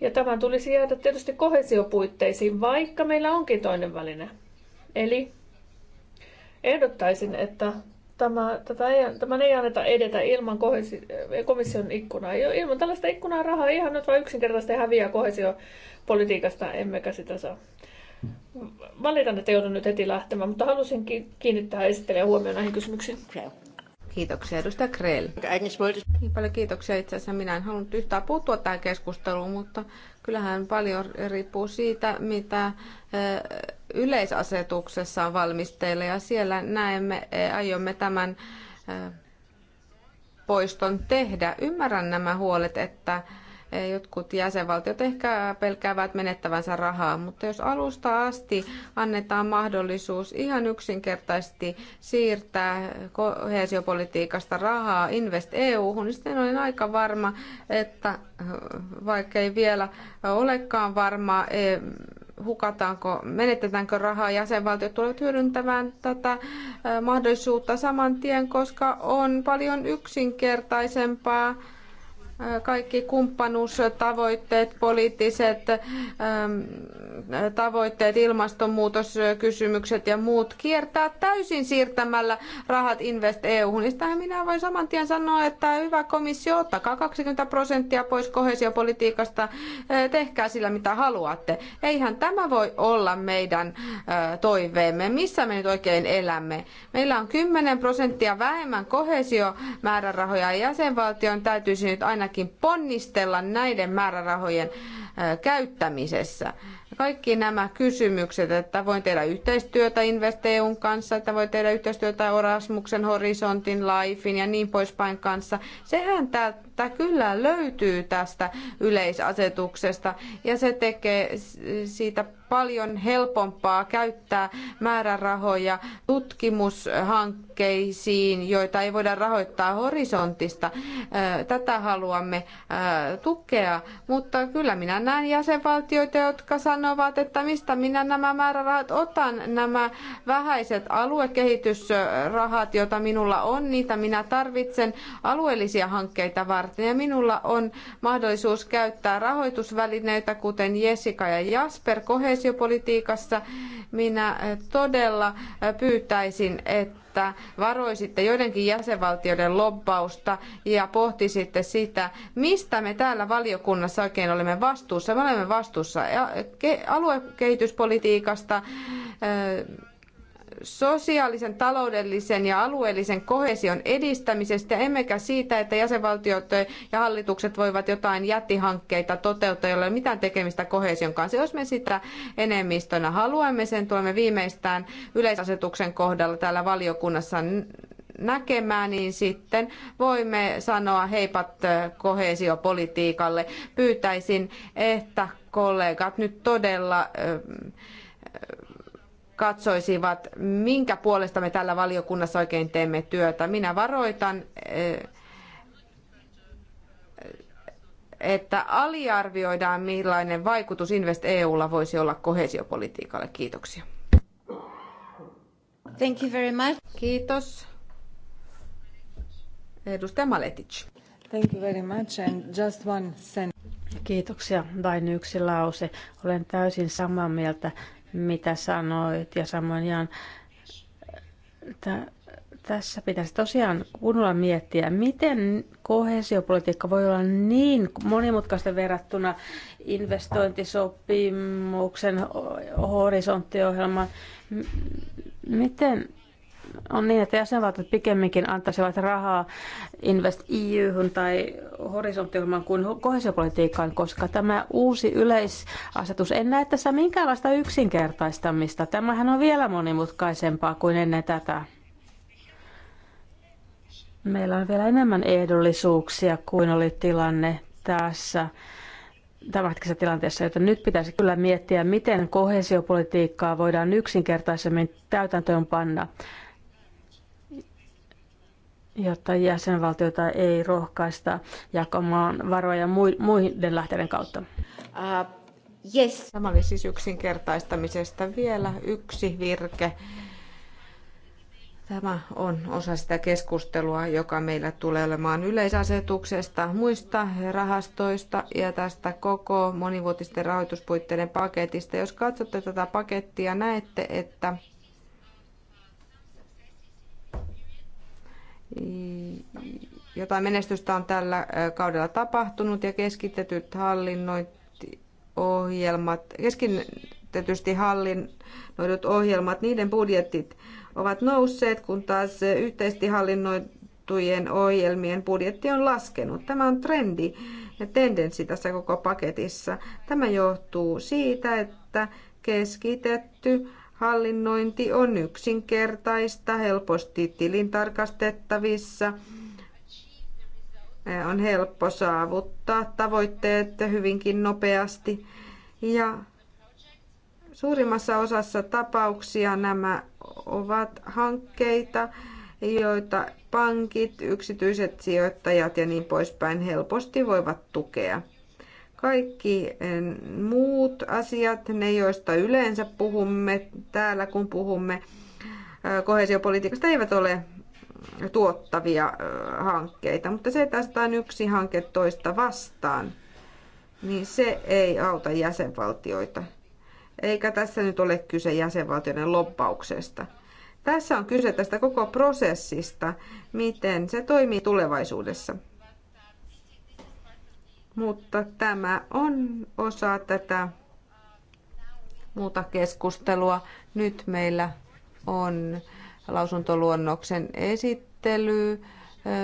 ja tämä tulisi jäädä tietysti kohesiopuitteisiin, vaikka meillä onkin toinen väline. Eli ehdottaisin, että tämä, tätä ei, tämän ei anneta edetä ilman kohesi, komission ikkunaa. Ilman tällaista ikkunaa rahaa ihan nyt vain yksinkertaisesti häviää kohesiopolitiikasta, emmekä sitä saa. Valitan, että joudun nyt heti lähtemään, mutta halusin kiinnittää esittelijän huomioon näihin kysymyksiin. Okay. Kiitoksia, edustaja Krell. Niin paljon kiitoksia. Itse asiassa minä en halunnut yhtään puuttua tähän keskusteluun, mutta kyllähän paljon riippuu siitä, mitä yleisasetuksessa on valmisteilla. Ja siellä näemme, aiomme tämän poiston tehdä. Ymmärrän nämä huolet, että Jotkut jäsenvaltiot ehkä pelkäävät menettävänsä rahaa, mutta jos alusta asti annetaan mahdollisuus ihan yksinkertaisesti siirtää kohesiopolitiikasta rahaa Invest eu niin sitten olen aika varma, että vaikka ei vielä olekaan varma, e, hukataanko, menetetäänkö rahaa, jäsenvaltiot tulevat hyödyntämään tätä e, mahdollisuutta saman tien, koska on paljon yksinkertaisempaa kaikki kumppanuustavoitteet, poliittiset ähm, tavoitteet, ilmastonmuutoskysymykset ja muut kiertää täysin siirtämällä rahat Invest EU-hun. Niistähän minä voin saman tien sanoa, että hyvä komissio, ottakaa 20 prosenttia pois kohesiopolitiikasta, äh, tehkää sillä mitä haluatte. Eihän tämä voi olla meidän äh, toiveemme. Missä me nyt oikein elämme? Meillä on 10 prosenttia vähemmän kohesiomäärärahoja ja jäsenvaltion täytyisi nyt aina ainakin ponnistella näiden määrärahojen käyttämisessä. Kaikki nämä kysymykset, että voin tehdä yhteistyötä InvestEUn kanssa, että voi tehdä yhteistyötä Orasmuksen, Horisontin, Lifein ja niin poispäin kanssa, sehän tää kyllä löytyy tästä yleisasetuksesta ja se tekee siitä paljon helpompaa käyttää määrärahoja tutkimushankkeisiin, joita ei voida rahoittaa horisontista. Tätä haluamme tukea, mutta kyllä minä näen jäsenvaltioita, jotka sanovat, että mistä minä nämä määrärahat otan, nämä vähäiset aluekehitysrahat, joita minulla on, niitä minä tarvitsen alueellisia hankkeita varten ja minulla on mahdollisuus käyttää rahoitusvälineitä, kuten Jessica ja Jasper Kohe koheesiopolitiikassa, Minä eh, todella eh, pyytäisin, että varoisitte joidenkin jäsenvaltioiden lobbausta ja pohtisitte sitä, mistä me täällä valiokunnassa oikein olemme vastuussa. Me olemme vastuussa eh, aluekehityspolitiikasta, sosiaalisen, taloudellisen ja alueellisen kohesion edistämisestä, emmekä siitä, että jäsenvaltiot ja hallitukset voivat jotain jättihankkeita toteuttaa, joilla ei ole mitään tekemistä kohesion kanssa. Jos me sitä enemmistönä haluamme, sen tulemme viimeistään yleisasetuksen kohdalla täällä valiokunnassa näkemään, niin sitten voimme sanoa heipat kohesiopolitiikalle. Pyytäisin, että kollegat nyt todella katsoisivat, minkä puolesta me tällä valiokunnassa oikein teemme työtä. Minä varoitan, eh, että aliarvioidaan, millainen vaikutus Invest EUlla voisi olla kohesiopolitiikalle. Kiitoksia. Thank you very much. Kiitos. Edustaja Maletic. Thank you very much and just one sentence. Kiitoksia. Vain yksi lause. Olen täysin samaa mieltä mitä sanoit, ja samoin Jan, tässä pitäisi tosiaan kunnolla miettiä, miten kohesiopolitiikka voi olla niin monimutkaista verrattuna investointisopimuksen horisonttiohjelmaan. Miten on niin, että jäsenvaltiot pikemminkin antaisivat rahaa Invest EU:hun tai horisonttiohjelmaan kuin kohesiopolitiikkaan, koska tämä uusi yleisasetus, en näe tässä minkäänlaista yksinkertaistamista. Tämähän on vielä monimutkaisempaa kuin ennen tätä. Meillä on vielä enemmän ehdollisuuksia kuin oli tilanne tässä tämänhetkisessä tilanteessa, joten nyt pitäisi kyllä miettiä, miten kohesiopolitiikkaa voidaan yksinkertaisemmin täytäntöön panna jotta jäsenvaltioita ei rohkaista jakamaan varoja muiden lähteiden kautta. Uh, yes. Tämä oli siis yksinkertaistamisesta vielä yksi virke. Tämä on osa sitä keskustelua, joka meillä tulee olemaan yleisasetuksesta, muista rahastoista ja tästä koko monivuotisten rahoituspuitteiden paketista. Jos katsotte tätä pakettia, näette, että Mm, jotain menestystä on tällä kaudella tapahtunut ja keskitetyt ohjelmat, keskitetysti hallinnoidut ohjelmat, niiden budjetit ovat nousseet, kun taas yhteisesti hallinnoitujen ohjelmien budjetti on laskenut. Tämä on trendi ja tendenssi tässä koko paketissa. Tämä johtuu siitä, että keskitetty hallinnointi on yksinkertaista, helposti tilintarkastettavissa, on helppo saavuttaa tavoitteet hyvinkin nopeasti ja suurimmassa osassa tapauksia nämä ovat hankkeita, joita pankit, yksityiset sijoittajat ja niin poispäin helposti voivat tukea. Kaikki eh, muut asiat, ne joista yleensä puhumme täällä, kun puhumme eh, kohesiopolitiikasta, eivät ole tuottavia eh, hankkeita, mutta se, että asetaan yksi hanke toista vastaan, niin se ei auta jäsenvaltioita. Eikä tässä nyt ole kyse jäsenvaltioiden loppauksesta. Tässä on kyse tästä koko prosessista, miten se toimii tulevaisuudessa mutta tämä on osa tätä muuta keskustelua. Nyt meillä on lausuntoluonnoksen esittely.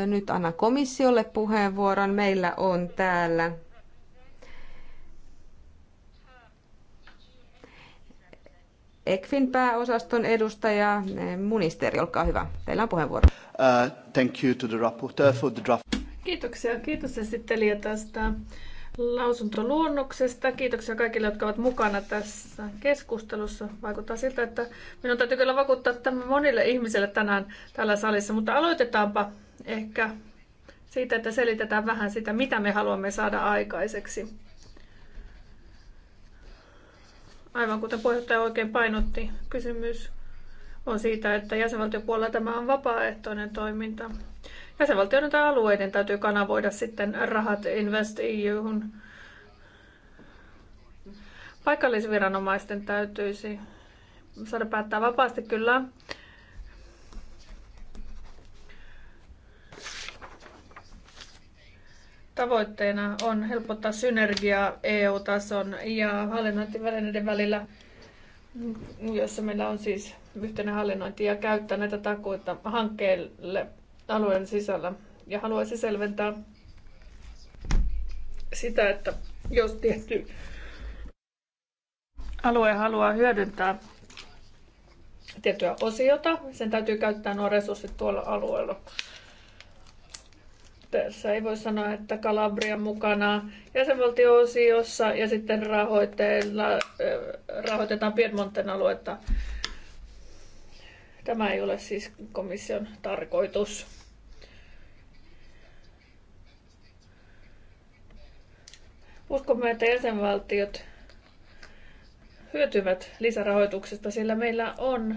Nyt anna komissiolle puheenvuoron. Meillä on täällä ECFin pääosaston edustaja. Ministeri, olkaa hyvä. Teillä on puheenvuoro. Uh, thank you to the rapporteur for the draft. Kiitoksia. Kiitos esittelijä tästä lausuntoluonnoksesta. Kiitoksia kaikille, jotka ovat mukana tässä keskustelussa. Vaikuttaa siltä, että minun täytyy kyllä vakuuttaa tämä monille ihmisille tänään täällä salissa, mutta aloitetaanpa ehkä siitä, että selitetään vähän sitä, mitä me haluamme saada aikaiseksi. Aivan kuten puheenjohtaja oikein painotti, kysymys on siitä, että jäsenvaltiopuolella tämä on vapaaehtoinen toiminta jäsenvaltioiden tai alueiden täytyy kanavoida sitten rahat Invest e Paikallisviranomaisten täytyisi saada päättää vapaasti kyllä. Tavoitteena on helpottaa synergiaa EU-tason ja hallinnointivälineiden välillä, jossa meillä on siis yhteinen hallinnointi ja käyttää näitä takuita hankkeelle alueen sisällä. Ja haluaisin selventää sitä, että jos tietty alue haluaa hyödyntää tiettyä osiota, sen täytyy käyttää nuo resurssit tuolla alueella. Tässä ei voi sanoa, että Kalabria mukana jäsenvaltio-osiossa ja sitten rahoitetaan Piedmonten aluetta. Tämä ei ole siis komission tarkoitus. Uskomme, että jäsenvaltiot hyötyvät lisärahoituksesta, sillä meillä on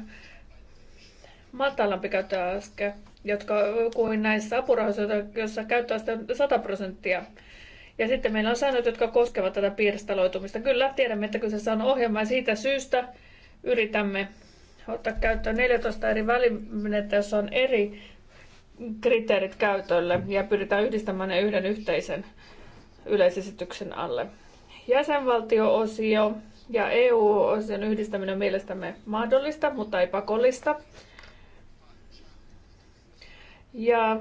matalampi käyttöaste jotka, kuin näissä apurahoissa, joissa käyttöaste on 100 prosenttia. Ja sitten meillä on säännöt, jotka koskevat tätä pirstaloitumista. Kyllä, tiedämme, että kyseessä on ohjelma ja siitä syystä yritämme ottaa käyttöön 14 eri välinettä, jossa on eri kriteerit käytölle ja pyritään yhdistämään ne yhden yhteisen yleisesityksen alle. Jäsenvaltioosio ja EU-osion yhdistäminen on mielestämme mahdollista, mutta ei pakollista. Ja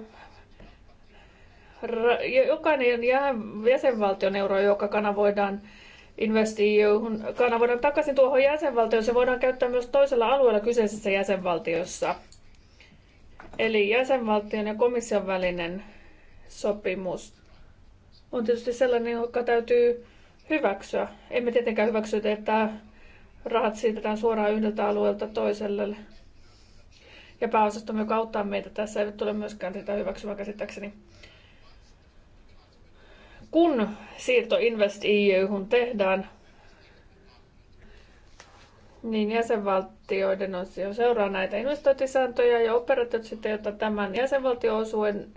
jokainen jäsenvaltion euro, joka kanavoidaan InvestEUhun, kanavoidaan takaisin tuohon jäsenvaltioon, se voidaan käyttää myös toisella alueella kyseisessä jäsenvaltiossa. Eli jäsenvaltion ja komission välinen sopimus on tietysti sellainen, joka täytyy hyväksyä. Emme tietenkään hyväksy, että rahat siirretään suoraan yhdeltä alueelta toiselle. Ja pääosastomme, joka auttaa meitä tässä, ei tule myöskään sitä hyväksymään käsittääkseni. Kun siirto Invest EU tehdään, niin jäsenvaltioiden osio seuraa näitä investointisääntöjä ja operaatiot sitten, joita tämän jäsenvaltioosuuden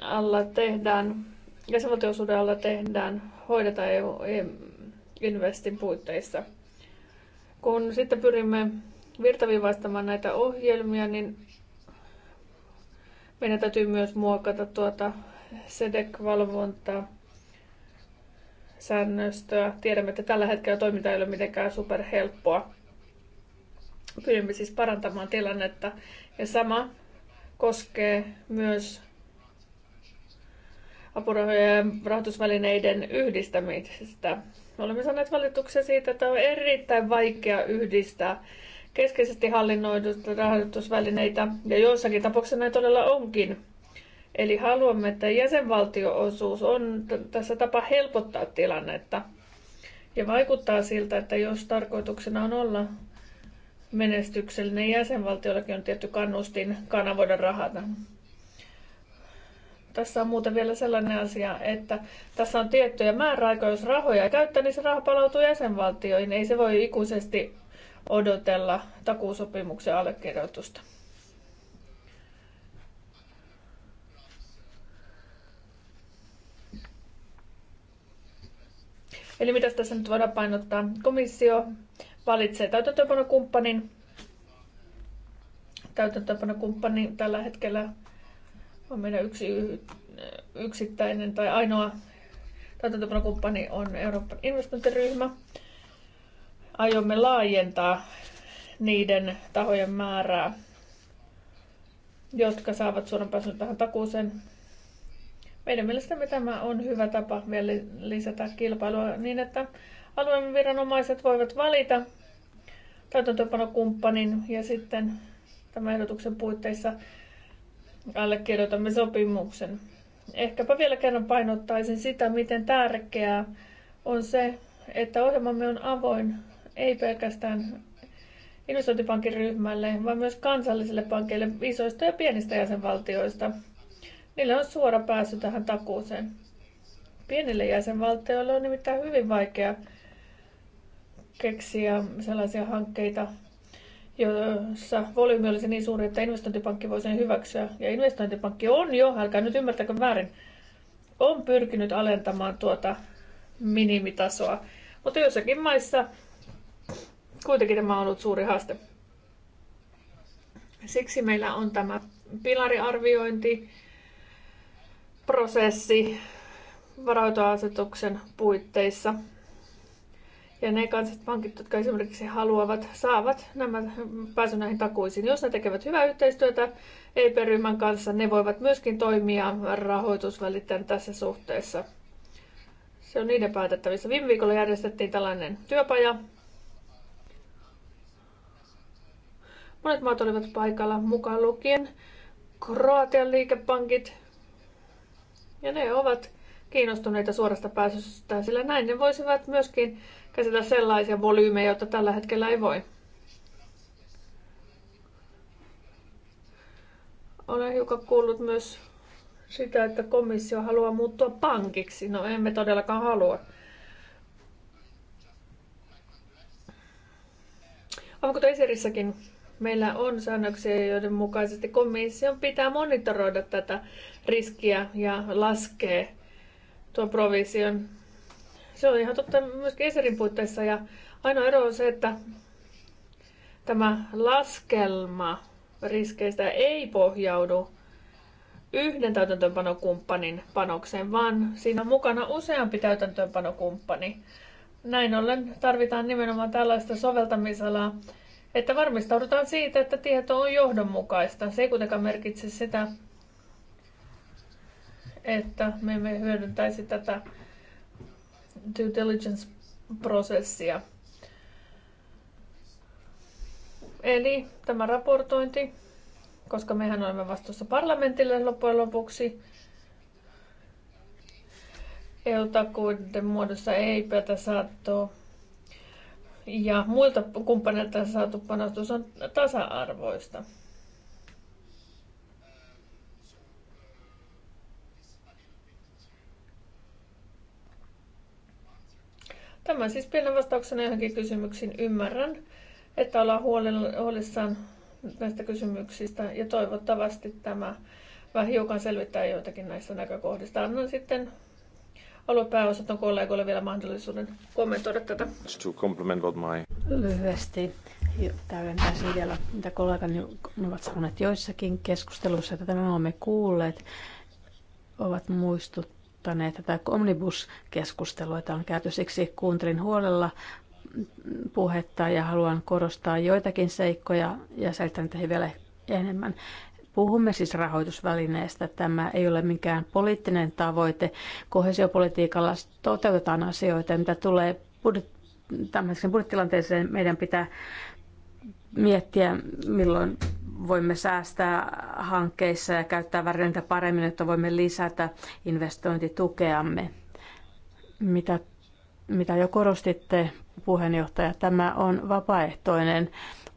alla tehdään, jäsenvaltiosuudella tehdään, hoidetaan EU e Investin puitteissa. Kun sitten pyrimme virtaviivaistamaan näitä ohjelmia, niin meidän täytyy myös muokata tuota SEDEC-valvontaa, säännöstöä. Tiedämme, että tällä hetkellä toiminta ei ole mitenkään superhelppoa. Pyrimme siis parantamaan tilannetta. Ja sama koskee myös apurahojen ja rahoitusvälineiden yhdistämisestä. Olemme saaneet valituksia siitä, että on erittäin vaikea yhdistää keskeisesti hallinnoidut rahoitusvälineitä, ja joissakin tapauksissa näin todella onkin. Eli haluamme, että jäsenvaltioosuus on tässä tapa helpottaa tilannetta. Ja vaikuttaa siltä, että jos tarkoituksena on olla menestyksellinen jäsenvaltiollakin on tietty kannustin kanavoida rahata. Tässä on muuten vielä sellainen asia, että tässä on tiettyjä määräaikoja. Jos rahoja ei käyttää, niin se raha palautuu jäsenvaltioihin. Ei se voi ikuisesti odotella takuusopimuksen allekirjoitusta. Eli mitä tässä nyt voidaan painottaa? Komissio valitsee täytäntöönpanokumppanin. Täytäntöönpanokumppani tällä hetkellä on meidän yksi yksittäinen tai ainoa täytäntöpanokumppani on Euroopan investointiryhmä. Aiomme laajentaa niiden tahojen määrää, jotka saavat suoran pääsyn tähän takuuseen. Meidän mielestämme tämä on hyvä tapa vielä lisätä kilpailua niin, että alueen viranomaiset voivat valita täytäntöpanokumppanin ja sitten tämän ehdotuksen puitteissa allekirjoitamme sopimuksen. Ehkäpä vielä kerran painottaisin sitä, miten tärkeää on se, että ohjelmamme on avoin ei pelkästään investointipankin ryhmälle, vaan myös kansallisille pankeille isoista ja pienistä jäsenvaltioista. Niillä on suora pääsy tähän takuuseen. Pienille jäsenvaltioille on nimittäin hyvin vaikea keksiä sellaisia hankkeita, jossa volyymi olisi niin suuri, että investointipankki voi sen hyväksyä. Ja investointipankki on jo, älkää nyt ymmärtäkö väärin, on pyrkinyt alentamaan tuota minimitasoa. Mutta jossakin maissa kuitenkin tämä on ollut suuri haaste. Siksi meillä on tämä pilariarviointi, prosessi varautoasetuksen puitteissa – ja ne kansalliset pankit, jotka esimerkiksi haluavat, saavat nämä pääsyn näihin takuisiin. Jos ne tekevät hyvää yhteistyötä eip ryhmän kanssa, ne voivat myöskin toimia rahoitusvälittäjän tässä suhteessa. Se on niiden päätettävissä. Viime viikolla järjestettiin tällainen työpaja. Monet maat olivat paikalla, mukaan lukien Kroatian liikepankit. Ja ne ovat kiinnostuneita suorasta pääsystä, sillä näin ne voisivat myöskin käsitellä sellaisia volyymeja, joita tällä hetkellä ei voi. Olen hiukan kuullut myös sitä, että komissio haluaa muuttua pankiksi. No emme todellakaan halua. Onko Esirissäkin meillä on säännöksiä, joiden mukaisesti komission pitää monitoroida tätä riskiä ja laskee tuon provision se on ihan totta myöskin Eserin puitteissa ja ainoa ero on se, että tämä laskelma riskeistä ei pohjaudu yhden täytäntöönpanokumppanin panokseen, vaan siinä on mukana useampi täytäntöönpanokumppani. Näin ollen tarvitaan nimenomaan tällaista soveltamisalaa, että varmistaudutaan siitä, että tieto on johdonmukaista. Se ei kuitenkaan merkitse sitä, että me emme hyödyntäisi tätä due diligence-prosessia. Eli tämä raportointi, koska mehän olemme vastuussa parlamentille loppujen lopuksi, eutakuuden muodossa EIPtä saattoa. ja muilta kumppaneilta saatu panostus on tasa-arvoista. Tämä siis pienen vastauksena johonkin kysymyksiin. Ymmärrän, että ollaan huolissaan näistä kysymyksistä ja toivottavasti tämä vähän hiukan selvittää joitakin näistä näkökohdista. Annan sitten aluepääosaston kollegoille vielä mahdollisuuden kommentoida tätä. To compliment what my... Lyhyesti täydentäisin vielä, mitä kollegani ovat sanoneet joissakin keskusteluissa, että tämä olemme kuulleet, ovat muistut ottaneet tätä omnibus-keskustelua, jota on käyty siksi kuuntelin huolella puhetta ja haluan korostaa joitakin seikkoja ja selittää niitä vielä enemmän. Puhumme siis rahoitusvälineestä. Tämä ei ole mikään poliittinen tavoite. Kohesiopolitiikalla toteutetaan asioita, mitä tulee budjet- budjettilanteeseen. Meidän pitää miettiä, milloin voimme säästää hankkeissa ja käyttää välineitä paremmin, että voimme lisätä investointitukeamme. Mitä, mitä jo korostitte, puheenjohtaja, tämä on vapaaehtoinen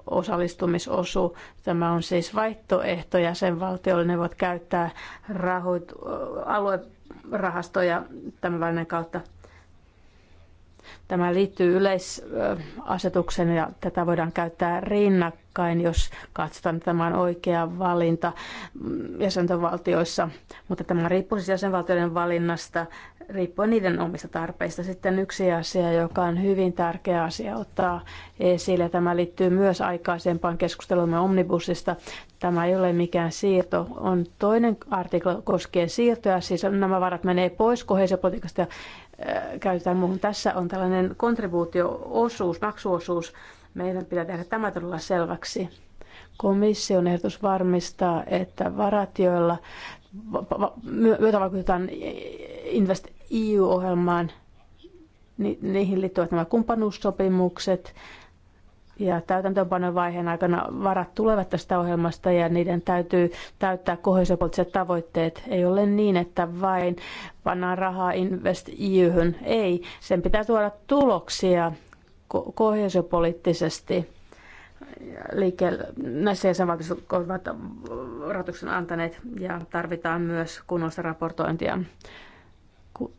osallistumisosu. Tämä on siis vaihtoehto jäsenvaltioille. Ne voivat käyttää rahoit, aluerahastoja tämän välinen kautta. Tämä liittyy yleisasetukseen ja tätä voidaan käyttää rinnakkain vastakkain, jos katsotaan, että tämä on oikea valinta jäsenvaltioissa, mutta tämä riippuu siis jäsenvaltioiden valinnasta, riippuen niiden omista tarpeista. Sitten yksi asia, joka on hyvin tärkeä asia ottaa esille, tämä liittyy myös aikaisempaan keskusteluun omnibusista. Tämä ei ole mikään siirto. On toinen artikla koskien siirtoja, siis nämä varat menee pois kohesiopolitiikasta ja käytetään muuhun. Tässä on tällainen kontribuutioosuus, maksuosuus, meidän pitää tehdä tämä todella selväksi. Komission ehdotus varmistaa, että varat, joilla myötä vaikutetaan Invest EU-ohjelmaan, niihin liittyvät nämä kumppanuussopimukset ja vaiheen aikana varat tulevat tästä ohjelmasta ja niiden täytyy täyttää kohesiopoliittiset tavoitteet. Ei ole niin, että vain pannaan rahaa Invest EU-hyn. Ei, sen pitää tuoda tuloksia ko- kohesiopoliittisesti liikkeelle, näissä jäsenvaltioissa rahoituksen antaneet ja tarvitaan myös kunnollista raportointia.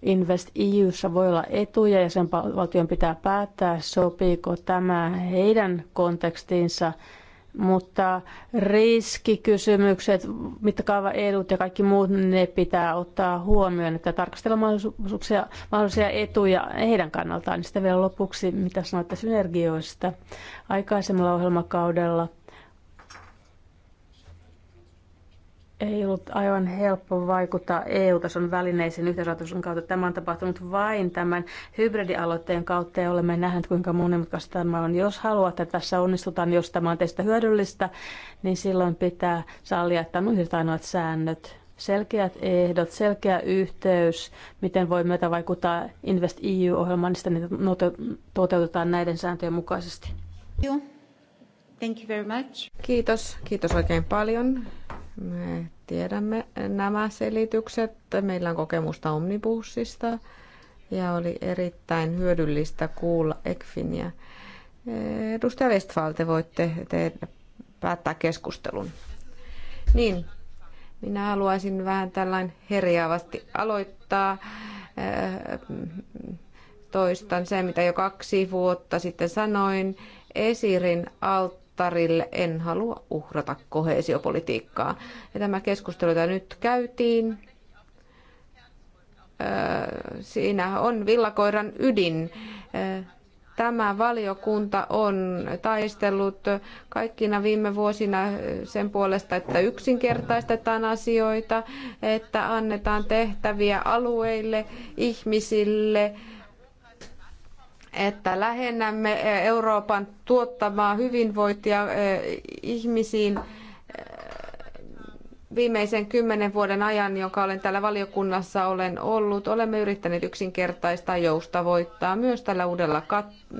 Invest EUssa voi olla etuja ja sen valtion pitää päättää, sopiiko tämä heidän kontekstiinsa – mutta riskikysymykset, mittakaava edut ja kaikki muut, ne pitää ottaa huomioon, että tarkastella mahdollisuuksia, mahdollisia etuja heidän kannaltaan. sitten vielä lopuksi, mitä sanoitte synergioista aikaisemmalla ohjelmakaudella – ei ollut aivan helppo vaikuttaa EU-tason välineisiin yhteisratkaisun kautta. Tämä on tapahtunut vain tämän hybridialoitteen kautta ja olemme nähneet, kuinka monimutkaista tämä on. Jos haluatte, että tässä onnistutaan, jos tämä on teistä hyödyllistä, niin silloin pitää sallia, että on yhdessä ainoat säännöt, selkeät ehdot, selkeä yhteys, miten voi myötä vaikuttaa Invest EU-ohjelmaan, niin sitä toteutetaan näiden sääntöjen mukaisesti. Thank you very much. Kiitos, kiitos oikein paljon. Me tiedämme nämä selitykset. Meillä on kokemusta omnibussista ja oli erittäin hyödyllistä kuulla Ekfiniä. Edustaja Westfall, te voitte tehdä, päättää keskustelun. Niin, minä haluaisin vähän tällainen herjaavasti aloittaa. Toistan se, mitä jo kaksi vuotta sitten sanoin. Esirin alt alttarille. En halua uhrata kohesiopolitiikkaa. Ja tämä keskustelu, jota nyt käytiin, siinä on villakoiran ydin. Tämä valiokunta on taistellut kaikkina viime vuosina sen puolesta, että yksinkertaistetaan asioita, että annetaan tehtäviä alueille, ihmisille, että lähennämme eh, Euroopan tuottamaa hyvinvointia eh, ihmisiin eh, viimeisen kymmenen vuoden ajan, jonka olen täällä valiokunnassa olen ollut, olemme yrittäneet yksinkertaista joustavoittaa myös tällä uudella kat-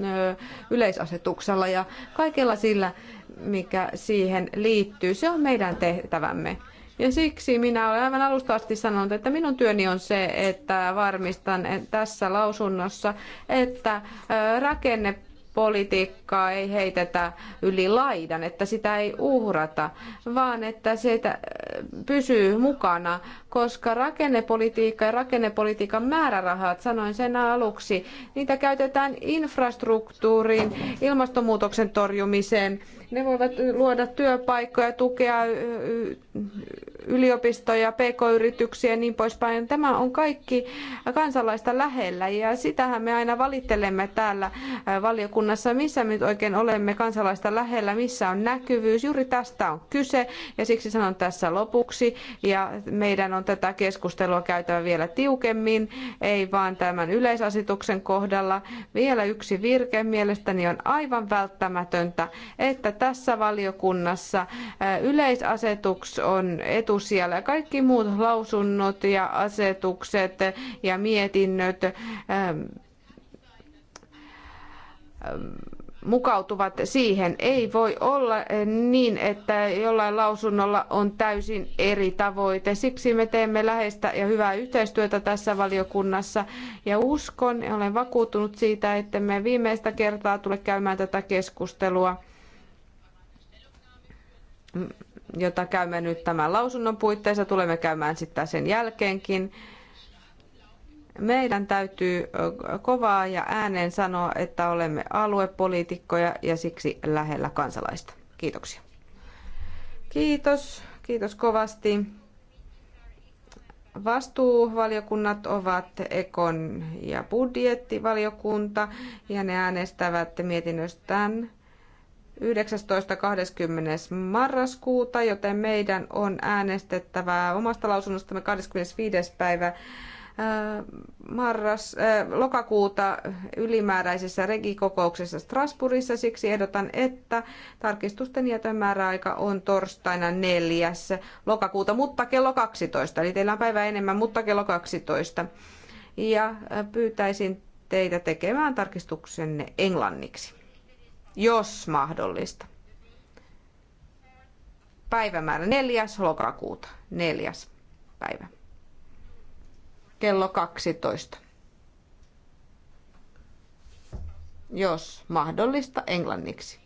yleisasetuksella ja kaikella sillä, mikä siihen liittyy. Se on meidän tehtävämme. Ja siksi minä olen aivan alusta asti sanonut, että minun työni on se, että varmistan tässä lausunnossa, että rakenne politiikkaa ei heitetä yli laidan, että sitä ei uhrata, vaan että se pysyy mukana koska rakennepolitiikka ja rakennepolitiikan määrärahat, sanoin sen aluksi, niitä käytetään infrastruktuuriin, ilmastonmuutoksen torjumiseen. Ne voivat luoda työpaikkoja, tukea yliopistoja, pk-yrityksiä ja niin poispäin. Tämä on kaikki kansalaista lähellä ja sitähän me aina valittelemme täällä valiokunnassa, missä me nyt oikein olemme kansalaista lähellä, missä on näkyvyys. Juuri tästä on kyse ja siksi sanon tässä lopuksi ja meidän on tätä keskustelua käytävä vielä tiukemmin, ei vaan tämän yleisasetuksen kohdalla. Vielä yksi virke mielestäni on aivan välttämätöntä, että tässä valiokunnassa äh, yleisasetus on etusijalla. Kaikki muut lausunnot ja asetukset ja mietinnöt ähm, ähm, mukautuvat siihen. Ei voi olla eh, niin, että jollain lausunnolla on täysin eri tavoite. Siksi me teemme läheistä ja hyvää yhteistyötä tässä valiokunnassa ja uskon ja olen vakuuttunut siitä, että me viimeistä kertaa tule käymään tätä keskustelua jota käymme nyt tämän lausunnon puitteissa, tulemme käymään sitä sen jälkeenkin. Meidän täytyy kovaa ja ääneen sanoa, että olemme aluepoliitikkoja ja siksi lähellä kansalaista. Kiitoksia. Kiitos, kiitos kovasti. Vastuuvaliokunnat ovat Ekon ja budjettivaliokunta ja ne äänestävät mietinnöstään 19.20. marraskuuta, joten meidän on äänestettävä omasta lausunnostamme 25. päivä Äh, marras, äh, lokakuuta ylimääräisessä regikokouksessa Strasbourgissa. Siksi ehdotan, että tarkistusten jätön määräaika on torstaina 4. lokakuuta, mutta kello 12. Eli teillä on päivä enemmän, mutta kello 12. Ja äh, pyytäisin teitä tekemään tarkistuksenne englanniksi, jos mahdollista. Päivämäärä 4. lokakuuta. 4. päivä kello 12. Jos mahdollista englanniksi.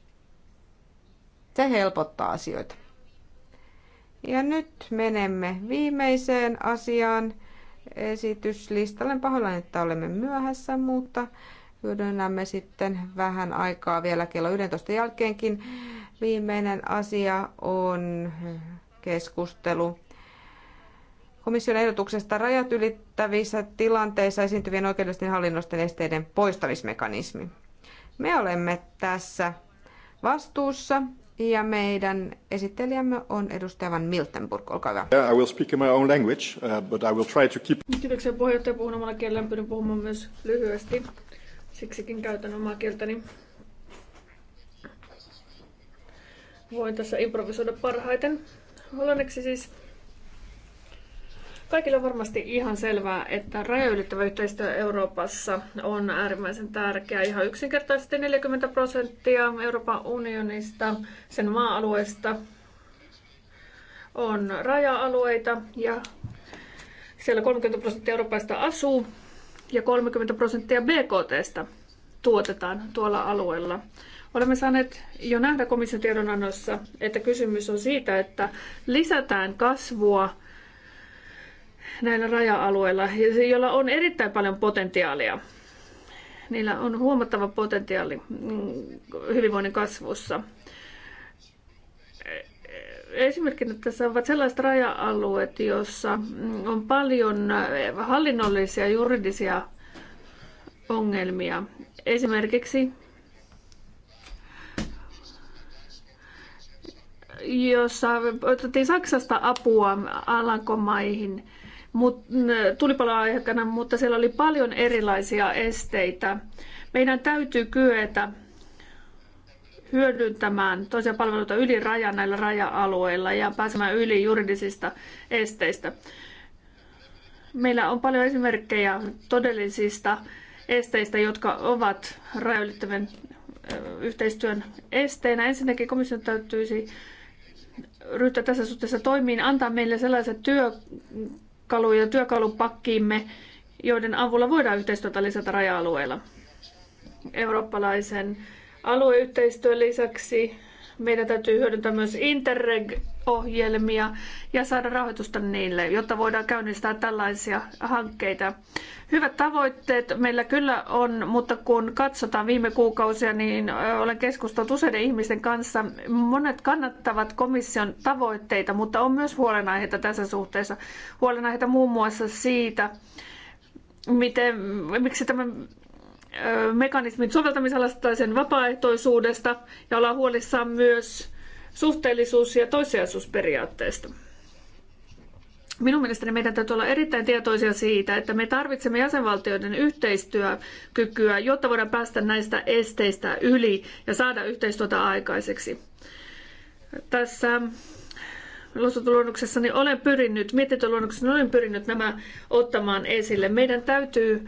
Se helpottaa asioita. Ja nyt menemme viimeiseen asiaan esityslistalle. Pahoillani, että olemme myöhässä, mutta hyödynnämme sitten vähän aikaa vielä kello 11 jälkeenkin. Viimeinen asia on keskustelu komission ehdotuksesta rajat ylittävissä tilanteissa esiintyvien oikeudellisten hallinnosten esteiden poistamismekanismi. Me olemme tässä vastuussa ja meidän esittelijämme on edustaja Van Miltenburg. Olkaa hyvä. Yeah, I will speak in my own language, uh, but I will try to keep... Kiitoksia puheenjohtaja puhun omalla kielellä. Pyrin puhumaan myös lyhyesti. Siksikin käytän omaa kieltäni. Voin tässä improvisoida parhaiten. Hollanneksi siis Kaikille on varmasti ihan selvää, että rajoylittävä yhteistyö Euroopassa on äärimmäisen tärkeää. Ihan yksinkertaisesti 40 prosenttia Euroopan unionista, sen maa-alueesta on raja-alueita ja siellä 30 prosenttia Euroopasta asuu ja 30 prosenttia BKTstä tuotetaan tuolla alueella. Olemme saaneet jo nähdä komission tiedonannossa, että kysymys on siitä, että lisätään kasvua näillä raja-alueilla, joilla on erittäin paljon potentiaalia. Niillä on huomattava potentiaali mm, hyvinvoinnin kasvussa. Esimerkkinä tässä ovat sellaiset raja-alueet, joissa mm, on paljon eh, hallinnollisia juridisia ongelmia. Esimerkiksi jossa otettiin Saksasta apua Alankomaihin mut, mm, tulipaloaikana, mutta siellä oli paljon erilaisia esteitä. Meidän täytyy kyetä hyödyntämään toisia palveluita yli rajan näillä raja-alueilla ja pääsemään yli juridisista esteistä. Meillä on paljon esimerkkejä todellisista esteistä, jotka ovat rajoittavien yhteistyön esteenä. Ensinnäkin komission täytyisi ryhtyä tässä suhteessa toimiin, antaa meille sellaiset työ kaluja työkalupakkiimme, joiden avulla voidaan yhteistyötä lisätä raja-alueilla. Eurooppalaisen alueyhteistyön lisäksi meidän täytyy hyödyntää myös Interreg ohjelmia ja saada rahoitusta niille, jotta voidaan käynnistää tällaisia hankkeita. Hyvät tavoitteet meillä kyllä on, mutta kun katsotaan viime kuukausia, niin olen keskustellut useiden ihmisten kanssa. Monet kannattavat komission tavoitteita, mutta on myös huolenaiheita tässä suhteessa. Huolenaiheita muun muassa siitä, miten, miksi tämä mekanismin soveltamisalasta sen vapaaehtoisuudesta ja ollaan huolissaan myös suhteellisuus- ja toissijaisuusperiaatteesta. Minun mielestäni meidän täytyy olla erittäin tietoisia siitä, että me tarvitsemme jäsenvaltioiden yhteistyökykyä, jotta voidaan päästä näistä esteistä yli ja saada yhteistyötä aikaiseksi. Tässä lausuntoluonnoksessani olen pyrinnyt, mietintöluonnoksessani olen pyrinnyt nämä ottamaan esille. Meidän täytyy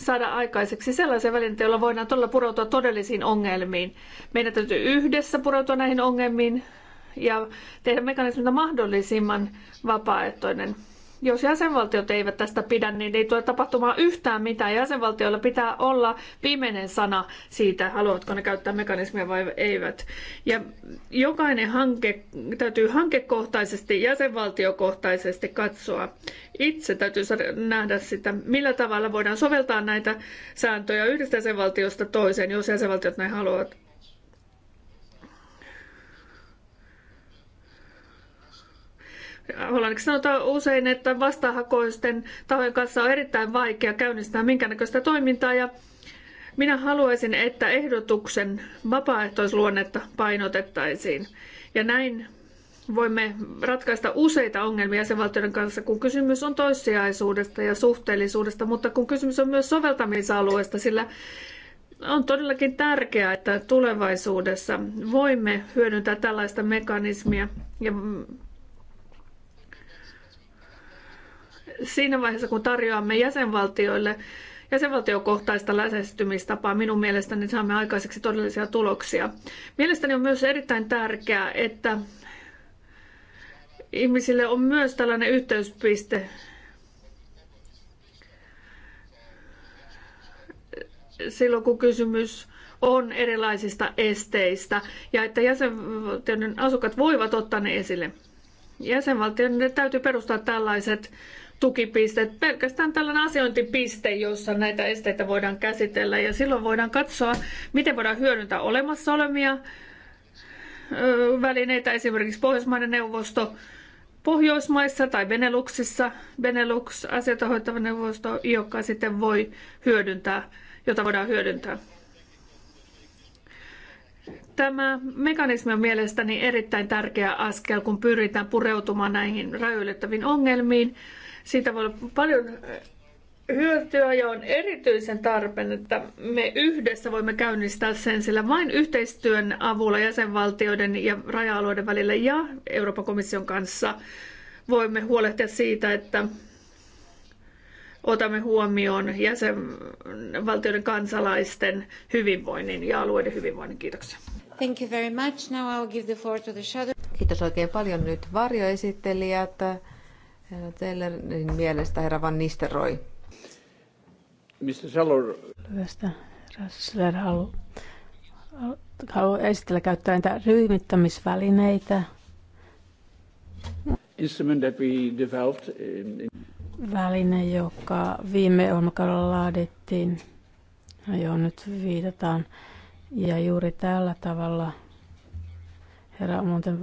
saada aikaiseksi sellaisia välineitä, joilla voidaan todella pureutua todellisiin ongelmiin. Meidän täytyy yhdessä pureutua näihin ongelmiin ja tehdä mekanismista mahdollisimman vapaaehtoinen. Jos jäsenvaltiot eivät tästä pidä, niin ei tule tapahtumaan yhtään mitään. Jäsenvaltioilla pitää olla viimeinen sana siitä, haluatko ne käyttää mekanismia vai eivät. Ja jokainen hanke täytyy hankekohtaisesti, jäsenvaltiokohtaisesti katsoa. Itse täytyy nähdä sitä, millä tavalla voidaan soveltaa näitä sääntöjä yhdestä jäsenvaltiosta toiseen, jos jäsenvaltiot näin haluavat. Hollanniksi sanotaan usein, että vastahakoisten tahojen kanssa on erittäin vaikea käynnistää minkäännäköistä toimintaa ja minä haluaisin, että ehdotuksen vapaaehtoisluonnetta painotettaisiin. Ja näin voimme ratkaista useita ongelmia jäsenvaltioiden kanssa, kun kysymys on toissijaisuudesta ja suhteellisuudesta, mutta kun kysymys on myös soveltamisalueesta, sillä on todellakin tärkeää, että tulevaisuudessa voimme hyödyntää tällaista mekanismia ja siinä vaiheessa, kun tarjoamme jäsenvaltioille jäsenvaltiokohtaista lähestymistapaa, minun mielestäni saamme aikaiseksi todellisia tuloksia. Mielestäni on myös erittäin tärkeää, että ihmisille on myös tällainen yhteyspiste. Silloin kun kysymys on erilaisista esteistä ja että jäsenvaltioiden asukkaat voivat ottaa ne esille. Jäsenvaltioiden täytyy perustaa tällaiset tukipiste, pelkästään tällainen asiointipiste, jossa näitä esteitä voidaan käsitellä ja silloin voidaan katsoa, miten voidaan hyödyntää olemassa olemia välineitä, esimerkiksi Pohjoismaiden neuvosto, Pohjoismaissa tai Beneluxissa, Benelux asioita hoitava neuvosto, joka sitten voi hyödyntää, jota voidaan hyödyntää. Tämä mekanismi on mielestäni erittäin tärkeä askel, kun pyritään pureutumaan näihin rajoilettaviin ongelmiin siitä voi olla paljon eh, hyötyä ja on erityisen tarpeen, että me yhdessä voimme käynnistää sen, sillä vain yhteistyön avulla jäsenvaltioiden ja raja-alueiden välillä ja Euroopan komission kanssa voimme huolehtia siitä, että otamme huomioon jäsenvaltioiden kansalaisten hyvinvoinnin ja alueiden hyvinvoinnin. Kiitoksia. Thank you very much. Now I'll give the floor to the shadow. Kiitos oikein paljon nyt varjoesittelijät. Herra Tellerin mielestä herra Van Nisteroi. Mr. Seller. Lyhyestä Rassler haluaa halu, esitellä käyttää näitä ryhmittämisvälineitä. Instrument that we developed in, in... Väline, joka viime ohjelmakaudella laadittiin, johon nyt viitataan. Ja juuri tällä tavalla Herra muuten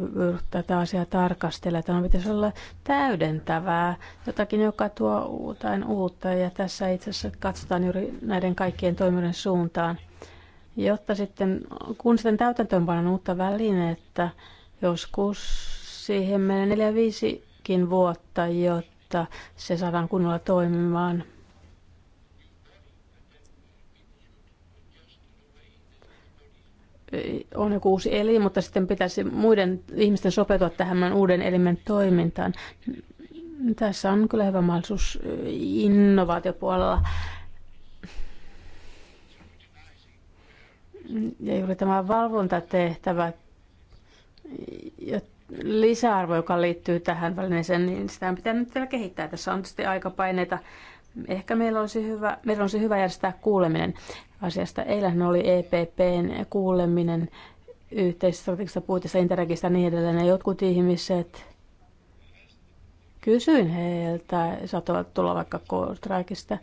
tätä asiaa tarkastella. Tämä pitäisi olla täydentävää, jotakin, joka tuo jotain uutta. Ja tässä itse asiassa katsotaan juuri näiden kaikkien toimijoiden suuntaan. Jotta sitten, kun sitten on uutta välinettä, joskus siihen menee neljä viisikin vuotta, jotta se saadaan kunnolla toimimaan – on joku uusi elin, mutta sitten pitäisi muiden ihmisten sopeutua tähän uuden elimen toimintaan. Tässä on kyllä hyvä mahdollisuus innovaatiopuolella. Ja juuri tämä valvontatehtävä ja lisäarvo, joka liittyy tähän välineeseen, niin sitä pitää nyt vielä kehittää. Tässä on tietysti aikapaineita. paineita Ehkä meillä olisi hyvä, meillä olisi hyvä järjestää kuuleminen asiasta. Eilähän oli EPPn kuuleminen yhteisstrategisesta puitteissa Interregistä ja niin edelleen. Ja jotkut ihmiset, kysyin heiltä, saattavat tulla vaikka Kortrakista,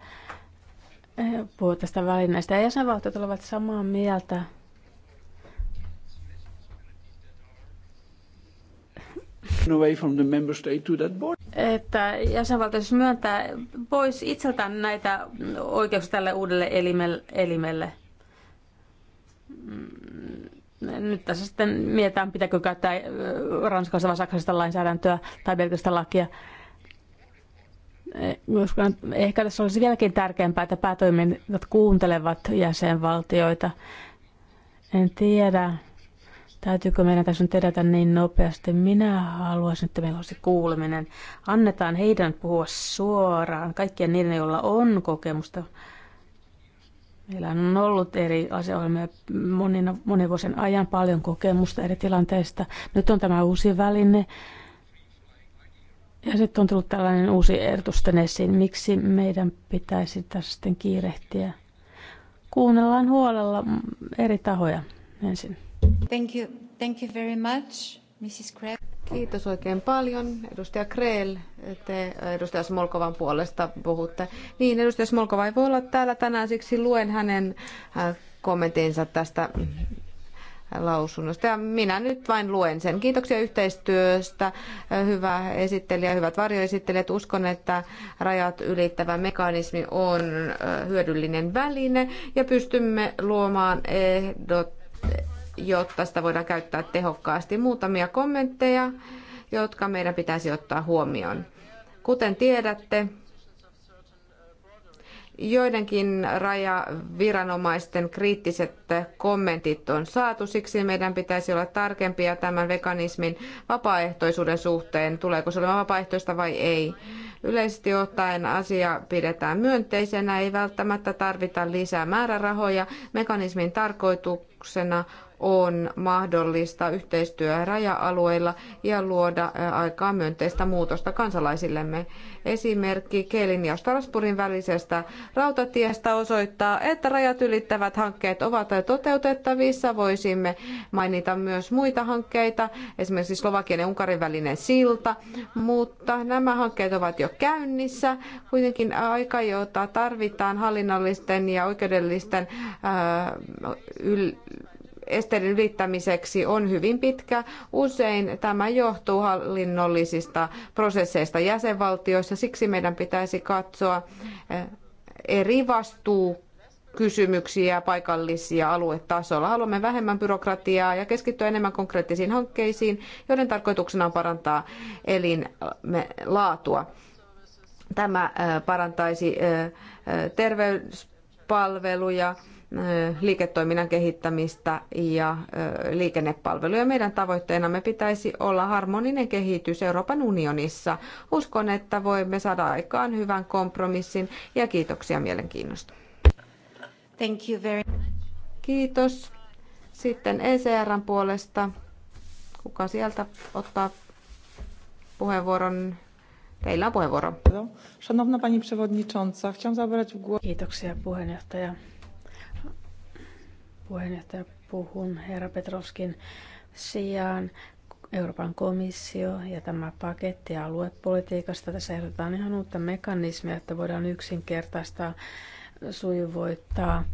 eh, puhua tästä välineestä. Ja jäsenvaltiot olivat samaa mieltä Että jäsenvaltio myöntää pois itseltään näitä oikeuksia tälle uudelle elimelle. Mm, nyt tässä sitten mietitään, pitääkö käyttää ranskalaista vai saksalaista lainsäädäntöä tai belgialaista lakia eh, koska ehkä tässä olisi vieläkin tärkeämpää, että päätoimijat kuuntelevat jäsenvaltioita. En tiedä, Täytyykö meidän tässä nyt edetä niin nopeasti? Minä haluaisin, että meillä olisi kuuleminen. Annetaan heidän puhua suoraan, kaikkien niiden, joilla on kokemusta. Meillä on ollut eri asioilmia monina, monen vuosien ajan paljon kokemusta eri tilanteista. Nyt on tämä uusi väline. Ja sitten on tullut tällainen uusi ehdotus esiin. Miksi meidän pitäisi tässä sitten kiirehtiä? Kuunnellaan huolella eri tahoja ensin. Thank you. Thank you very much, Mrs. Krell. Kiitos oikein paljon. Edustaja Kreel, te edustaja Smolkovan puolesta puhutte. Niin, edustaja Smolkova ei voi olla täällä tänään, siksi luen hänen äh, kommentinsa tästä äh, lausunnosta. Ja minä nyt vain luen sen. Kiitoksia yhteistyöstä. Äh, hyvä esittelijä, hyvät varjoesittelijät. Uskon, että rajat ylittävä mekanismi on hyödyllinen väline ja pystymme luomaan ehdot jotta sitä voidaan käyttää tehokkaasti. Muutamia kommentteja, jotka meidän pitäisi ottaa huomioon. Kuten tiedätte, joidenkin rajaviranomaisten kriittiset kommentit on saatu, siksi meidän pitäisi olla tarkempia tämän mekanismin vapaaehtoisuuden suhteen, tuleeko se olemaan vapaaehtoista vai ei. Yleisesti ottaen asia pidetään myönteisenä, ei välttämättä tarvita lisää määrärahoja. Mekanismin tarkoituksena on mahdollista yhteistyö raja-alueilla ja luoda aikaa myönteistä muutosta kansalaisillemme. Esimerkki Keelin ja Strasbourgin välisestä rautatiestä osoittaa, että rajat ylittävät hankkeet ovat toteutettavissa. Voisimme mainita myös muita hankkeita, esimerkiksi Slovakian ja Unkarin välinen silta, mutta nämä hankkeet ovat jo käynnissä. Kuitenkin aika, jota tarvitaan hallinnollisten ja oikeudellisten yl- esteiden ylittämiseksi on hyvin pitkä. Usein tämä johtuu hallinnollisista prosesseista jäsenvaltioissa, siksi meidän pitäisi katsoa eh, eri vastuu kysymyksiä paikallisia aluetasolla. Haluamme vähemmän byrokratiaa ja keskittyä enemmän konkreettisiin hankkeisiin, joiden tarkoituksena on parantaa elinlaatua. Tämä eh, parantaisi eh, terveyspalveluja, liiketoiminnan kehittämistä ja liikennepalveluja. Meidän tavoitteenamme pitäisi olla harmoninen kehitys Euroopan unionissa. Uskon, että voimme saada aikaan hyvän kompromissin ja kiitoksia mielenkiinnosta. Thank you very much. Kiitos. Sitten ECRn puolesta. Kuka sieltä ottaa puheenvuoron? Teillä on puheenvuoro. Kiitoksia puheenjohtaja puheenjohtaja puhun herra Petrovskin sijaan. Euroopan komissio ja tämä paketti aluepolitiikasta. Tässä ehdotetaan ihan uutta mekanismia, että voidaan yksinkertaistaa, sujuvoittaa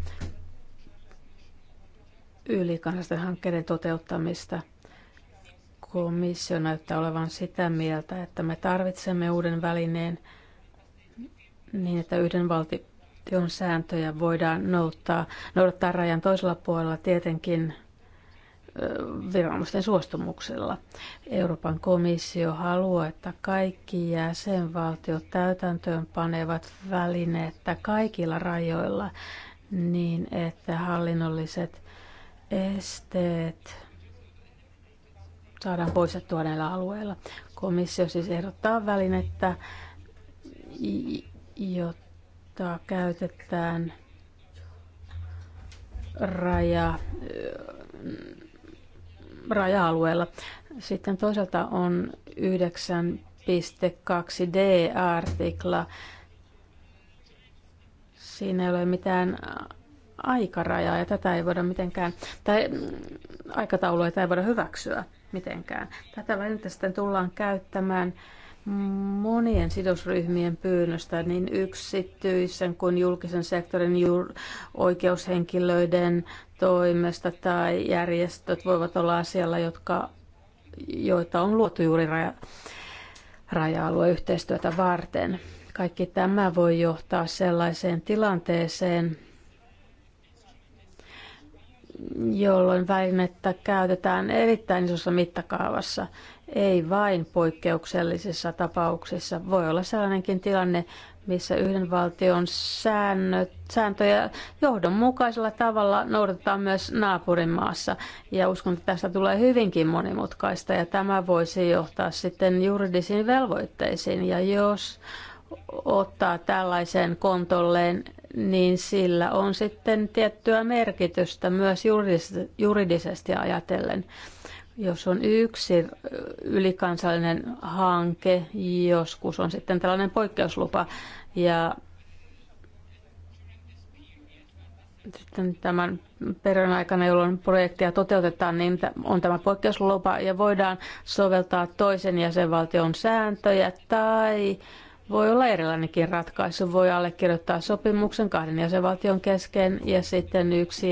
ylikansallisten hankkeiden toteuttamista. Komissio näyttää olevan sitä mieltä, että me tarvitsemme uuden välineen niin, että yhden valti- teon sääntöjä voidaan noudattaa, noudattaa rajan toisella puolella tietenkin viranomaisten suostumuksella. Euroopan komissio haluaa, että kaikki jäsenvaltiot täytäntöön panevat välineettä kaikilla rajoilla niin, että hallinnolliset esteet saadaan poistettua näillä alueilla. Komissio siis ehdottaa välinettä, jotta kohtaa käytetään raja, raja-alueella. Sitten toisaalta on 9.2d-artikla. Siinä ei ole mitään aikarajaa ja tätä ei voida mitenkään, tai aikataulua ei voida hyväksyä mitenkään. Tätä välinettä sitten tullaan käyttämään monien sidosryhmien pyynnöstä niin yksityisen kuin julkisen sektorin oikeushenkilöiden toimesta tai järjestöt voivat olla asialla, jotka, joita on luotu juuri raja, raja-alueyhteistyötä varten. Kaikki tämä voi johtaa sellaiseen tilanteeseen, jolloin välinettä käytetään erittäin isossa mittakaavassa ei vain poikkeuksellisissa tapauksissa. Voi olla sellainenkin tilanne, missä yhden valtion säännöt, sääntöjä johdonmukaisella tavalla noudatetaan myös naapurimaassa. Ja uskon, että tästä tulee hyvinkin monimutkaista ja tämä voisi johtaa sitten juridisiin velvoitteisiin. Ja jos ottaa tällaisen kontolleen, niin sillä on sitten tiettyä merkitystä myös juridisesti ajatellen jos on yksi ylikansallinen hanke, joskus on sitten tällainen poikkeuslupa. Ja sitten tämän perän aikana, jolloin projektia toteutetaan, niin on tämä poikkeuslupa ja voidaan soveltaa toisen jäsenvaltion sääntöjä tai voi olla erilainenkin ratkaisu. Voi allekirjoittaa sopimuksen kahden jäsenvaltion kesken ja sitten yksi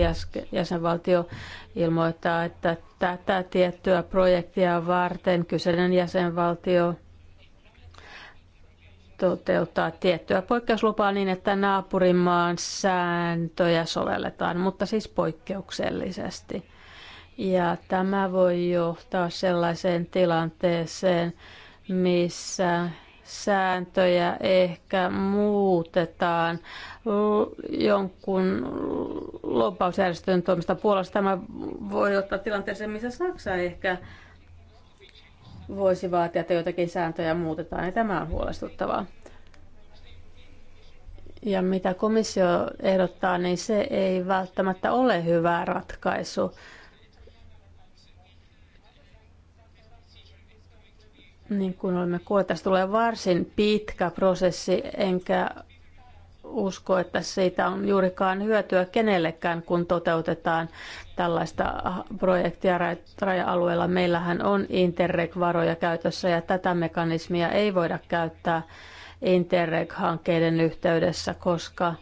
jäsenvaltio ilmoittaa, että tätä tiettyä projektia varten kyseinen jäsenvaltio toteuttaa tiettyä poikkeuslupaa niin, että naapurimaan sääntöjä sovelletaan, mutta siis poikkeuksellisesti. Ja tämä voi johtaa sellaiseen tilanteeseen, missä sääntöjä ehkä muutetaan jonkun lobbausjärjestön toimesta Puolassa. Tämä voi ottaa tilanteeseen, missä Saksa ehkä voisi vaatia, että jotakin sääntöjä muutetaan, ja tämä on huolestuttavaa. Ja mitä komissio ehdottaa, niin se ei välttämättä ole hyvä ratkaisu Niin kuin olemme kuulleet, tässä tulee varsin pitkä prosessi, enkä usko, että siitä on juurikaan hyötyä kenellekään, kun toteutetaan tällaista projektia raja-alueella. Meillähän on Interreg-varoja käytössä ja tätä mekanismia ei voida käyttää Interreg-hankkeiden yhteydessä, koska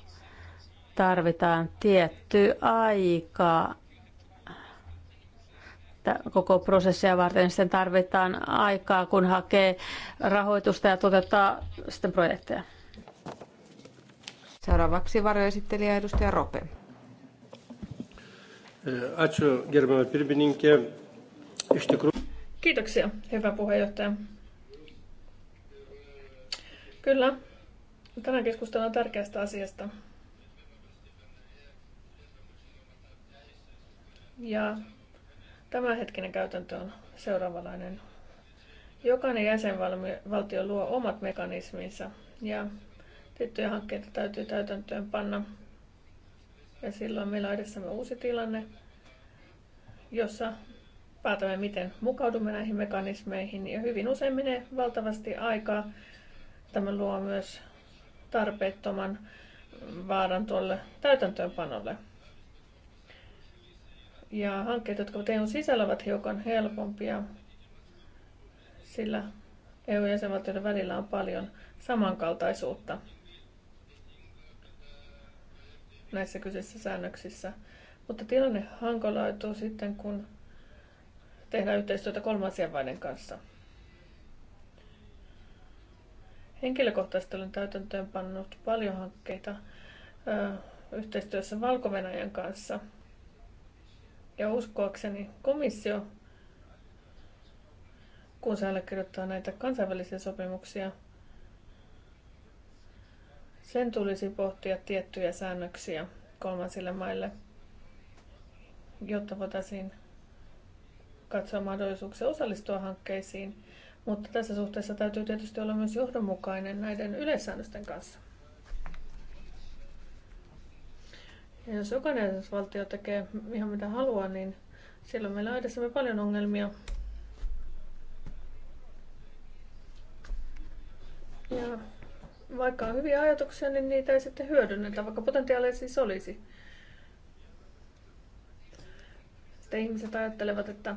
tarvitaan tietty aika koko prosessia varten sitten tarvitaan aikaa, kun hakee rahoitusta ja toteuttaa sitten projekteja. Seuraavaksi varoesittelijä edustaja Rope. Kiitoksia, hyvä puheenjohtaja. Kyllä, tänään keskustellaan tärkeästä asiasta. Ja Tämänhetkinen käytäntö on seuraavanlainen. Jokainen jäsenvaltio luo omat mekanisminsa ja tiettyjä hankkeita täytyy täytäntöön panna. Ja silloin meillä on edessämme uusi tilanne, jossa päätämme, miten mukaudumme näihin mekanismeihin. Ja hyvin usein menee valtavasti aikaa. Tämä luo myös tarpeettoman vaaran tuolle täytäntöönpanolle ja hankkeet, jotka ovat EUn sisällä, ovat hiukan helpompia, sillä EU-jäsenvaltioiden välillä on paljon samankaltaisuutta näissä kyseisissä säännöksissä. Mutta tilanne hankalaituu sitten, kun tehdään yhteistyötä kolmansien maiden kanssa. Henkilökohtaisesti olen täytäntöön pannut paljon hankkeita ö, yhteistyössä valko kanssa – ja uskoakseni komissio, kun se allekirjoittaa näitä kansainvälisiä sopimuksia, sen tulisi pohtia tiettyjä säännöksiä kolmansille maille, jotta voitaisiin katsoa mahdollisuuksia osallistua hankkeisiin. Mutta tässä suhteessa täytyy tietysti olla myös johdonmukainen näiden yleissäännösten kanssa. Ja jos jokainen valtio tekee ihan mitä haluaa, niin silloin meillä on edessämme paljon ongelmia. Ja vaikka on hyviä ajatuksia, niin niitä ei sitten hyödynnetä, vaikka potentiaalia siis olisi. Sitten ihmiset ajattelevat, että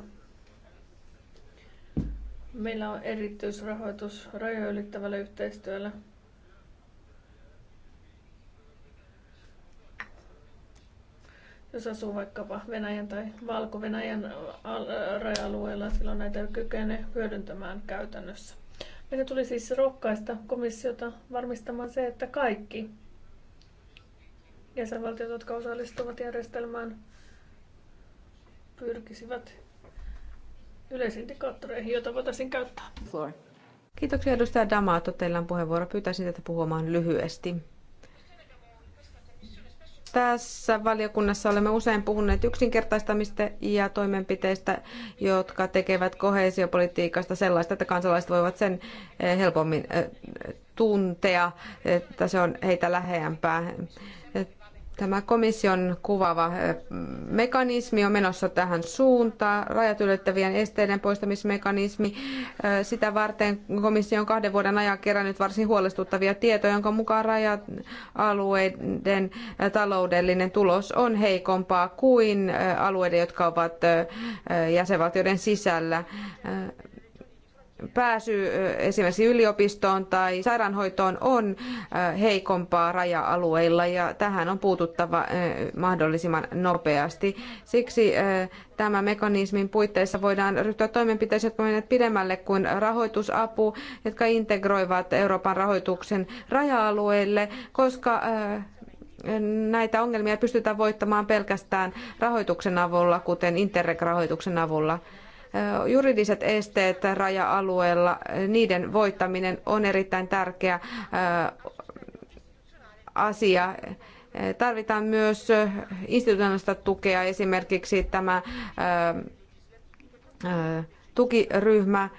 meillä on erityisrahoitus rajoja ylittävällä yhteistyöllä – jos asuu vaikkapa Venäjän tai Valko-Venäjän raja-alueella, silloin näitä kykene hyödyntämään käytännössä. Meidän tuli siis rohkaista komissiota varmistamaan se, että kaikki jäsenvaltiot, jotka osallistuvat järjestelmään, pyrkisivät yleisindikaattoreihin, joita voitaisiin käyttää. Kiitoksia edustaja Damato. Teillä on puheenvuoro. Pyytäisin tätä puhumaan lyhyesti. Tässä valiokunnassa olemme usein puhuneet yksinkertaistamista ja toimenpiteistä, jotka tekevät kohesiopolitiikasta sellaista, että kansalaiset voivat sen eh, helpommin eh, tuntea, että se on heitä lähempää. Tämä komission kuvaava mekanismi on menossa tähän suuntaan, rajat ylittävien esteiden poistamismekanismi. Sitä varten komissio on kahden vuoden ajan kerännyt varsin huolestuttavia tietoja, jonka mukaan raja-alueiden taloudellinen tulos on heikompaa kuin alueiden, jotka ovat jäsenvaltioiden sisällä pääsy esimerkiksi yliopistoon tai sairaanhoitoon on heikompaa raja-alueilla ja tähän on puututtava mahdollisimman nopeasti. Siksi tämän mekanismin puitteissa voidaan ryhtyä toimenpiteisiin, jotka menevät pidemmälle kuin rahoitusapu, jotka integroivat Euroopan rahoituksen raja-alueille, koska näitä ongelmia pystytään voittamaan pelkästään rahoituksen avulla, kuten Interreg-rahoituksen avulla juridiset esteet raja-alueella, niiden voittaminen on erittäin tärkeä asia. Tarvitaan myös institutionaalista tukea, esimerkiksi tämä tukiryhmä,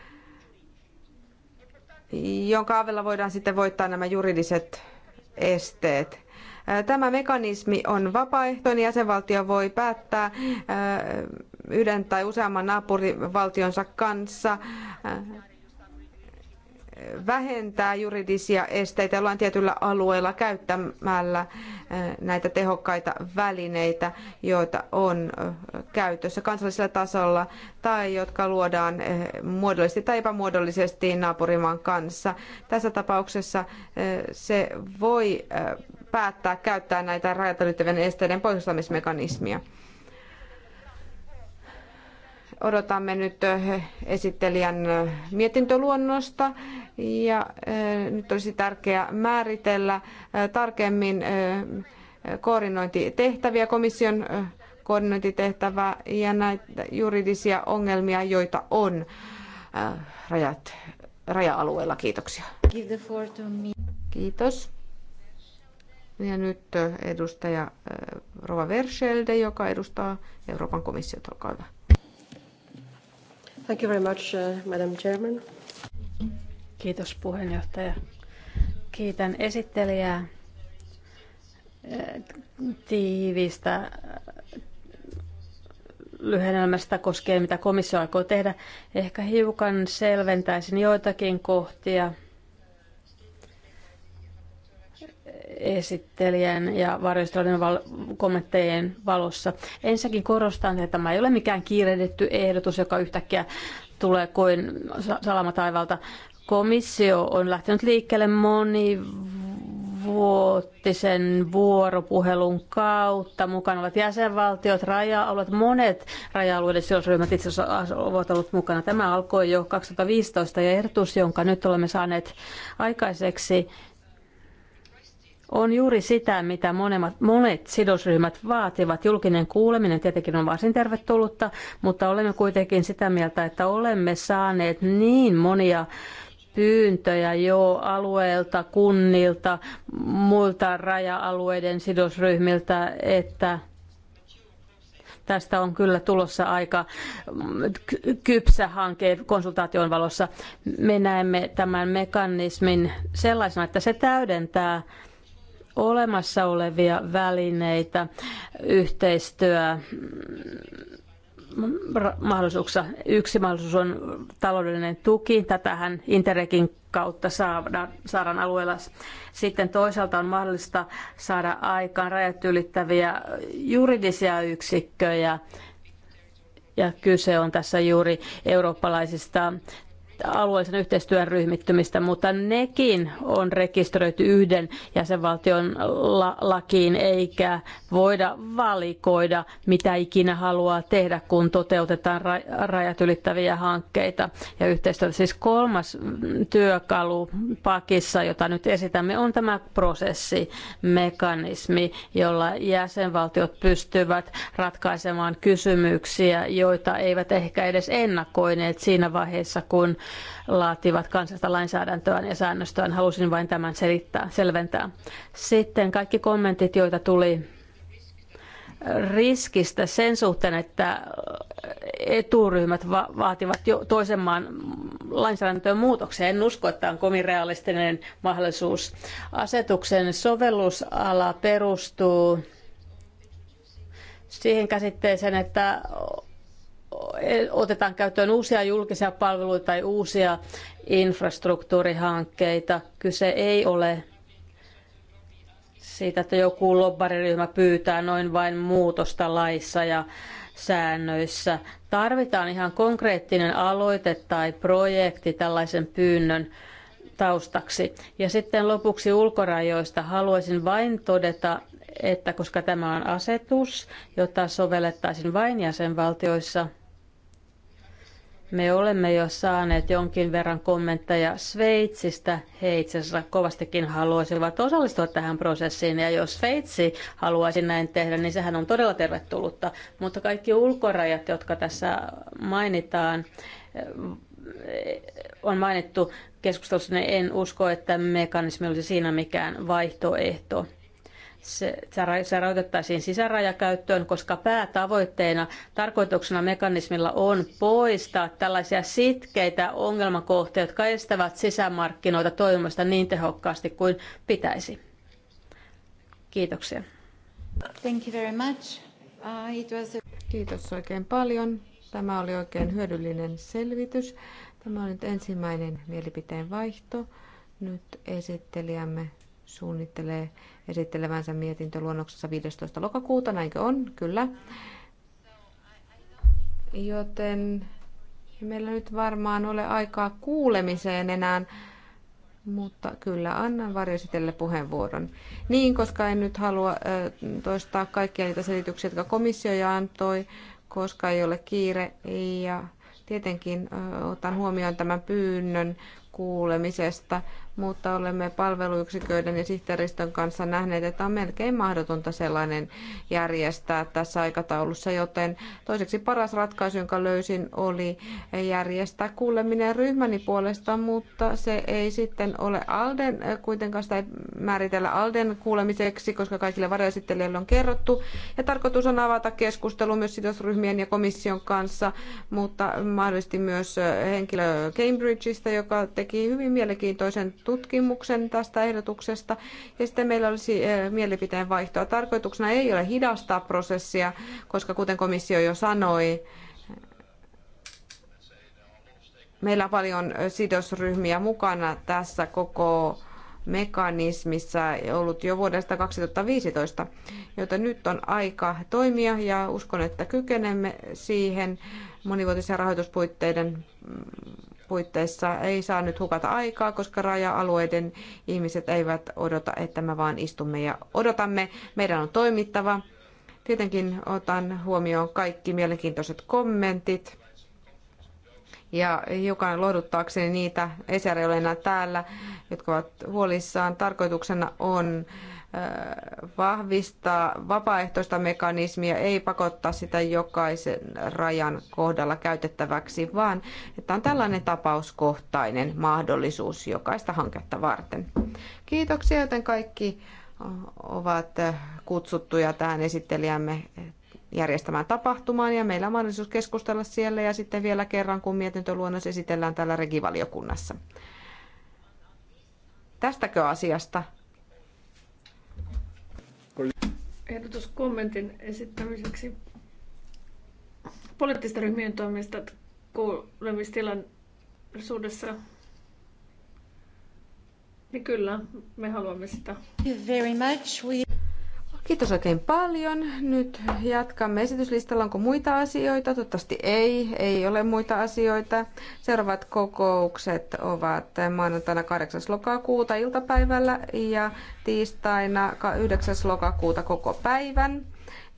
jonka avulla voidaan sitten voittaa nämä juridiset esteet. Tämä mekanismi on vapaaehtoinen, jäsenvaltio voi päättää yhden tai useamman naapurivaltionsa kanssa äh, vähentää juridisia esteitä jollain tietyllä alueella käyttämällä äh, näitä tehokkaita välineitä, joita on äh, käytössä kansallisella tasolla tai jotka luodaan muodollisesti tai epämuodollisesti naapurimaan kanssa. Tässä tapauksessa se voi päättää käyttää näitä rajat esteiden poistamismekanismia. Odotamme nyt esittelijän mietintöluonnosta ja nyt olisi tärkeää määritellä tarkemmin koordinointitehtäviä, komission koordinointitehtävää ja näitä juridisia ongelmia, joita on rajat, raja-alueella. Kiitoksia. Kiitos. Ja nyt edustaja Rova Verschelde, joka edustaa Euroopan komissiota. Olkaa hyvä. Thank you very much, uh, Madam Chairman. Kiitos puheenjohtaja. Kiitän esittelijää äh, tiivistä äh, lyhennelmästä koskee, mitä komissio aikoo tehdä. Ehkä hiukan selventäisin joitakin kohtia esittelijän ja varjoistelujen val- kommenttejen valossa. Ensinnäkin korostan, että tämä ei ole mikään kiirehditty ehdotus, joka yhtäkkiä tulee kuin salama taivalta. Komissio on lähtenyt liikkeelle monivuotisen vuoropuhelun kautta. Mukana ovat jäsenvaltiot, raja-alueet, monet raja-alueiden sidosryhmät itse asiassa ovat olleet mukana. Tämä alkoi jo 2015 ja ehdotus, jonka nyt olemme saaneet aikaiseksi, on juuri sitä, mitä monet sidosryhmät vaativat. Julkinen kuuleminen tietenkin on varsin tervetullutta, mutta olemme kuitenkin sitä mieltä, että olemme saaneet niin monia pyyntöjä jo alueelta, kunnilta, muilta raja-alueiden sidosryhmiltä, että tästä on kyllä tulossa aika kypsä hanke konsultaation valossa. Me näemme tämän mekanismin sellaisena, että se täydentää olemassa olevia välineitä yhteistyö mahdollisuuksia. Yksi mahdollisuus on taloudellinen tuki. Tätähän Interrekin kautta saadaan, saadaan alueella. Sitten toisaalta on mahdollista saada aikaan rajat ylittäviä juridisia yksikköjä. Ja kyse on tässä juuri eurooppalaisista alueellisen yhteistyön ryhmittymistä, mutta nekin on rekisteröity yhden jäsenvaltion la- lakiin, eikä voida valikoida, mitä ikinä haluaa tehdä, kun toteutetaan ra- rajat ylittäviä hankkeita ja yhteistyötä. Siis kolmas työkalu pakissa, jota nyt esitämme, on tämä prosessimekanismi, jolla jäsenvaltiot pystyvät ratkaisemaan kysymyksiä, joita eivät ehkä edes ennakoineet siinä vaiheessa, kun laativat kansallista lainsäädäntöään ja säännöstöään. Halusin vain tämän selittää, selventää. Sitten kaikki kommentit, joita tuli riskistä sen suhteen, että eturyhmät va- vaativat jo toisen maan lainsäädäntöön muutoksia. En usko, että on kovin realistinen mahdollisuus. Asetuksen sovellusala perustuu siihen käsitteeseen, että otetaan käyttöön uusia julkisia palveluita tai uusia infrastruktuurihankkeita. Kyse ei ole siitä, että joku lobbariryhmä pyytää noin vain muutosta laissa ja säännöissä. Tarvitaan ihan konkreettinen aloite tai projekti tällaisen pyynnön taustaksi. Ja sitten lopuksi ulkorajoista haluaisin vain todeta, että koska tämä on asetus, jota sovellettaisiin vain jäsenvaltioissa, me olemme jo saaneet jonkin verran kommentteja Sveitsistä. He itse asiassa kovastikin haluaisivat osallistua tähän prosessiin, ja jos Sveitsi haluaisi näin tehdä, niin sehän on todella tervetullutta. Mutta kaikki ulkorajat, jotka tässä mainitaan, eh, on mainittu keskustelussa, niin en usko, että mekanismi olisi siinä mikään vaihtoehto se, se rajoitettaisiin sisärajakäyttöön, koska päätavoitteena, tarkoituksena mekanismilla on poistaa tällaisia sitkeitä ongelmakohtia, jotka estävät sisämarkkinoita toimimasta niin tehokkaasti kuin pitäisi. Kiitoksia. Thank you very much. Uh, it was a... Kiitos oikein paljon. Tämä oli oikein hyödyllinen selvitys. Tämä on nyt ensimmäinen mielipiteen vaihto. Nyt esittelijämme suunnittelee esittelevänsä mietintöluonnoksessa 15. lokakuuta, näinkö on? Kyllä. Joten meillä nyt varmaan ole aikaa kuulemiseen enää, mutta kyllä annan varjositelle puheenvuoron. Niin, koska en nyt halua toistaa kaikkia niitä selityksiä, jotka komissio jo antoi, koska ei ole kiire ja tietenkin otan huomioon tämän pyynnön kuulemisesta, mutta olemme palveluyksiköiden ja sihteeristön kanssa nähneet, että on melkein mahdotonta sellainen järjestää tässä aikataulussa, joten toiseksi paras ratkaisu, jonka löysin, oli järjestää kuuleminen ryhmäni puolesta, mutta se ei sitten ole Alden, äh, kuitenkaan sitä ei määritellä Alden kuulemiseksi, koska kaikille varjoesittelijöille on kerrottu. Ja tarkoitus on avata keskustelu myös sidosryhmien ja komission kanssa, mutta mahdollisesti myös äh, henkilö Cambridgeista, joka teki hyvin mielenkiintoisen tutkimuksen tästä ehdotuksesta ja sitten meillä olisi eh, mielipiteen vaihtoa. Tarkoituksena ei ole hidastaa prosessia, koska kuten komissio jo sanoi, meillä on paljon eh, sidosryhmiä mukana tässä koko mekanismissa ollut jo vuodesta 2015, joten nyt on aika toimia ja uskon, että kykenemme siihen monivuotisen rahoituspuitteiden mm, puitteissa ei saa nyt hukata aikaa, koska raja-alueiden ihmiset eivät odota, että me vaan istumme ja odotamme. Meidän on toimittava. Tietenkin otan huomioon kaikki mielenkiintoiset kommentit. Ja hiukan lohduttaakseni niitä, Esär enää täällä, jotka ovat huolissaan. Tarkoituksena on äh, vahvistaa vapaaehtoista mekanismia, ei pakottaa sitä jokaisen rajan kohdalla käytettäväksi, vaan että on tällainen tapauskohtainen mahdollisuus jokaista hanketta varten. Kiitoksia, joten kaikki ovat kutsuttuja tähän esittelijämme järjestämään tapahtumaan ja meillä on mahdollisuus keskustella siellä ja sitten vielä kerran, kun mietintöluonnos esitellään täällä regivaliokunnassa. Tästäkö asiasta Ehdotus kommentin esittämiseksi poliittisten ryhmien toimista kuulemistilaisuudessa. Niin kyllä, me haluamme sitä. Very much. We... Kiitos oikein paljon. Nyt jatkamme esityslistalla. Onko muita asioita? Toivottavasti ei. Ei ole muita asioita. Seuraavat kokoukset ovat maanantaina 8. lokakuuta iltapäivällä ja tiistaina 9. lokakuuta koko päivän.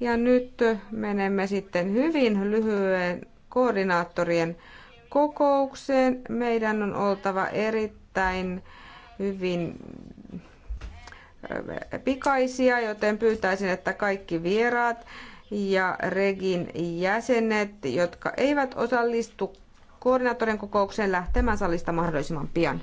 Ja nyt menemme sitten hyvin lyhyen koordinaattorien kokoukseen. Meidän on oltava erittäin hyvin pikaisia, joten pyytäisin, että kaikki vieraat ja Regin jäsenet, jotka eivät osallistu koordinaattorin kokoukseen, lähtemään salista mahdollisimman pian.